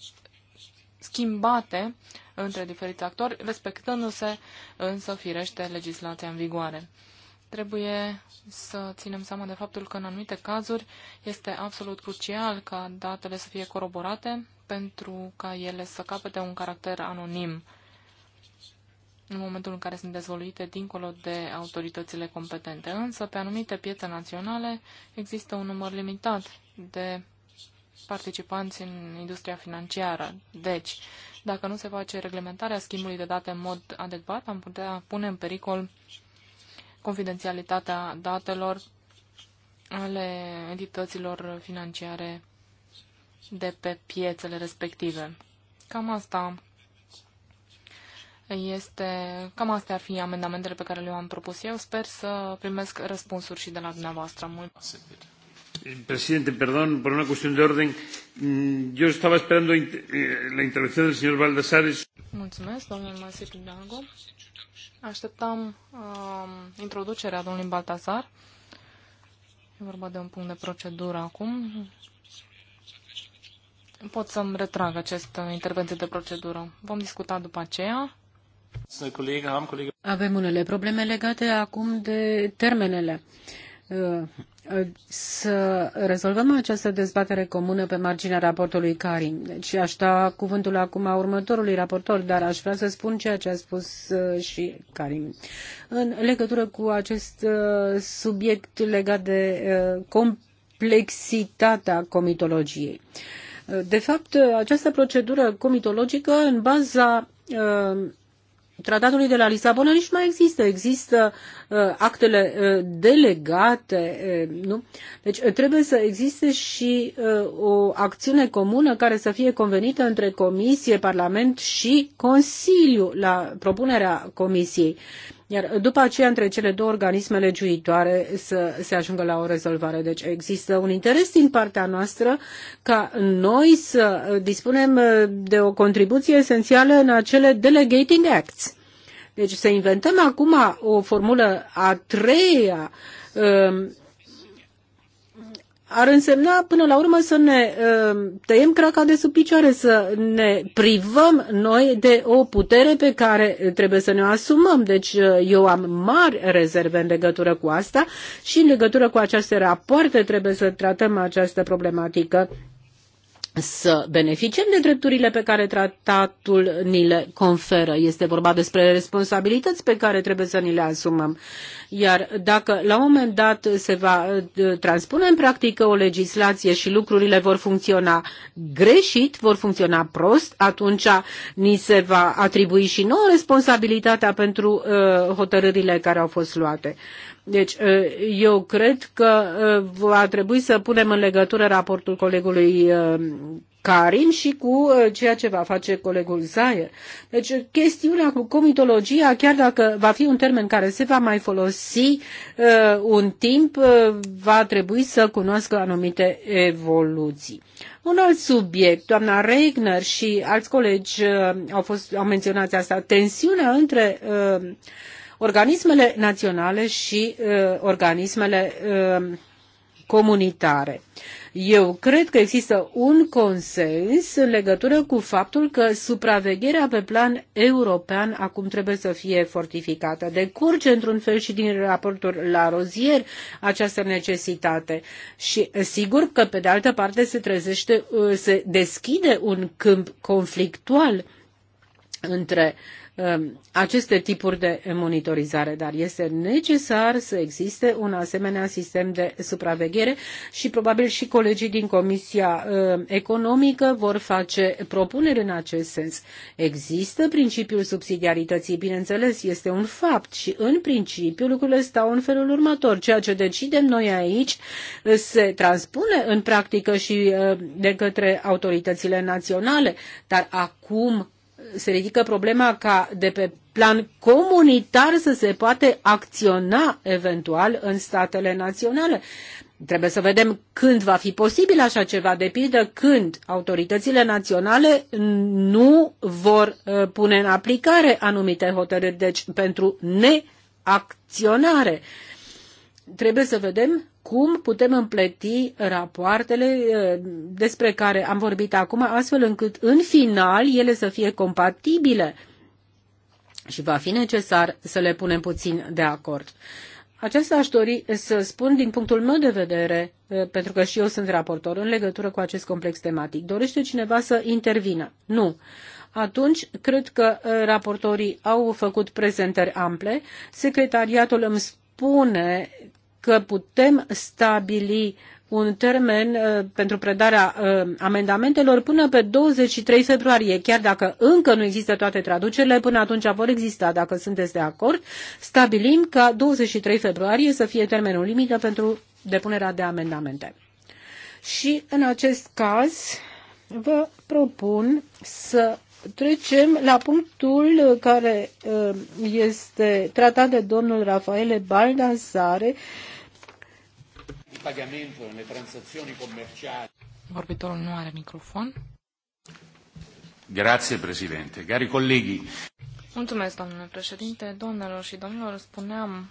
schimbate între diferiți actori, respectându-se însă firește legislația în vigoare. Trebuie să ținem seama de faptul că în anumite cazuri este absolut crucial ca datele să fie coroborate pentru ca ele să capete un caracter anonim în momentul în care sunt dezvoluite dincolo de autoritățile competente. Însă, pe anumite piețe naționale există un număr limitat de participanți în industria financiară. Deci, dacă nu se face reglementarea schimbului de date în mod adecvat, am putea pune în pericol confidențialitatea datelor ale entităților financiare de pe piețele respective. Cam asta este, cam astea ar fi amendamentele pe care le-am propus eu. Sper să primesc răspunsuri și de la dumneavoastră. Mulțumesc! Eh, presidente, perdón por una cuestión de orden. Mm, yo estaba esperando eh, la intervención del señor Baldasares. Mulțumesc, domnul Masip Dango. Așteptam uh, um, introducerea domnului Baltazar. E vorba de un punct de procedură acum. Pot să-mi retrag această uh, intervenție de procedură. Vom discuta după aceea. Avem unele probleme legate acum de termenele. Uh, să rezolvăm această dezbatere comună pe marginea raportului Karim. Deci aș da cuvântul acum a următorului raportor, dar aș vrea să spun ceea ce a spus uh, și Karim. În legătură cu acest uh, subiect legat de uh, complexitatea comitologiei. De fapt, această procedură comitologică, în baza tratatului de la Lisabona nici mai există. Există uh, actele uh, delegate, uh, nu? Deci uh, trebuie să existe și uh, o acțiune comună care să fie convenită între Comisie, Parlament și Consiliu la propunerea Comisiei iar după aceea între cele două organisme legiuitoare să se ajungă la o rezolvare. Deci există un interes din partea noastră ca noi să dispunem de o contribuție esențială în acele delegating acts. Deci să inventăm acum o formulă a treia um, ar însemna până la urmă să ne uh, tăiem craca de sub picioare, să ne privăm noi de o putere pe care trebuie să ne o asumăm. Deci uh, eu am mari rezerve în legătură cu asta și în legătură cu aceste rapoarte trebuie să tratăm această problematică să beneficiem de drepturile pe care tratatul ni le conferă. Este vorba despre responsabilități pe care trebuie să ni le asumăm. Iar dacă la un moment dat se va uh, transpune în practică o legislație și lucrurile vor funcționa greșit, vor funcționa prost, atunci ni se va atribui și nouă responsabilitatea pentru uh, hotărârile care au fost luate. Deci, ă, eu cred că ă, va trebui să punem în legătură raportul colegului ă, Karim și cu ceea ce va face colegul Zayer. Deci, chestiunea cu comitologia, chiar dacă va fi un termen care se va mai folosi un timp, va trebui să cunoască anumite evoluții. Un alt subiect, doamna Regner și alți colegi au, fost, au menționat asta, tensiunea între uh, organismele naționale și uh, organismele uh, comunitare. Eu cred că există un consens în legătură cu faptul că supravegherea pe plan european acum trebuie să fie fortificată. Decurge într-un fel și din raportul la rozier această necesitate și uh, sigur că pe de altă parte se trezește, se deschide un câmp conflictual între uh, Um, aceste tipuri de monitorizare, dar este necesar să existe un asemenea sistem de supraveghere și probabil și colegii din Comisia um, Economică vor face propuneri în acest sens. Există principiul subsidiarității, bineînțeles, este un fapt și în principiu lucrurile stau în felul următor. Ceea ce decidem noi aici se transpune în practică și um, de către autoritățile naționale, dar acum se ridică problema ca de pe plan comunitar să se poate acționa eventual în statele naționale. Trebuie să vedem când va fi posibil așa ceva, de pildă când autoritățile naționale nu vor uh, pune în aplicare anumite hotărâri, deci pentru neacționare. Trebuie să vedem cum putem împleti rapoartele uh, despre care am vorbit acum, astfel încât în final ele să fie compatibile și va fi necesar să le punem puțin de acord. Aceasta aș dori să spun din punctul meu de vedere, uh, pentru că și eu sunt raportor în legătură cu acest complex tematic. Dorește cineva să intervină? Nu. Atunci, cred că uh, raportorii au făcut prezentări ample. Secretariatul îmi spune că putem stabili un termen uh, pentru predarea uh, amendamentelor până pe 23 februarie, chiar dacă încă nu există toate traducerile, până atunci vor exista, dacă sunteți de acord, stabilim ca 23 februarie să fie termenul limită pentru depunerea de amendamente. Și în acest caz vă propun să trecem la punctul care uh, este tratat de domnul Rafaele uh, pagamento nelle transazioni commerciali. Vorbitorul nu are microfon. Grazie, Presidente. Cari colleghi. Mulțumesc, domnule președinte. domnilor și domnilor, spuneam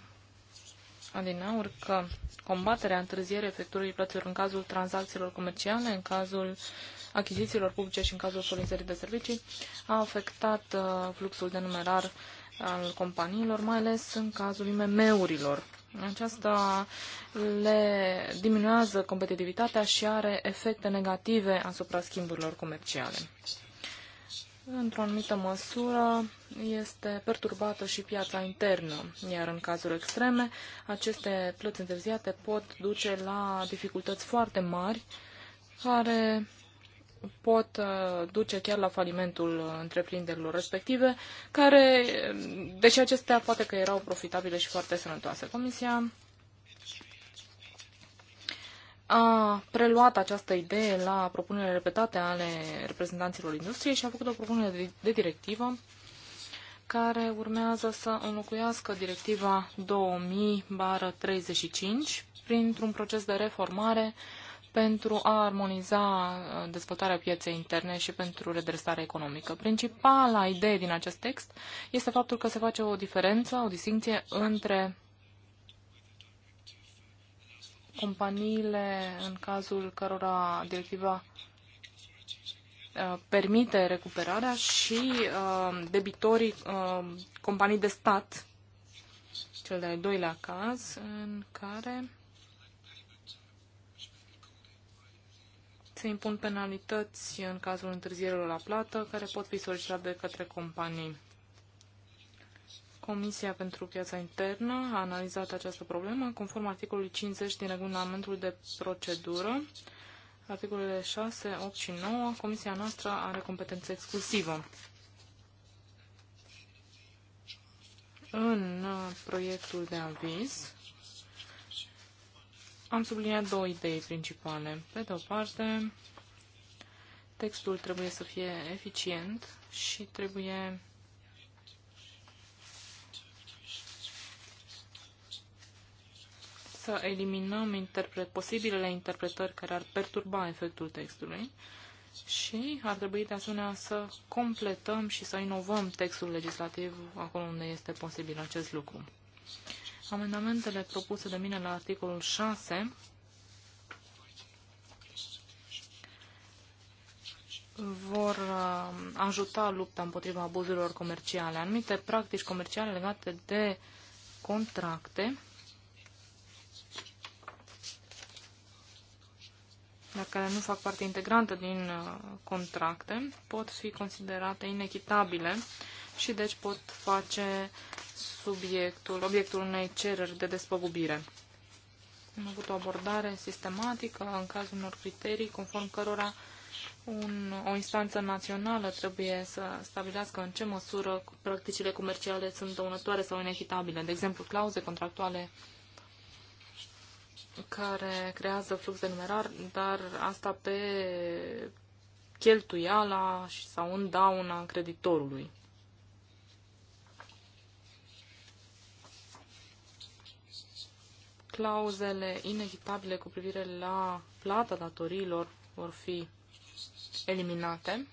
adinaur că combaterea întârzierii efectului plăților în cazul tranzacțiilor comerciale, în cazul achizițiilor publice și în cazul furnizării de servicii a afectat uh, fluxul de numerar al companiilor, mai ales în cazul IMM-urilor aceasta le diminuează competitivitatea și are efecte negative asupra schimburilor comerciale. Într-o anumită măsură este perturbată și piața internă, iar în cazuri extreme, aceste plăți întârziate pot duce la dificultăți foarte mari care pot uh, duce chiar la falimentul întreprinderilor respective, care, deși acestea poate că erau profitabile și foarte sănătoase. Comisia a preluat această idee la propunerile repetate ale reprezentanților industriei și a făcut o propunere de directivă care urmează să înlocuiască directiva 2000-35 printr-un proces de reformare uh, pentru a armoniza uh, dezvoltarea pieței interne și pentru redresarea economică. Principala idee din acest text este faptul că se face o diferență, o distinție între companiile în cazul cărora directiva uh, permite recuperarea și uh, debitorii companii de stat, cel de-al doilea caz în care se impun penalități în cazul întârzierilor la plată, care pot fi solicitate de către companii. Comisia pentru Piața Internă a analizat această problemă conform articolului 50 din regulamentul de procedură. Articolele 6, 8 și 9, Comisia noastră are competență exclusivă. În proiectul de aviz, am subliniat două idei principale. Pe de o parte, textul trebuie să fie eficient și trebuie să eliminăm interpret, posibilele interpretări care ar perturba efectul textului și ar trebui de asemenea să completăm și să inovăm textul legislativ acolo unde este posibil acest lucru. Amendamentele propuse de mine la articolul 6 vor uh, ajuta lupta împotriva abuzurilor comerciale. Anumite practici comerciale legate de contracte dar care nu fac parte integrantă din uh, contracte, pot fi considerate inechitabile și deci pot face subiectul, obiectul unei cereri de despăgubire. Am avut o abordare sistematică în cazul unor criterii conform cărora un, o instanță națională trebuie să stabilească în ce măsură practicile comerciale sunt dăunătoare sau inechitabile. De exemplu, clauze contractuale care creează flux de numerar, dar asta pe cheltuiala sau în dauna creditorului. clauzele inechitabile cu privire la plata datoriilor vor fi eliminate.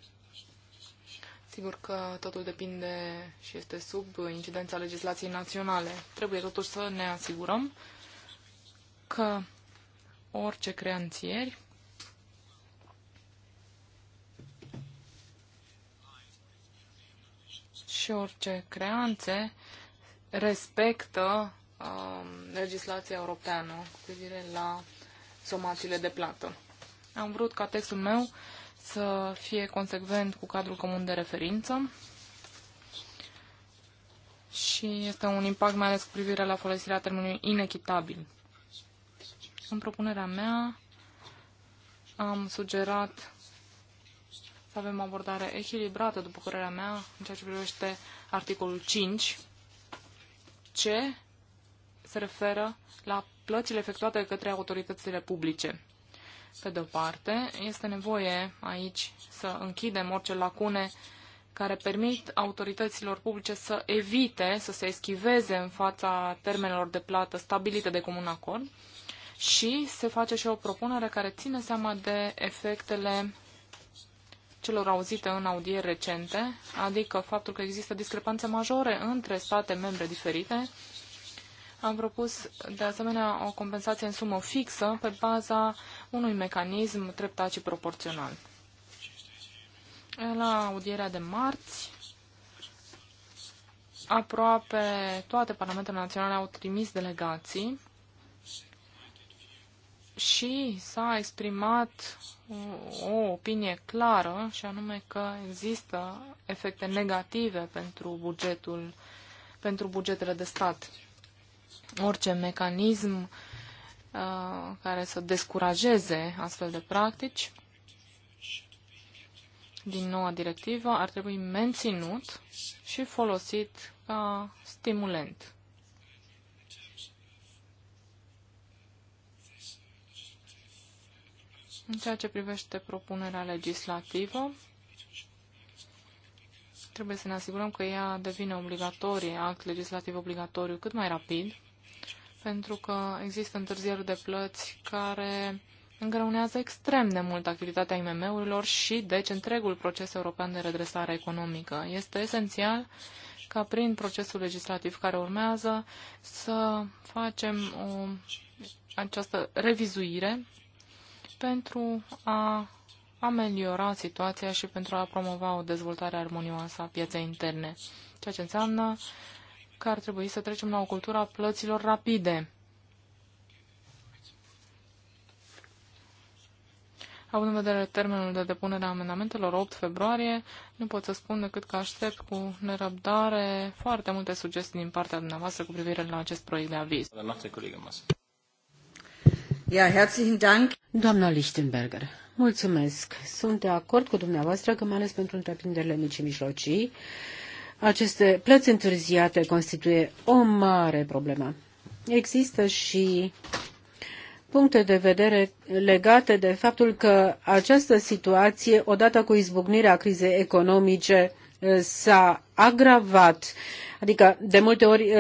Sigur că totul depinde și este sub incidența legislației naționale. Trebuie totuși să ne asigurăm că orice creanțieri și orice creanțe respectă Um, legislația europeană cu privire la somațiile de plată. Am vrut ca textul meu să fie consecvent cu cadrul comun de referință și este un impact mai ales cu privire la folosirea termenului inechitabil. În propunerea mea am sugerat să avem o abordare echilibrată, după părerea mea, în ceea ce privește articolul 5, ce se referă la plățile efectuate către autoritățile publice. Pe de-o parte, este nevoie aici să închidem orice lacune care permit autorităților publice să evite, să se eschiveze în fața termenelor de plată stabilite de comun acord și se face și o propunere care ține seama de efectele celor auzite în audieri recente, adică faptul că există discrepanțe majore între state membre diferite am propus de asemenea o compensație în sumă fixă pe baza unui mecanism treptat și proporțional. La audierea de marți, aproape toate parlamentele naționale au trimis delegații și s-a exprimat o opinie clară, și anume că există efecte negative pentru bugetul pentru bugetele de stat orice mecanism uh, care să descurajeze astfel de practici din noua directivă ar trebui menținut și folosit ca stimulent. În ceea ce privește propunerea legislativă, Trebuie să ne asigurăm că ea devine obligatorie, act legislativ obligatoriu, cât mai rapid, pentru că există întârzieri de plăți care îngreunează extrem de mult activitatea IMM-urilor și, deci, întregul proces european de redresare economică. Este esențial ca prin procesul legislativ care urmează să facem o, această revizuire pentru a ameliora situația și pentru a promova o dezvoltare armonioasă a pieței interne, ceea ce înseamnă că ar trebui să trecem la o cultură a plăților rapide. Având în vedere termenul de depunere a amendamentelor, 8 februarie, nu pot să spun decât că aștept cu nerăbdare foarte multe sugestii din partea dumneavoastră cu privire la acest proiect de aviz. Doamna Lichtenberger, mulțumesc. Sunt de acord cu dumneavoastră că, mai ales pentru întreprinderile mici și mijlocii, aceste plăți întârziate constituie o mare problemă. Există și puncte de vedere legate de faptul că această situație, odată cu izbucnirea crizei economice, s-a agravat. Adică, de multe ori,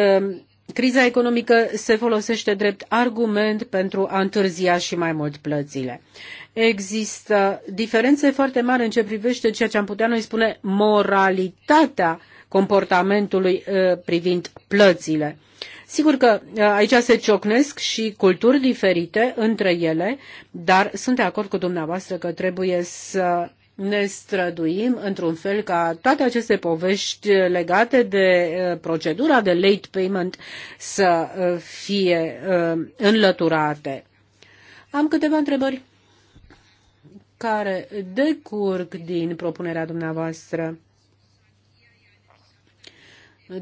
criza economică se folosește drept argument pentru a întârzia și mai mult plățile. Există diferențe foarte mari în ce privește ceea ce am putea noi spune moralitatea comportamentului uh, privind plățile. Sigur că uh, aici se ciocnesc și culturi diferite între ele, dar sunt de acord cu dumneavoastră că trebuie să ne străduim într-un fel ca toate aceste povești legate de uh, procedura de late payment să uh, fie uh, înlăturate. Am câteva întrebări care decurg din propunerea dumneavoastră.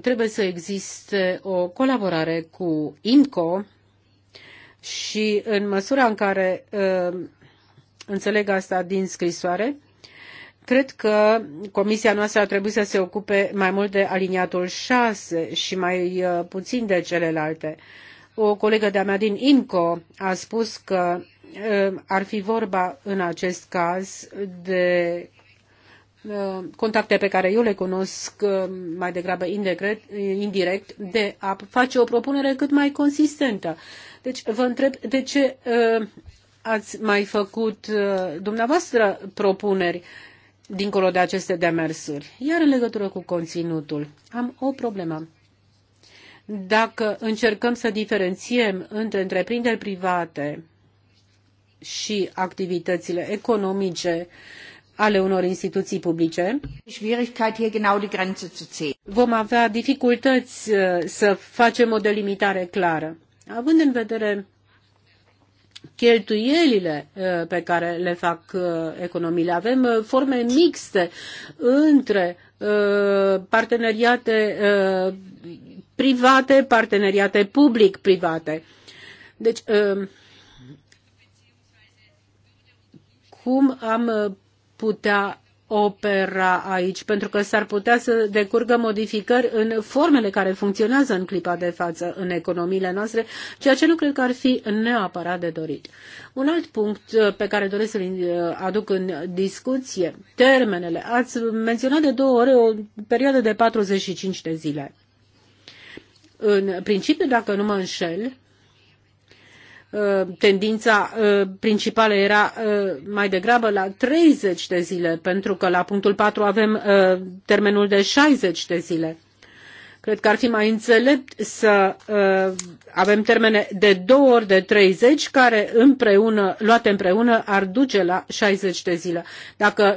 Trebuie să existe o colaborare cu IMCO și în măsura în care înțeleg asta din scrisoare, Cred că comisia noastră ar trebui să se ocupe mai mult de aliniatul 6 și mai uh, puțin de celelalte. O colegă de-a mea din IMCO a spus că uh, ar fi vorba în acest caz de uh, contacte pe care eu le cunosc mai degrabă indirect, de a face o propunere cât mai consistentă. Deci vă întreb de ce ați mai făcut dumneavoastră propuneri dincolo de aceste demersuri. Iar în legătură cu conținutul, am o problemă. Dacă încercăm să diferențiem între întreprinderi private și activitățile economice ale unor instituții publice, vom avea dificultăți uh, să facem o delimitare clară. Având în vedere cheltuielile uh, pe care le fac uh, economiile. Avem uh, forme mixte între parteneriate private, parteneriate public-private. Deci, cum am putea opera aici, pentru că s-ar putea să decurgă modificări în formele care funcționează în clipa de față în economiile noastre, ceea ce nu cred că ar fi neapărat de dorit. Un alt punct uh, pe care doresc să-l uh, aduc în discuție, termenele. Ați menționat de două ore o perioadă de 45 de zile. În principiu, dacă nu mă înșel, Uh, tendința uh, principală era uh, mai degrabă la 30 de zile, pentru că la punctul 4 avem termenul de 60 de zile. Cred că ar fi mai înțelept să avem termene de două ori de 30, care împreună, luate împreună, ar duce la 60 de zile. Dacă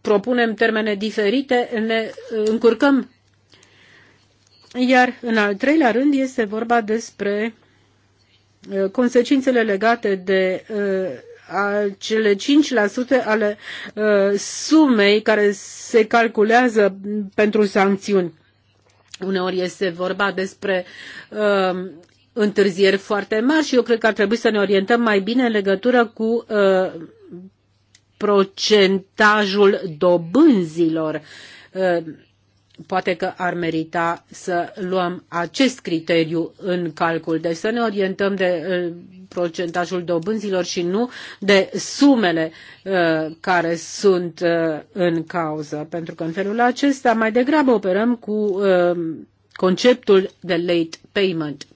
propunem termene diferite, ne încurcăm. Iar în al treilea rând este vorba despre Eh, consecințele legate de eh, cele 5% ale eh, sumei care se calculează pentru sancțiuni. Uneori este vorba despre uh, întârzieri foarte mari și eu cred că ar trebui să ne orientăm mai bine în legătură cu uh, procentajul dobânzilor. Uh, poate că ar merita să luăm acest criteriu în calcul. Deci să ne orientăm de uh, procentajul dobânzilor și nu de sumele uh, care sunt uh, în cauză. Pentru că în felul acesta mai degrabă operăm cu conceptul de late payment.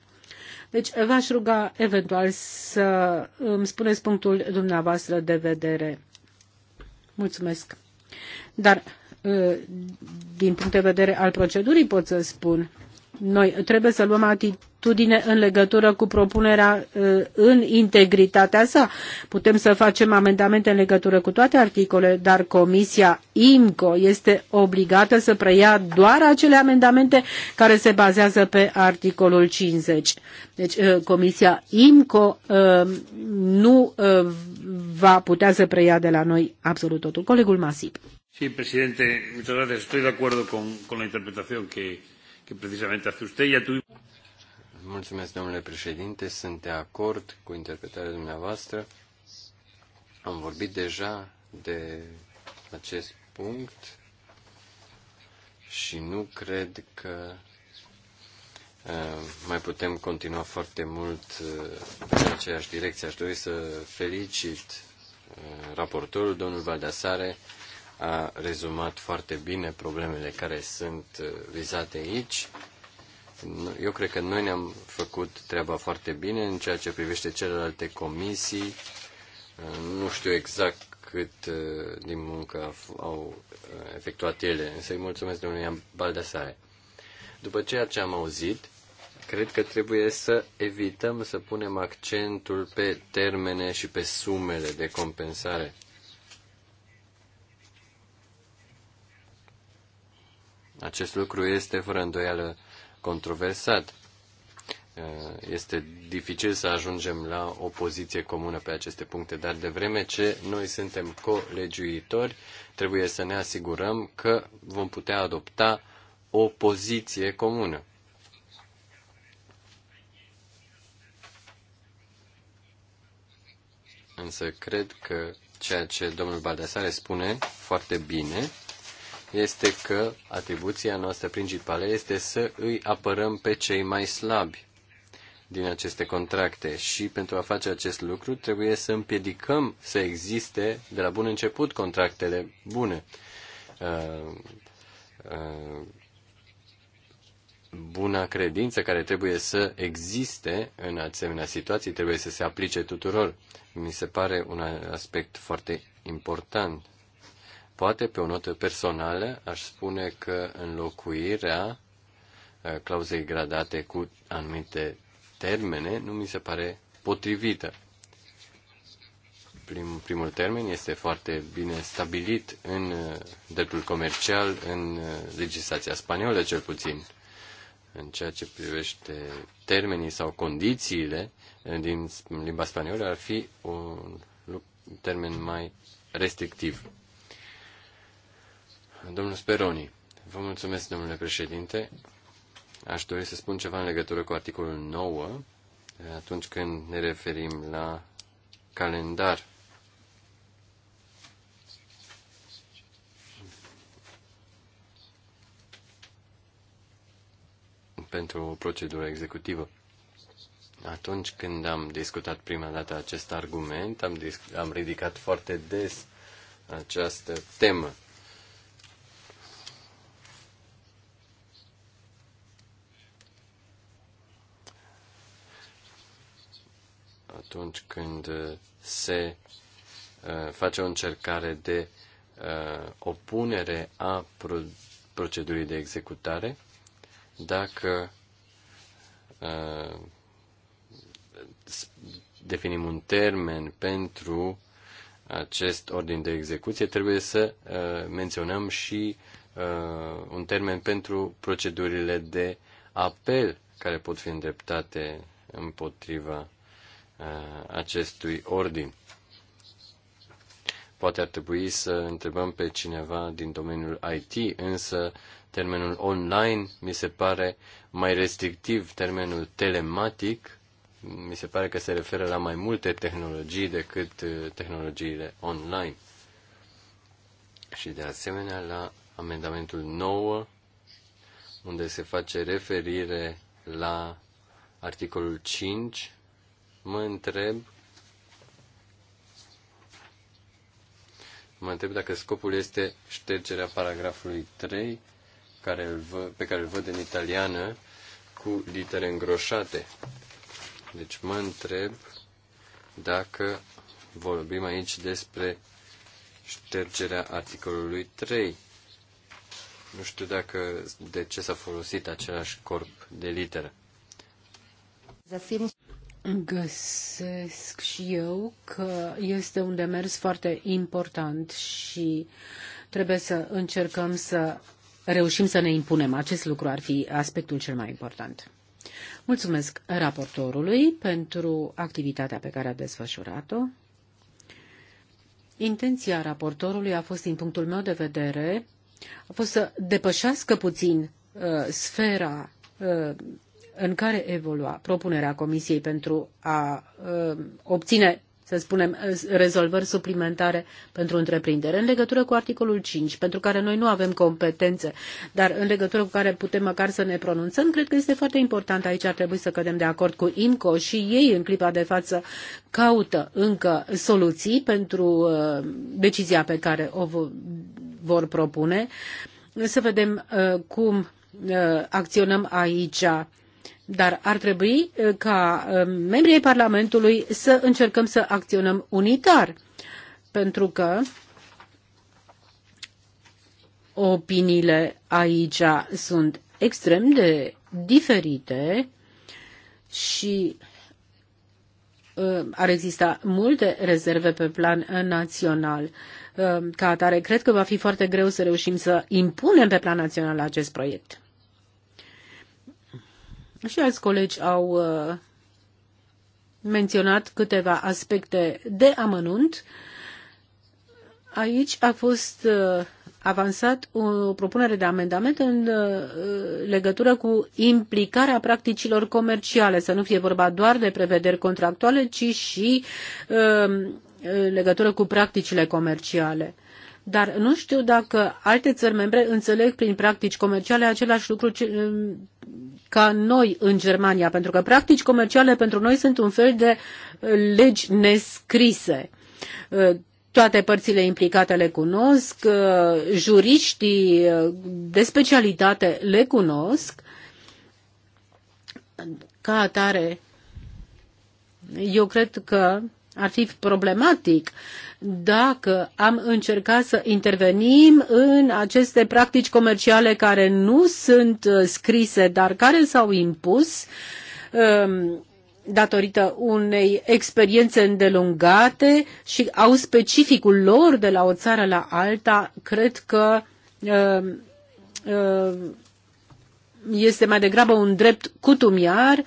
Deci v-aș ruga eventual să îmi spuneți punctul dumneavoastră de vedere. Mulțumesc. Dar Uh, din punct de vedere al procedurii pot să spun, noi trebuie să luăm atitudine în legătură cu propunerea uh, în integritatea sa. Putem să facem amendamente în legătură cu toate articolele, dar Comisia IMCO este obligată să preia doar acele amendamente care se bazează pe articolul 50. Deci uh, Comisia IMCO nu va putea să preia de la noi absolut totul. Colegul Masip. Sí, presidente, muchas gracias. Estoy de acuerdo con, con la interpretación que, que precisamente hace usted. Ya tu... Mulțumesc, domnule președinte. Sunt de acord cu interpretarea dumneavoastră. Am vorbit deja de acest punct și nu cred că uh, mai putem continua foarte mult uh, în aceeași direcție. Aș dori să felicit uh, raportorul, domnul Valdasare, a rezumat foarte bine problemele care sunt uh, vizate aici. Eu cred că noi ne-am făcut treaba foarte bine în ceea ce privește celelalte comisii. Uh, nu știu exact cât uh, din muncă au efectuat ele, însă îi mulțumesc domnului Baldasare. După ceea ce am auzit, cred că trebuie să evităm să punem accentul pe termene și pe sumele de compensare Acest lucru este fără îndoială controversat. Uh, este dificil să ajungem la o poziție comună pe aceste puncte, dar de vreme ce noi suntem colegiuitori, trebuie să ne asigurăm că vom putea adopta o poziție comună. Însă cred că ceea ce domnul Baldassare spune foarte bine este că atribuția noastră principală este să îi apărăm pe cei mai slabi din aceste contracte și pentru a face acest lucru trebuie să împiedicăm să existe de la bun început contractele bune. Uh, uh, buna credință care trebuie să existe în asemenea situații trebuie să se aplice tuturor. Mi se pare un aspect foarte important Poate pe o notă personală aș spune că înlocuirea uh, clauzei gradate cu anumite termene nu mi se pare potrivită. Prim, primul termen este foarte bine stabilit în uh, dreptul comercial, în uh, legislația spaniolă cel puțin. În ceea ce privește termenii sau condițiile din limba spaniolă ar fi un termen mai restrictiv. Domnul Speroni, vă mulțumesc, domnule președinte. Aș dori să spun ceva în legătură cu articolul 9, atunci când ne referim la calendar. pentru o procedură executivă. Atunci când am discutat prima dată acest argument, am, am ridicat foarte des această temă atunci când uh, se uh, face o încercare de uh, opunere a procedurii de executare, dacă definim un termen pentru acest ordin de execuție, trebuie să menționăm și un termen pentru procedurile de apel care pot fi îndreptate împotriva acestui ordin. Poate ar trebui să întrebăm pe cineva din domeniul IT, însă termenul online mi se pare mai restrictiv, termenul telematic mi se pare că se referă la mai multe tehnologii decât tehnologiile online. Și de asemenea la amendamentul 9, unde se face referire la articolul 5 mă întreb mă întreb dacă scopul este ștergerea paragrafului 3 care îl vă, pe care îl văd în italiană cu litere îngroșate. Deci mă întreb dacă vorbim aici despre ștergerea articolului 3. Nu știu dacă de ce s-a folosit același corp de literă. Găsesc și eu că este un demers foarte important și trebuie să încercăm să reușim să ne impunem. Acest lucru ar fi aspectul cel mai important. Mulțumesc raportorului pentru activitatea pe care a desfășurat-o. Intenția raportorului a fost, din punctul meu de vedere, a fost să depășească puțin uh, sfera uh, în care evolua propunerea Comisiei pentru a um, obține să spunem, rezolvări suplimentare pentru întreprindere. În legătură cu articolul 5, pentru care noi nu avem competențe, dar în legătură cu care putem măcar să ne pronunțăm, cred că este foarte important. Aici ar trebui să cădem de acord cu INCO și ei în clipa de față caută încă soluții pentru uh, decizia pe care o vor propune. Să vedem uh, cum uh, acționăm aici dar ar trebui uh, ca uh, membrii Parlamentului să încercăm să acționăm unitar, pentru că opiniile aici sunt extrem de diferite și uh, ar exista multe rezerve pe plan național. Ca atare, cred că va fi foarte greu să reușim să impunem pe plan național acest proiect și alți colegi au uh, menționat câteva aspecte de amănunt. Aici a fost uh, avansat o propunere de amendament în uh, legătură cu implicarea practicilor comerciale, să nu fie vorba doar de prevederi contractuale, ci și în legătură cu practicile comerciale. Dar nu știu dacă alte țări membre înțeleg prin practici comerciale același lucru ce, um, ca noi în Germania, pentru că practici comerciale pentru noi sunt un fel de uh, legi nescrise uh, toate părțile implicate le cunosc, uh, juriștii de specialitate le cunosc. Ca atare, eu cred că ar fi problematic dacă am încercat să intervenim în aceste practici comerciale care nu sunt uh, scrise, dar care s-au impus um, datorită unei experiențe îndelungate și au specificul lor de la o țară la alta, cred că um, um, este mai degrabă un drept cutumiar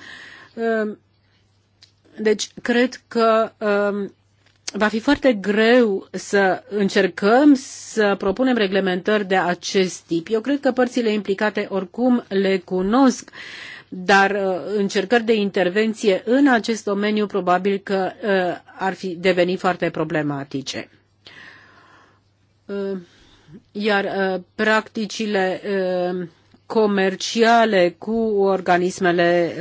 deci, cred că um, va fi foarte greu să încercăm să propunem reglementări de acest tip. Eu cred că părțile implicate oricum le cunosc, dar uh, încercări de intervenție în acest domeniu probabil că uh, ar fi deveni foarte problematice. Uh, iar practicile comerciale cu organismele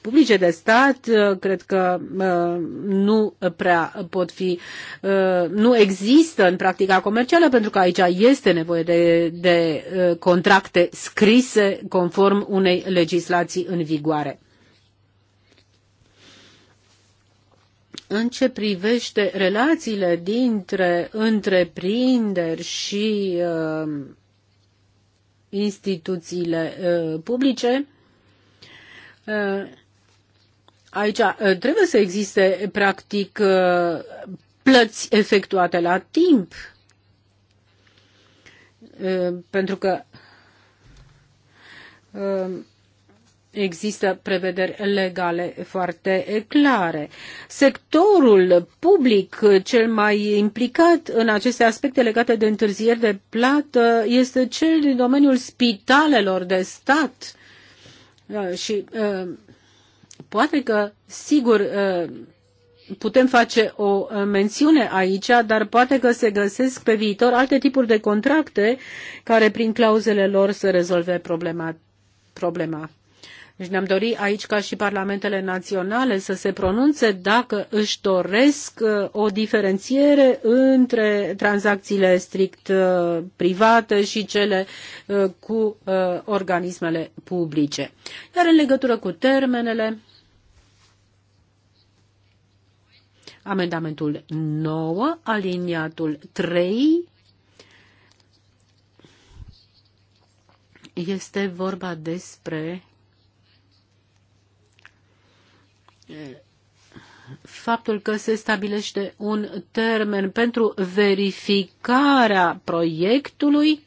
publice de stat, uh, cred că uh, nu prea pot fi, uh, nu există în practica comercială, pentru că aici este nevoie de, de contracte scrise conform unei legislații în vigoare. în ce privește relațiile dintre întreprinderi și uh, instituțiile uh, publice, uh, Aici uh, trebuie să existe, eh, practic, uh, plăți efectuate la timp, uh, pentru că există prevederi legale foarte eh, clare. Sectorul public eh, cel mai implicat în aceste aspecte legate de întârzieri de plată este cel din domeniul spitalelor de stat și Poate că, sigur, ă, putem face o ă, mențiune aici, dar poate că se găsesc pe viitor alte tipuri de contracte care, prin clauzele lor, să rezolve problema. problema. Deci ne-am dorit aici ca și parlamentele naționale să se pronunțe dacă își doresc ă, o diferențiere între tranzacțiile strict private și cele cu organismele publice. Iar în legătură cu termenele, amendamentul 9, aliniatul 3. Este vorba despre faptul că se stabilește un termen pentru verificarea proiectului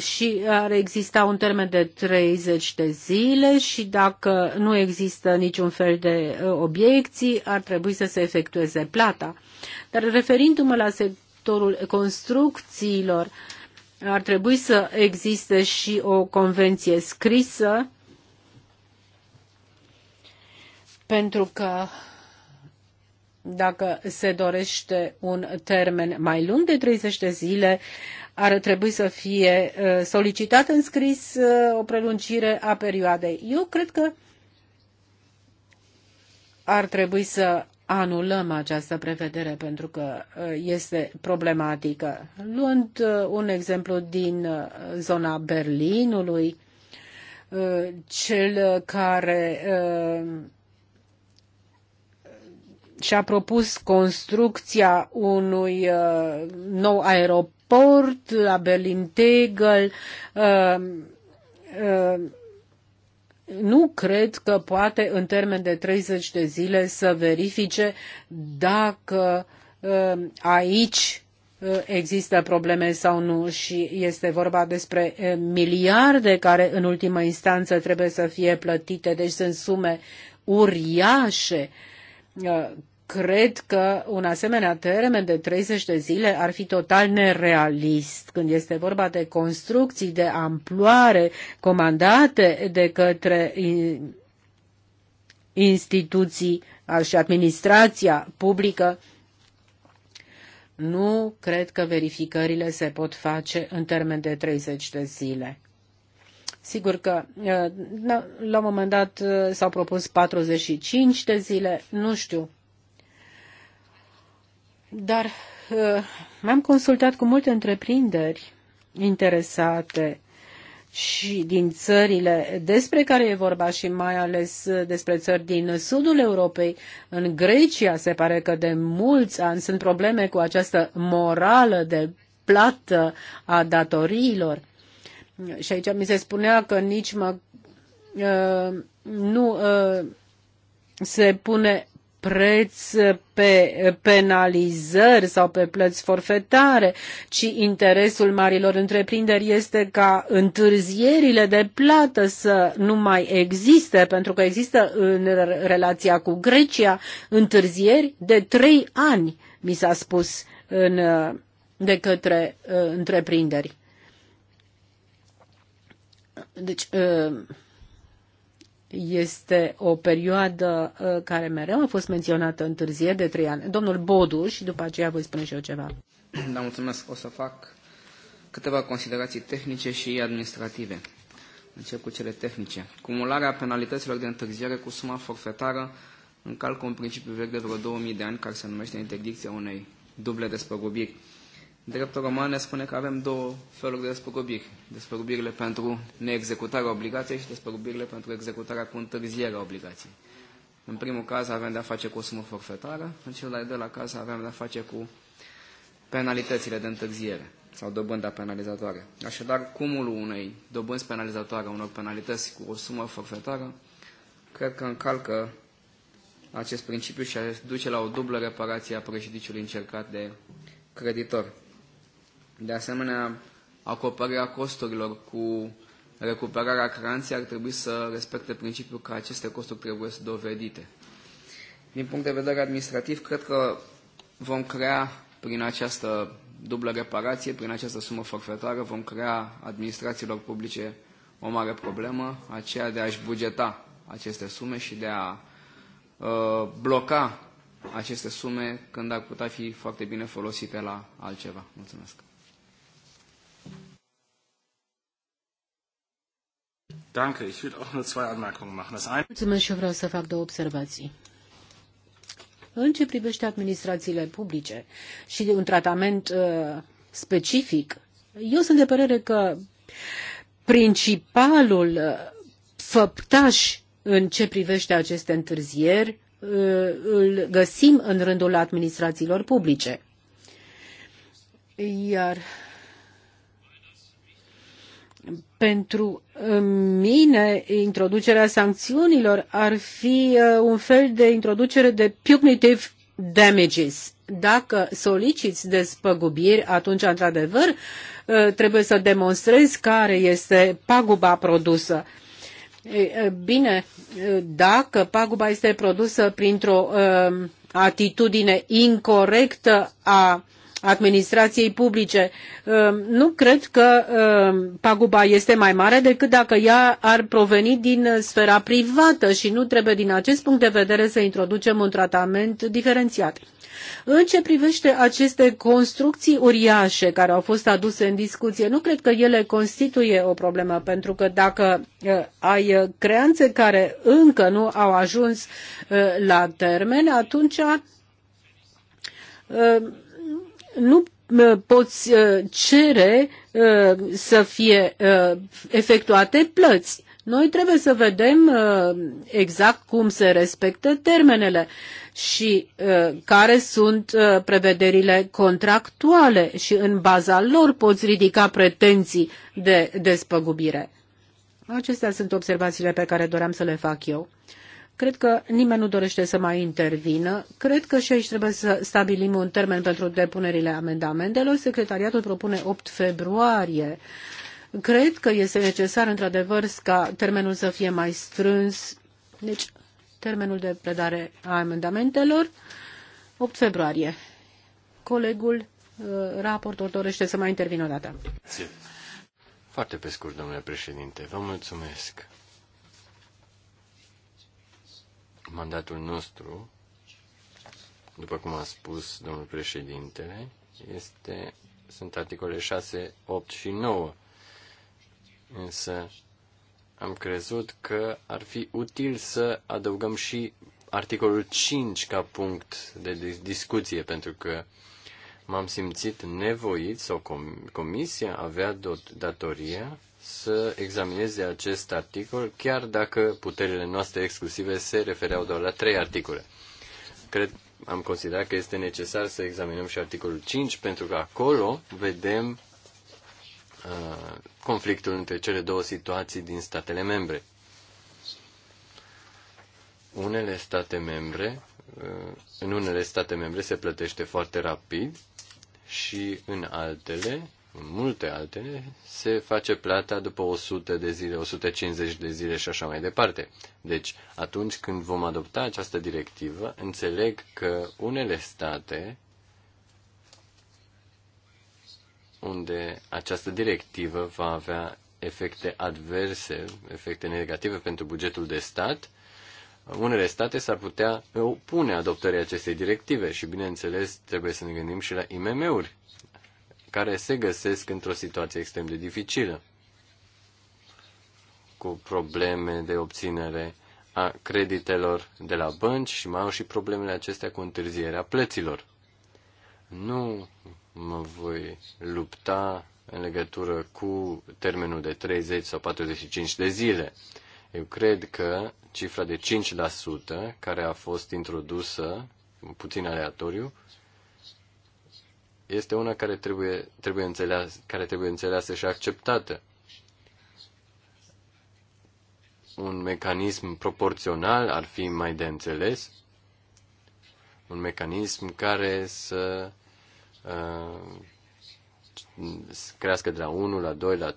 și ar exista un termen de 30 de zile și dacă nu există niciun fel de uh, obiecții, ar trebui să se efectueze plata. Dar referindu-mă la sectorul construcțiilor, ar trebui să existe și o convenție scrisă pentru că dacă se dorește un termen mai lung de 30 de zile, uh, ar trebui să fie uh, solicitat în scris uh, o prelungire a perioadei. Eu cred că ar trebui să anulăm această prevedere pentru că uh, este problematică. Luând un exemplu din zona Berlinului, cel care și-a propus construcția unui uh, nou aeroport la Berlin-Tegel. Uh, uh, nu cred că poate în termen de 30 de zile să verifice dacă uh, aici uh, există probleme sau nu și este vorba despre uh, miliarde care în ultima instanță trebuie să fie plătite, deci sunt sume uriașe cred că un asemenea termen de 30 de zile ar fi total nerealist când este vorba de construcții de amploare comandate de către instituții și administrația publică. Nu cred că verificările se pot face în termen de 30 de zile. Sigur că la un moment dat s-au propus 45 de zile, nu știu dar uh, m-am consultat cu multe întreprinderi interesate și din țările despre care e vorba și mai ales despre țări din sudul Europei, în Grecia se pare că de mulți ani sunt probleme cu această morală de plată a datoriilor. Și aici mi se spunea că nici mă, uh, nu uh, se pune preț pe penalizări sau pe plăți forfetare, ci interesul marilor întreprinderi este ca întârzierile de plată să nu mai existe, pentru că există în relația cu Grecia întârzieri de trei ani, mi s-a spus în, de către uh, întreprinderi. Deci, uh, este o perioadă uh, care mereu a fost menționată întârziere de trei ani. Domnul Bodu și după aceea voi spune și eu ceva. Da, mulțumesc. O să fac câteva considerații tehnice și administrative. Încep cu cele tehnice. Cumularea penalităților de întârziere cu suma forfetară încalcă un principiu vechi de vreo 2000 de ani care se numește interdicția unei duble despăgubiri. Dreptul roman ne spune că avem două feluri de despăgubiri. Despăgubirile pentru neexecutarea obligației și despăgubirile pentru executarea cu întârzierea obligației. În primul caz avem de-a face cu o sumă forfetară, în cel de-al doilea caz avem de-a face cu penalitățile de întârziere sau dobânda penalizatoare. Așadar, cumulul unei dobânzi penalizatoare, unor penalități cu o sumă forfetară, cred că încalcă acest principiu și duce la o dublă reparație a prejudiciului încercat de creditor. De asemenea, acoperirea costurilor cu recuperarea creanței ar trebui să respecte principiul că aceste costuri trebuie să dovedite. Din punct de vedere administrativ, cred că vom crea prin această dublă reparație, prin această sumă forfetară, vom crea administrațiilor publice o mare problemă, aceea de a-și bugeta aceste sume și de a uh, bloca aceste sume când ar putea fi foarte bine folosite la altceva. Mulțumesc! Danke, ich will auch nur zwei Anmerkungen machen. Das eine... Mulțumesc și eu vreau să fac două observații. În ce privește administrațiile publice și de un tratament uh, specific, eu sunt de părere că principalul uh, făptaș în ce privește aceste întârzieri uh, îl găsim în rândul administrațiilor publice. Iar pentru uh, mine introducerea sancțiunilor ar fi uh, un fel de introducere de punitive damages. Dacă soliciți despăgubiri, atunci, într-adevăr, uh, trebuie să demonstrezi care este paguba produsă. Bine, dacă paguba este produsă printr-o atitudine incorrectă a administrației publice. Ehm, nu cred că ehm, paguba este mai mare decât dacă ea ar proveni din sfera privată și nu trebuie din acest punct de vedere să introducem un tratament diferențiat. În ce privește aceste construcții uriașe care au fost aduse în discuție, nu cred că ele constituie o problemă, pentru că dacă ai creanțe care încă nu au ajuns la termen, atunci nu uh, poți uh, cere uh, să fie efectuate plăți. Noi trebuie să vedem exact cum se respectă termenele și care sunt prevederile contractuale și în baza lor poți ridica pretenții de despăgubire. Acestea sunt observațiile pe care doream să le fac eu. Cred că nimeni nu dorește să mai intervină. Cred că și aici trebuie să stabilim un termen pentru depunerile amendamentelor. Secretariatul propune 8 februarie. Cred că este necesar, într-adevăr, ca termenul să fie mai strâns. Deci, termenul de predare a amendamentelor, 8 februarie. Colegul uh, raportor dorește să mai intervină o dată. Foarte pe scurt, domnule președinte, vă mulțumesc. Mandatul nostru, după cum a spus domnul președintele, este, sunt articole 6, 8 și 9. Însă am crezut că ar fi util să adăugăm și articolul 5 ca punct de discuție, pentru că m-am simțit nevoit sau comisia avea datoria să examineze acest articol, chiar dacă puterile noastre exclusive se refereau doar la trei articole. Cred, am considerat că este necesar să examinăm și articolul 5, pentru că acolo vedem uh, conflictul între cele două situații din statele membre. Unele state membre, uh, în unele state membre se plătește foarte rapid și în altele în multe altele, se face plata după 100 de zile, 150 de zile și așa mai departe. Deci, atunci când vom adopta această directivă, înțeleg că unele state unde această directivă va avea efecte adverse, efecte negative pentru bugetul de stat, unele state s-ar putea opune adoptării acestei directive și, bineînțeles, trebuie să ne gândim și la IMM-uri care se găsesc într-o situație extrem de dificilă, cu probleme de obținere a creditelor de la bănci și mai au și problemele acestea cu întârzierea plăților. Nu mă voi lupta în legătură cu termenul de 30 sau 45 de zile. Eu cred că cifra de 5% care a fost introdusă, puțin aleatoriu, este una care trebuie, trebuie, înțeleasă, care trebuie înțeleasă și acceptată. Un mecanism proporțional ar fi mai de înțeles, un mecanism care să uh, crească de la 1 la 2 la 3%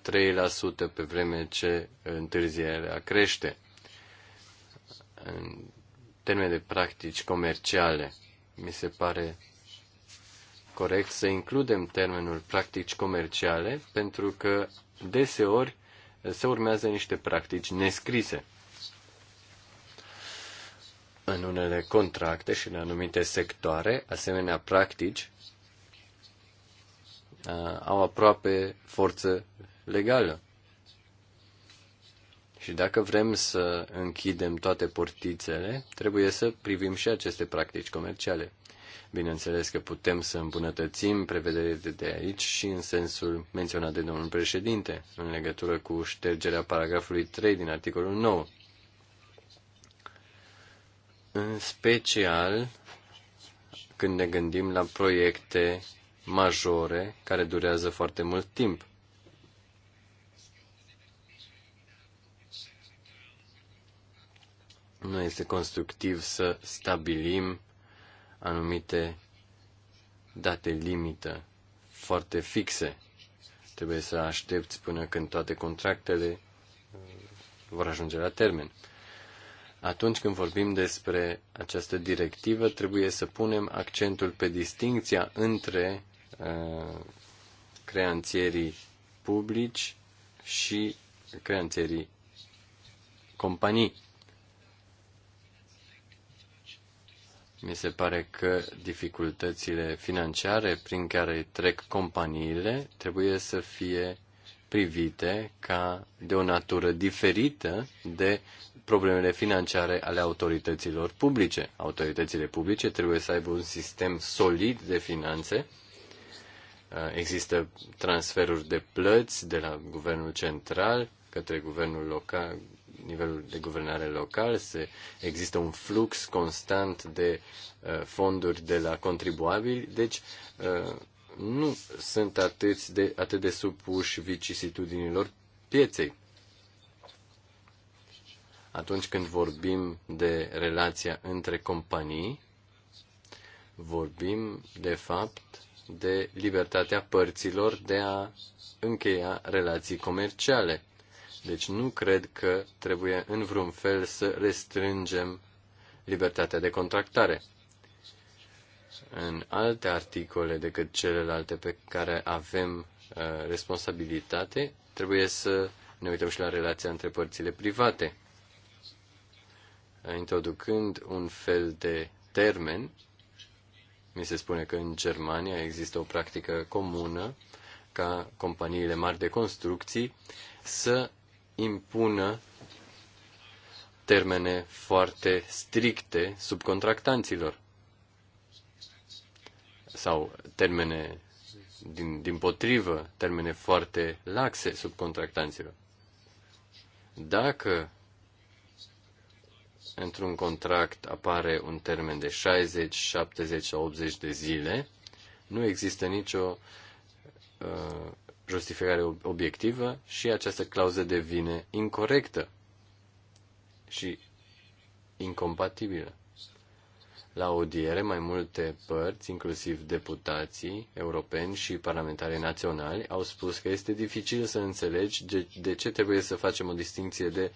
pe vreme ce întârzierea crește în termen de practici comerciale. Mi se pare corect să includem termenul practici comerciale, pentru că deseori se urmează niște practici nescrise. În unele contracte și în anumite sectoare, asemenea practici au aproape forță legală. Și dacă vrem să închidem toate portițele, trebuie să privim și aceste practici comerciale. Bineînțeles că putem să îmbunătățim prevederile de aici și în sensul menționat de domnul președinte, în legătură cu ștergerea paragrafului 3 din articolul 9. În special când ne gândim la proiecte majore care durează foarte mult timp. Nu este constructiv să stabilim anumite date limită foarte fixe. Trebuie să aștepți până când toate contractele uh, vor ajunge la termen. Atunci când vorbim despre această directivă, trebuie să punem accentul pe distinția între uh, creanțierii publici și creanțierii companii. Mi se pare că dificultățile financiare prin care trec companiile trebuie să fie privite ca de o natură diferită de problemele financiare ale autorităților publice. Autoritățile publice trebuie să aibă un sistem solid de finanțe. Există transferuri de plăți de la guvernul central către guvernul local, nivelul de guvernare local, se, există un flux constant de uh, fonduri de la contribuabili, deci uh, nu sunt atât de, atât de supuși vicisitudinilor pieței. Atunci când vorbim de relația între companii, vorbim de fapt de libertatea părților de a încheia relații comerciale deci nu cred că trebuie în vreun fel să restrângem libertatea de contractare. În alte articole decât celelalte pe care avem uh, responsabilitate, trebuie să ne uităm și la relația între părțile private. Introducând un fel de termen, mi se spune că în Germania există o practică comună ca companiile mari de construcții să impună termene foarte stricte subcontractanților sau termene din, din potrivă, termene foarte laxe subcontractanților. Dacă într-un contract apare un termen de 60, 70 sau 80 de zile, nu există nicio uh, justificare obiectivă și această clauză devine incorrectă și incompatibilă. La audiere, mai multe părți, inclusiv deputații europeni și parlamentari naționali, au spus că este dificil să înțelegi de, de ce trebuie să facem o distinție de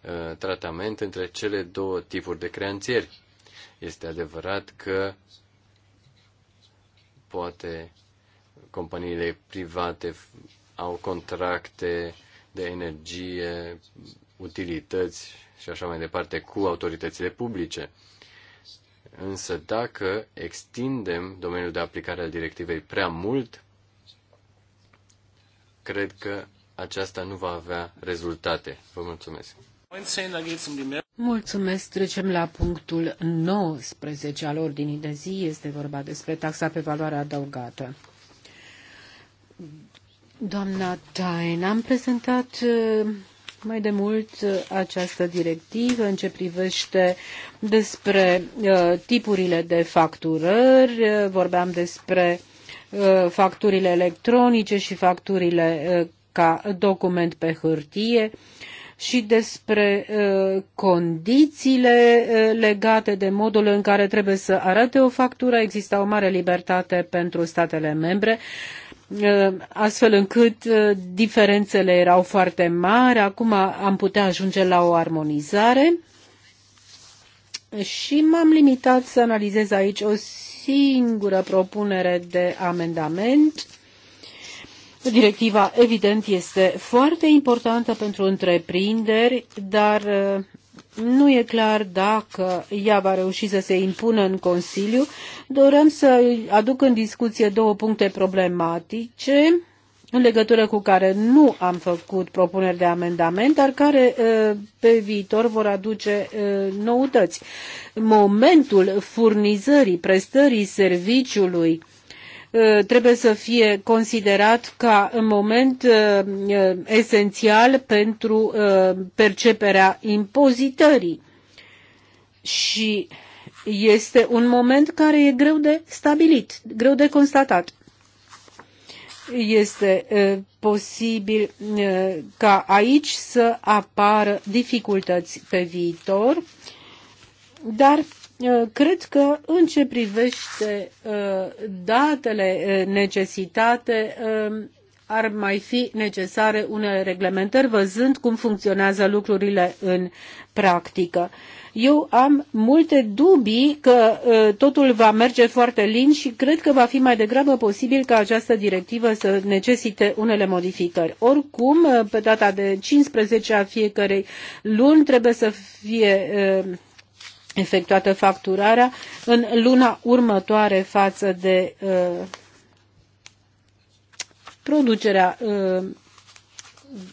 uh, tratament între cele două tipuri de creanțieri. Este adevărat că poate companiile private au contracte de energie, utilități și așa mai departe cu autoritățile publice. Însă dacă extindem domeniul de aplicare al directivei prea mult, cred că aceasta nu va avea rezultate. Vă mulțumesc. Mulțumesc. Trecem la punctul 19 al ordinii de zi. Este vorba despre taxa pe valoare adăugată. Doamna Tain, am prezentat uh, mai de mult uh, această directivă în ce privește despre uh, tipurile de facturări, vorbeam despre facturile electronice și facturile ca document pe hârtie și despre condițiile legate de modul în care trebuie să arate o factură. Exista o mare libertate pentru statele membre Uh, astfel încât uh, diferențele erau foarte mari. Acum am putea ajunge la o armonizare și m-am limitat să analizez aici o singură propunere de amendament. Directiva, evident, este foarte importantă pentru întreprinderi, dar uh, nu e clar dacă ea va reuși să se impună în Consiliu. Dorăm să aduc în discuție două puncte problematice în legătură cu care nu am făcut propuneri de amendament, dar care uh, pe viitor vor aduce uh, noutăți. Momentul furnizării, prestării serviciului Uh, trebuie să fie considerat ca un moment uh, uh, esențial pentru perceperea impozitării. Și este un moment care e greu de stabilit, greu de constatat este posibil ca aici să apară dificultăți pe viitor, dar Uh, cred că în ce privește uh, datele uh, necesitate, um, ar mai fi necesare unele reglementări, văzând cum funcționează lucrurile în practică. Eu am multe dubii că totul va merge foarte lin și cred că va fi mai degrabă posibil ca această directivă să necesite unele modificări. Oricum, pe data de 15 a fiecărei luni trebuie să fie efectuată facturarea în luna următoare față de uh, producerea uh,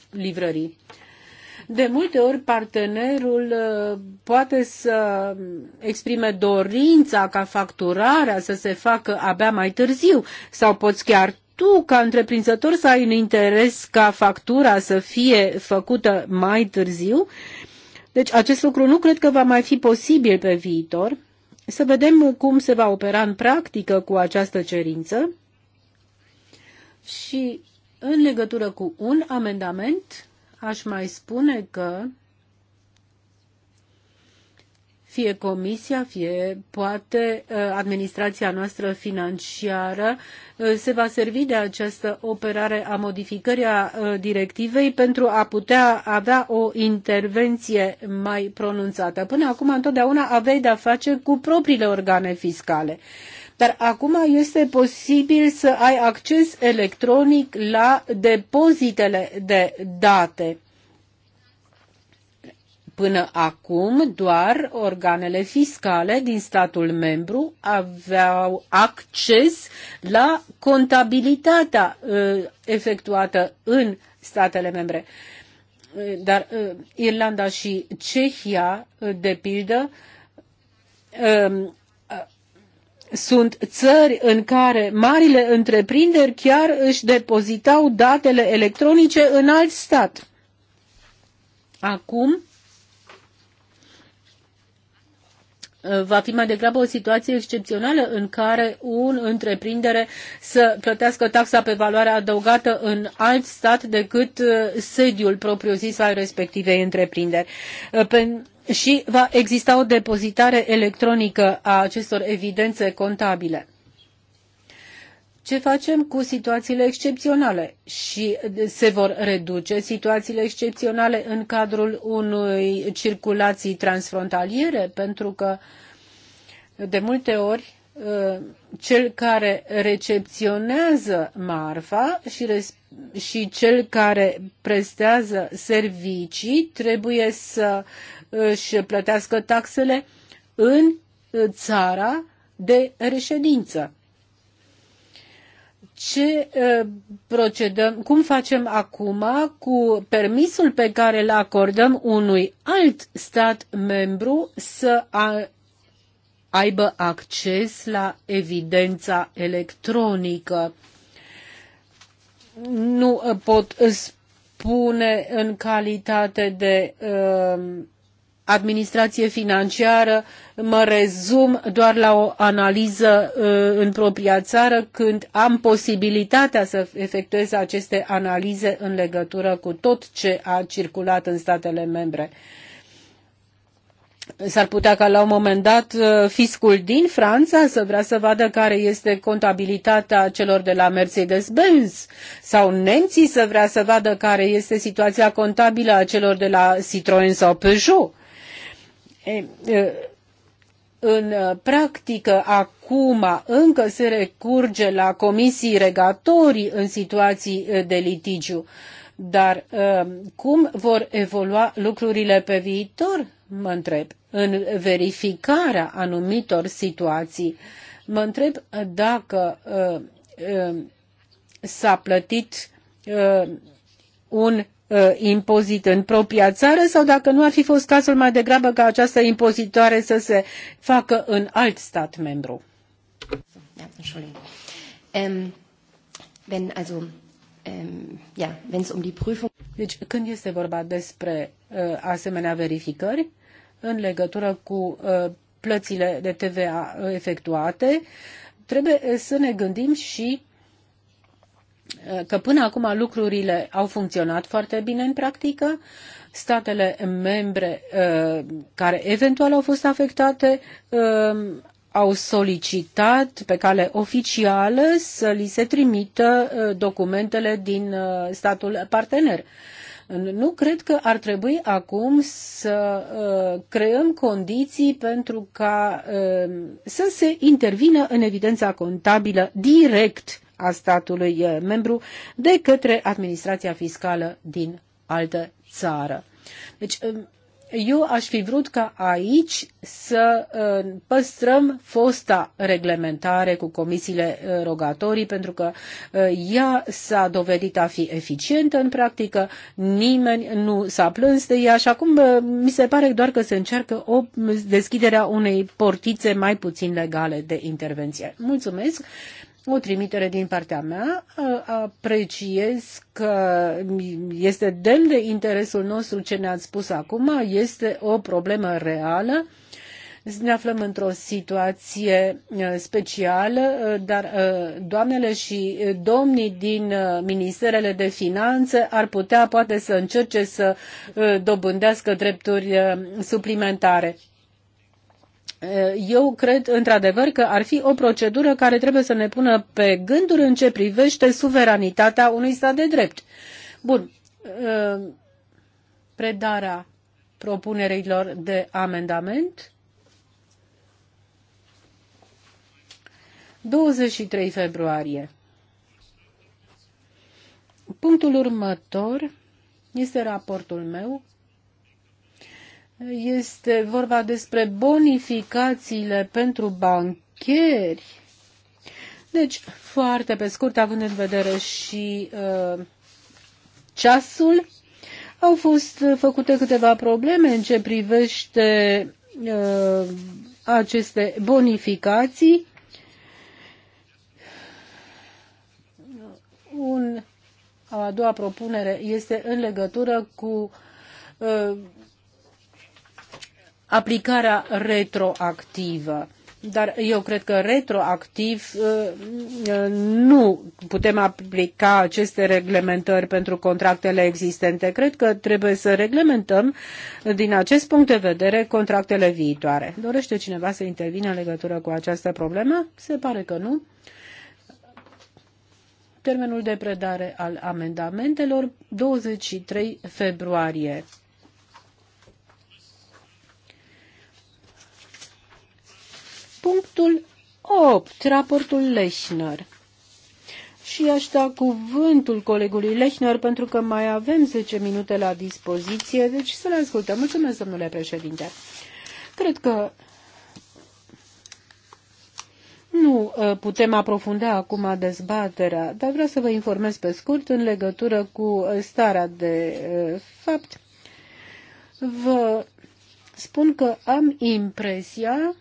livrării. De multe ori partenerul uh, poate să exprime dorința ca facturarea să se facă abia mai târziu sau poți chiar tu, ca întreprinzător, să ai un interes ca factura să fie făcută mai târziu deci acest lucru nu cred că va mai fi posibil pe viitor. Să vedem cum se va opera în practică cu această cerință. Și în legătură cu un amendament, aș mai spune că fie comisia, fie poate uh, administrația noastră financiară uh, se va servi de această operare a modificării a uh, directivei pentru a putea avea o intervenție mai pronunțată. Până acum întotdeauna aveai de-a face cu propriile organe fiscale. Dar acum este posibil să ai acces electronic la depozitele de date Până acum, doar organele fiscale din statul membru aveau acces la contabilitatea uh, efectuată în statele membre. Uh, dar uh, Irlanda și Cehia, de pildă, um, sunt țări în care marile întreprinderi chiar își depozitau datele electronice în alt stat. Acum, Eh, va fi mai degrabă o situație excepțională în care un întreprindere să plătească taxa pe valoare adăugată în alt stat decât eh, sediul propriu-zis al respectivei întreprinderi. Eh, și va exista o depozitare electronică a acestor evidențe contabile ce facem cu situațiile excepționale și se vor reduce situațiile excepționale în cadrul unei circulații transfrontaliere pentru că de multe ori ă, cel care recepționează marfa și, și cel care prestează servicii trebuie să își plătească taxele în țara de reședință ce procedăm, cum facem acum cu permisul pe care îl acordăm unui alt stat membru să aibă acces la evidența electronică. Nu pot spune în calitate de uh, administrație financiară, mă rezum doar la o analiză uh, în propria țară când am posibilitatea să efectuez aceste analize în legătură cu tot ce a circulat în statele membre. S-ar putea ca la un moment dat uh, fiscul din Franța să vrea să vadă care este contabilitatea celor de la Mercedes-Benz sau nemții să vrea să vadă care este situația contabilă a celor de la Citroën sau Peugeot în practică acum încă se recurge la comisii regatorii în situații de litigiu. Dar cum vor evolua lucrurile pe viitor, mă întreb, în verificarea anumitor situații. Mă întreb dacă s-a plătit un Uh, impozit în propria țară sau dacă nu ar fi fost cazul mai degrabă ca această impozitoare să se facă în alt stat membru. Deci când este vorba despre uh, asemenea verificări în legătură cu uh, plățile de TVA efectuate, trebuie să ne gândim și că până acum lucrurile au funcționat foarte bine în practică, statele membre uh, care eventual au fost afectate um, au solicitat pe cale oficială să li se trimită uh, documentele din uh, statul partener. Nu cred că ar trebui acum să creăm condiții pentru ca um, să se intervină în evidența contabilă direct a statului eh, membru de către administrația fiscală din altă țară. Deci, eh, eu aș fi vrut ca aici să eh, păstrăm fosta reglementare cu comisiile rogatorii, pentru că ea s-a dovedit a fi eficientă în practică, nimeni nu s-a plâns de ea și acum mi se pare doar că se încearcă o deschiderea unei portițe mai puțin legale de intervenție. Mulțumesc! o trimitere din partea mea. Apreciez că este demn de interesul nostru ce ne-ați spus acum. Este o problemă reală ne aflăm într-o situație specială, dar doamnele și domnii din Ministerele de Finanțe ar putea poate să încerce să dobândească drepturi suplimentare. Eh, eu cred într-adevăr că ar fi o procedură care trebuie să ne pună pe gânduri în ce privește suveranitatea unui stat de drept. Bun, eh, predarea propunerilor de amendament. 23 februarie. Punctul următor este raportul meu este vorba despre bonificațiile pentru bancheri. Deci, foarte pe scurt, având în vedere și uh, ceasul, au fost făcute câteva probleme în ce privește uh, aceste bonificații. Un, a doua propunere este în legătură cu uh, aplicarea retroactivă. Dar eu cred că retroactiv uh, uh, nu putem aplica aceste reglementări pentru contractele existente. Cred că trebuie să reglementăm din acest punct de vedere contractele viitoare. Dorește cineva să intervină în legătură cu această problemă? Se pare că nu. Termenul de predare al amendamentelor 23 februarie. Punctul 8. Raportul Lechner. Și aș da cuvântul colegului Lechner pentru că mai avem 10 minute la dispoziție, deci să le ascultăm. Mulțumesc, domnule președinte. Cred că nu ă, putem aprofunda acum dezbaterea, dar vreau să vă informez pe scurt în legătură cu starea de ă, fapt. Vă spun că am impresia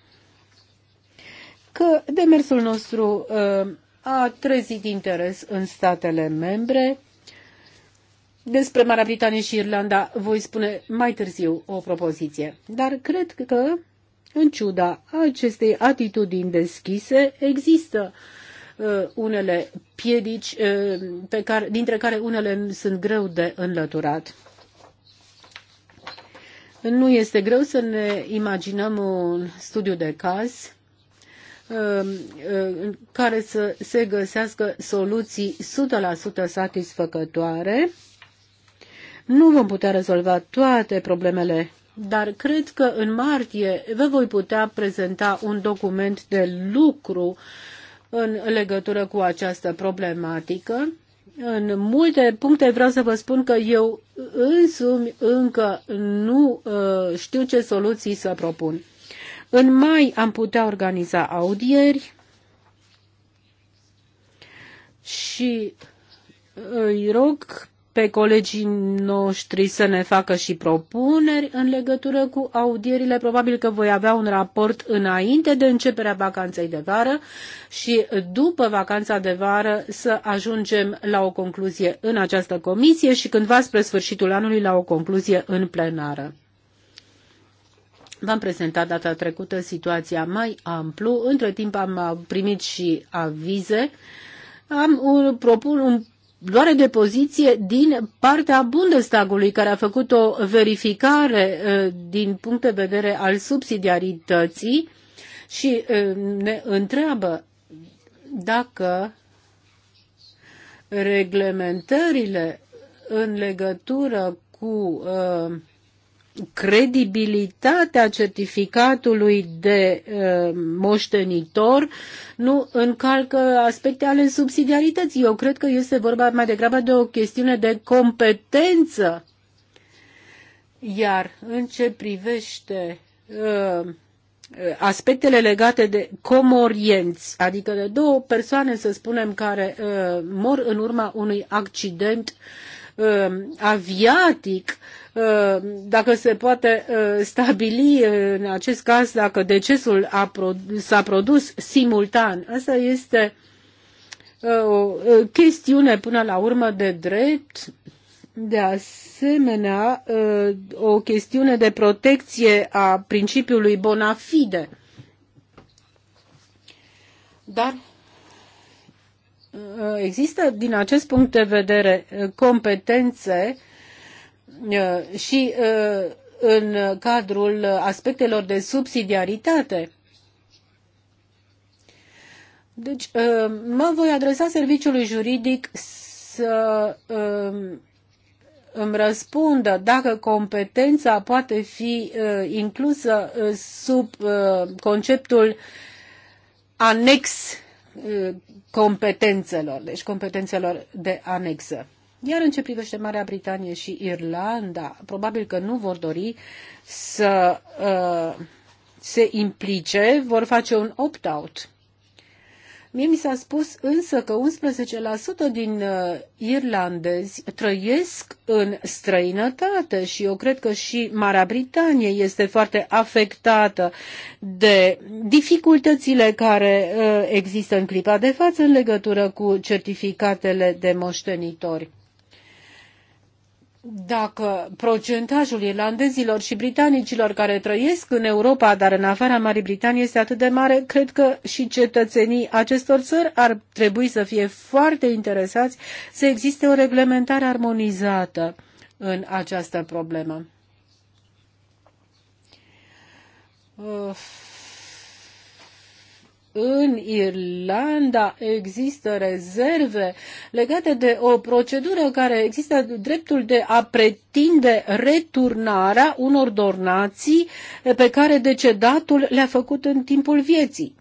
că demersul nostru uh, a trezit interes în statele membre. Despre Marea Britanie și Irlanda voi spune mai târziu o propoziție, dar cred că, în ciuda acestei atitudini deschise, există uh, unele piedici, uh, pe care, dintre care unele sunt greu de înlăturat. Nu este greu să ne imaginăm un studiu de caz Um, uh, în care să se găsească soluții 100% satisfăcătoare. Nu vom putea rezolva toate problemele, dar cred că în martie vă voi putea prezenta un document de lucru în legătură cu această problematică. În multe puncte vreau să vă spun că eu însumi încă nu uh, știu ce soluții să propun. În mai am putea organiza audieri și îi rog pe colegii noștri să ne facă și propuneri în legătură cu audierile. Probabil că voi avea un raport înainte de începerea vacanței de vară și după vacanța de vară să ajungem la o concluzie în această comisie și cândva spre sfârșitul anului la o concluzie în plenară. V-am prezentat data trecută situația mai amplu. Între timp am primit și avize. Am un, propun un luare de poziție din partea Bundestagului, care a făcut o verificare din punct de vedere al subsidiarității și ne întreabă dacă reglementările în legătură cu uh, credibilitatea certificatului de uh, moștenitor nu încalcă aspecte ale subsidiarității. Eu cred că este vorba mai degrabă de o chestiune de competență. Iar în ce privește uh, aspectele legate de comorienți, adică de două persoane, să spunem, care uh, mor în urma unui accident uh, Um, aviatic, um, dacă se poate uh, stabili în acest caz dacă decesul a produs, s-a produs simultan. Asta este uh, o uh, chestiune până la urmă de drept, de asemenea o chestiune de protecție a principiului bona fide. Dar există din acest punct de vedere competențe și în cadrul aspectelor de subsidiaritate. Deci, mă voi adresa serviciului juridic să îmi răspundă dacă competența poate fi inclusă sub conceptul anex competențelor, deci competențelor de anexă. Iar în ce privește Marea Britanie și Irlanda, probabil că nu vor dori să uh, se implice, vor face un opt-out. Mie mi s-a spus însă că 11% din uh, irlandezi trăiesc în străinătate și eu cred că și Marea Britanie este foarte afectată de dificultățile care uh, există în clipa de față în legătură cu certificatele de moștenitori dacă procentajul irlandezilor și britanicilor care trăiesc în Europa, dar în afara Marii Britanii, este atât de mare, cred că și cetățenii acestor țări ar trebui să fie foarte interesați să existe o reglementare armonizată în această problemă. Uf în Irlanda există rezerve legate de o procedură care există dreptul de a pretinde returnarea unor donații pe care decedatul le-a făcut în timpul vieții.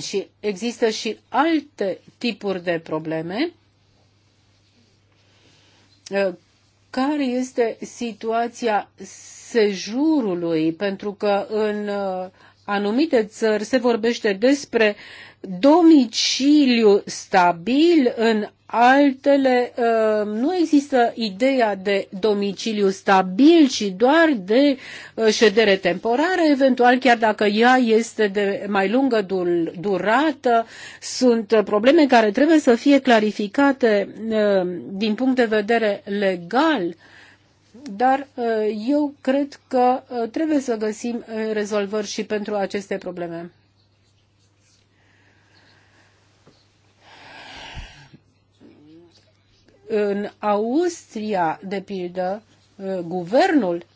Și există și alte tipuri de probleme. Uh, care este situația sejurului? Pentru că în uh, anumite țări se vorbește despre domiciliu stabil, în altele uh, nu există ideea de domiciliu stabil, ci doar de uh, ședere temporară, eventual chiar dacă ea este de mai lungă durată. Sunt uh, probleme care trebuie să fie clarificate din punct de vedere legal dar uh, eu cred că uh, trebuie să găsim uh, rezolvări și pentru aceste probleme. În Austria, de pildă, guvernul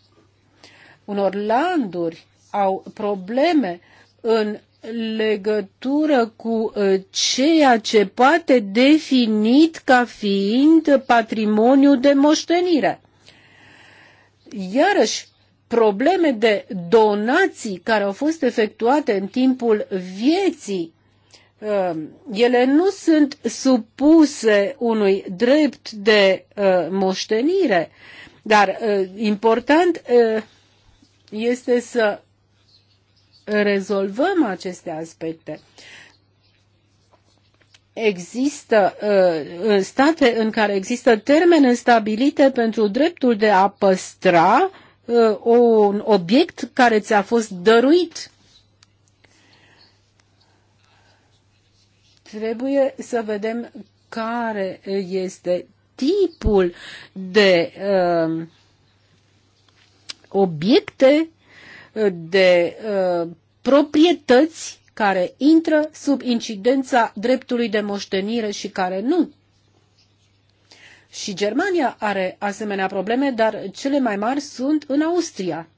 unor landuri au probleme în legătură cu ceea ce poate definit ca fiind patrimoniu de moștenire iarăși probleme de donații care au fost efectuate în timpul vieții uh, ele nu sunt supuse unui drept de uh, moștenire, dar uh, important este să rezolvăm aceste aspecte există uh, state în care există termene stabilite pentru dreptul de a păstra uh, un obiect care ți-a fost dăruit. Trebuie să vedem care este tipul de uh, obiecte, uh, de uh, proprietăți care intră sub incidența dreptului de moștenire și care nu. Și Germania are asemenea probleme, dar cele mai mari sunt în Austria.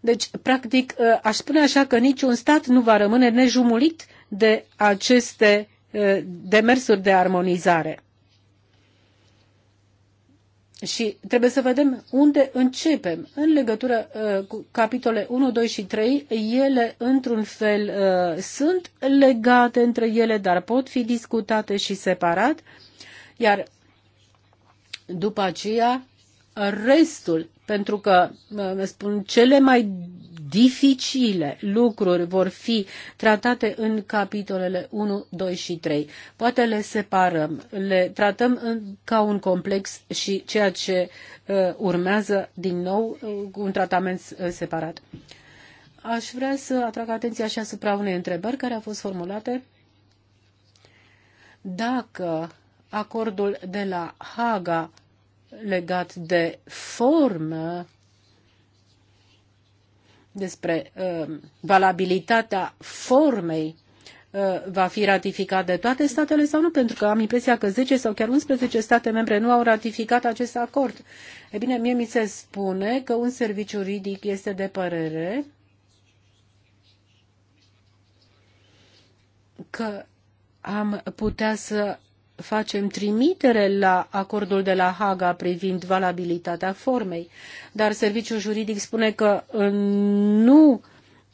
Deci, practic, ă, aș spune așa că niciun stat nu va rămâne nejumulit de aceste ă, demersuri de armonizare și trebuie să vedem unde începem. În legătură uh, cu capitole 1, 2 și 3, ele într-un fel uh, sunt legate între ele, dar pot fi discutate și separat, iar după aceea restul, pentru că, uh, spun, cele mai dificile lucruri vor fi tratate în capitolele 1, 2 și 3. Poate le separăm, le tratăm în, ca un complex și ceea ce uh, urmează din nou uh, un tratament uh, separat. Aș vrea să atrag atenția și asupra unei întrebări care a fost formulate. Dacă acordul de la Haga legat de formă despre uh, valabilitatea formei uh, va fi ratificat de toate statele sau nu, pentru că am impresia că 10 sau chiar 11 state membre nu au ratificat acest acord. E bine, mie mi se spune că un serviciu juridic este de părere că am putea să facem trimitere la acordul de la Haga privind valabilitatea formei, dar serviciul juridic spune că uh, nu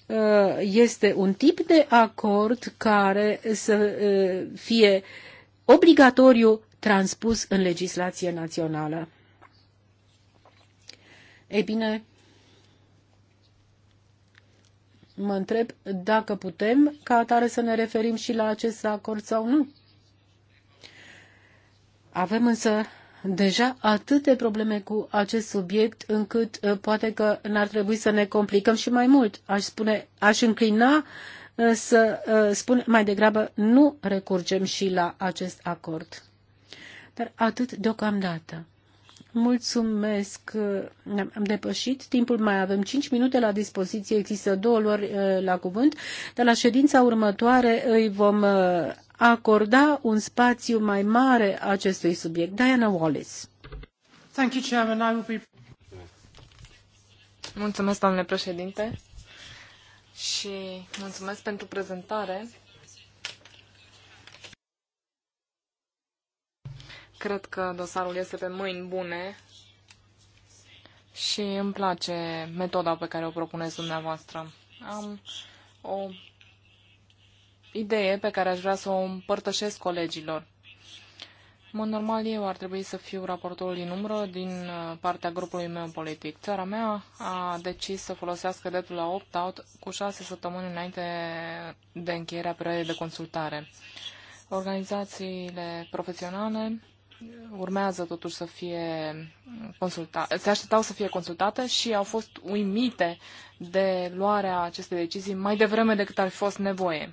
uh, este un tip de acord care să uh, fie obligatoriu transpus în legislație națională. Ei bine, mă întreb dacă putem ca atare să ne referim și la acest acord sau nu. Avem însă deja atâte probleme cu acest subiect încât uh, poate că n-ar trebui să ne complicăm și mai mult. Aș spune, aș înclina uh, să uh, spun mai degrabă nu recurgem și la acest acord. Dar atât deocamdată. Mulțumesc. Am depășit timpul, mai avem 5 minute la dispoziție, există două luări la cuvânt, dar la ședința următoare îi vom a acorda un spațiu mai mare acestui subiect. Diana Wallis. Thank you, Chairman. I will be... Mulțumesc, doamne președinte, și mulțumesc pentru prezentare. Cred că dosarul este pe mâini bune și îmi place metoda pe care o propuneți dumneavoastră. Am o idee pe care aș vrea să o împărtășesc colegilor. Mă normal, eu ar trebui să fiu raportorul din umbră din uh, partea grupului meu politic. Țara mea a decis să folosească dreptul la opt-out cu șase săptămâni înainte de încheierea perioadei de consultare. Organizațiile profesionale urmează totuși să fie consultate, se așteptau să fie consultate și au fost uimite de luarea acestei decizii mai devreme decât ar fi fost nevoie.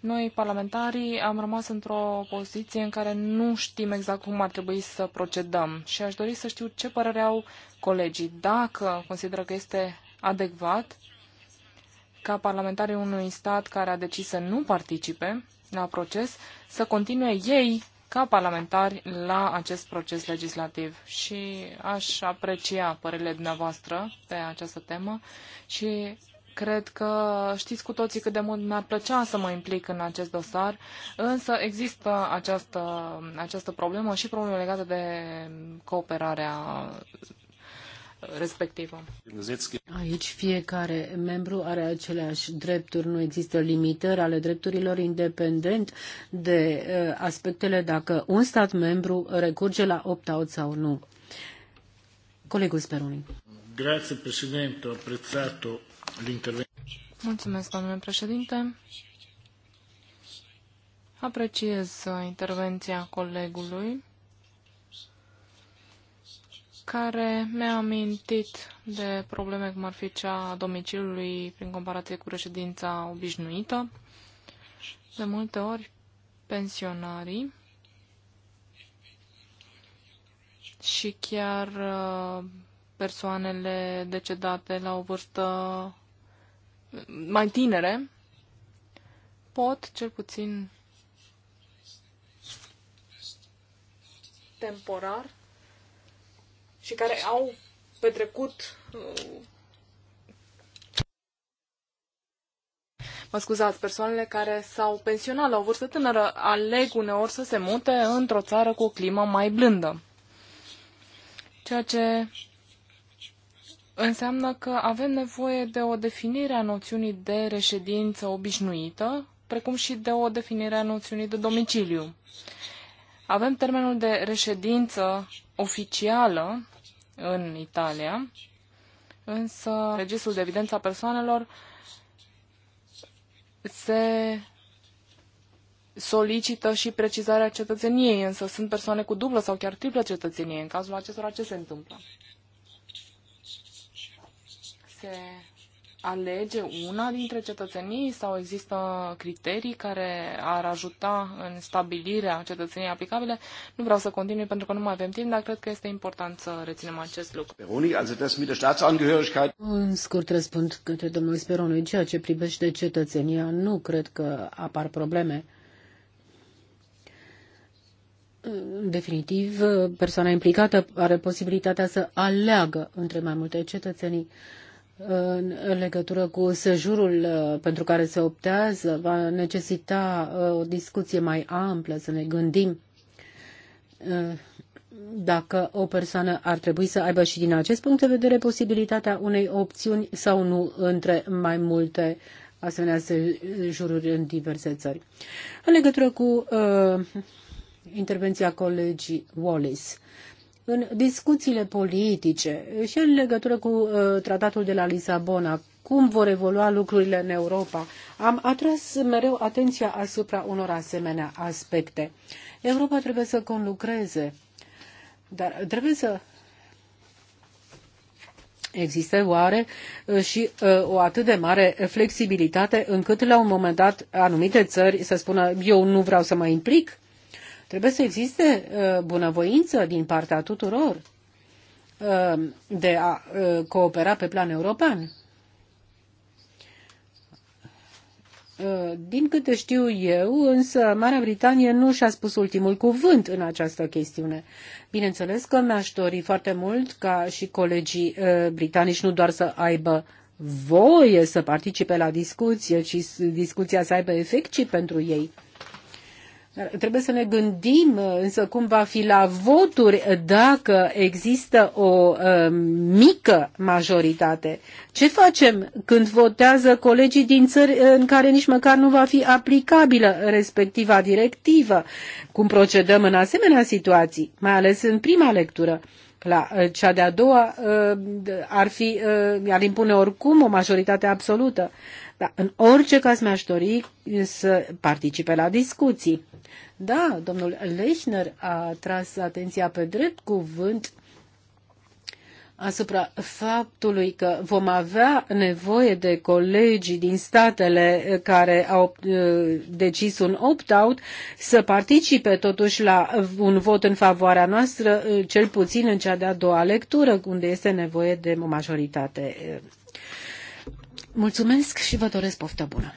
Noi, parlamentarii, am rămas într-o poziție în care nu știm exact cum ar trebui să procedăm și aș dori să știu ce părere au colegii, dacă consideră că este adecvat ca parlamentarii unui stat care a decis să nu participe la proces să continue ei ca parlamentari la acest proces legislativ și aș aprecia părerile dumneavoastră pe această temă și Cred că știți cu toții cât de mult mi-ar plăcea să mă implic în acest dosar, însă există această, această problemă și problemă legată de cooperarea respectivă. Aici fiecare membru are aceleași drepturi, nu există limitări ale drepturilor independent de uh, aspectele dacă un stat membru recurge la opt-out sau nu. Colegul Speroni. Grazie Presidente, ho apprezzato Mulțumesc, domnule președinte. Apreciez uh, intervenția colegului care mi-a amintit de probleme cum ar fi cea a domiciliului prin comparație cu reședința obișnuită. De multe ori, pensionarii și chiar uh, persoanele decedate la o vârstă mai tinere pot cel puțin temporar și care au petrecut mă scuzați, persoanele care s-au pensionat la o vârstă tânără aleg uneori să se mute într-o țară cu o climă mai blândă. Ceea ce înseamnă că avem nevoie de o definire a noțiunii de reședință obișnuită, precum și de o definire a noțiunii de domiciliu. Avem termenul de reședință oficială în Italia, însă registrul de evidență a persoanelor se solicită și precizarea cetățeniei, însă sunt persoane cu dublă sau chiar triplă cetățenie. În cazul acestora, ce se întâmplă? se alege una dintre cetățenii sau există criterii care ar ajuta în stabilirea cetățeniei aplicabile? Nu vreau să continui pentru că nu mai avem timp, dar cred că este important să reținem acest lucru. Veronic, În scurt răspund către domnul Speronu, în ceea ce privește cetățenia, nu cred că apar probleme. În definitiv, persoana implicată are posibilitatea să aleagă între mai multe cetățenii în legătură cu sejurul uh, pentru care se optează va necesita uh, o discuție mai amplă, să ne gândim uh, dacă o persoană ar trebui să aibă și din acest punct de vedere posibilitatea unei opțiuni sau nu între mai multe asemenea sejururi în diverse țări. În legătură cu uh, intervenția colegii Wallis, uh, în discuțiile politice și în legătură cu uh, tratatul de la Lisabona, cum vor evolua lucrurile în Europa. Am atras mereu atenția asupra unor asemenea aspecte. Europa trebuie să conlucreze, dar trebuie să Există oare uh, și uh, o atât de mare flexibilitate încât la un moment dat anumite țări să spună eu nu vreau să mă implic Trebuie să existe uh, bunăvoință din partea tuturor uh, de a uh, coopera pe plan european. Din câte știu eu, însă Marea Britanie nu și-a spus ultimul cuvânt în această chestiune. Bineînțeles că mi-aș dori foarte mult ca și colegii britanici nu doar să aibă voie să participe la discuție, ci discuția să aibă efect și pentru ei. Trebuie să ne gândim însă cum va fi la voturi dacă există o uh, mică majoritate. Ce facem când votează colegii din țări uh, în care nici măcar nu va fi aplicabilă respectiva directivă? Cum procedăm în asemenea situații, mai ales în prima lectură? La uh, cea de-a doua uh, ar fi, uh, ar impune oricum o majoritate absolută. Dar în orice caz mi-aș dori să participe la discuții. Da, domnul Lechner a tras atenția pe drept cuvânt asupra faptului că vom avea nevoie de colegii din statele care au decis un opt-out să participe totuși la un vot în favoarea noastră, cel puțin în cea de-a doua lectură, unde este nevoie de o majoritate Mulțumesc și vă doresc poftă bună!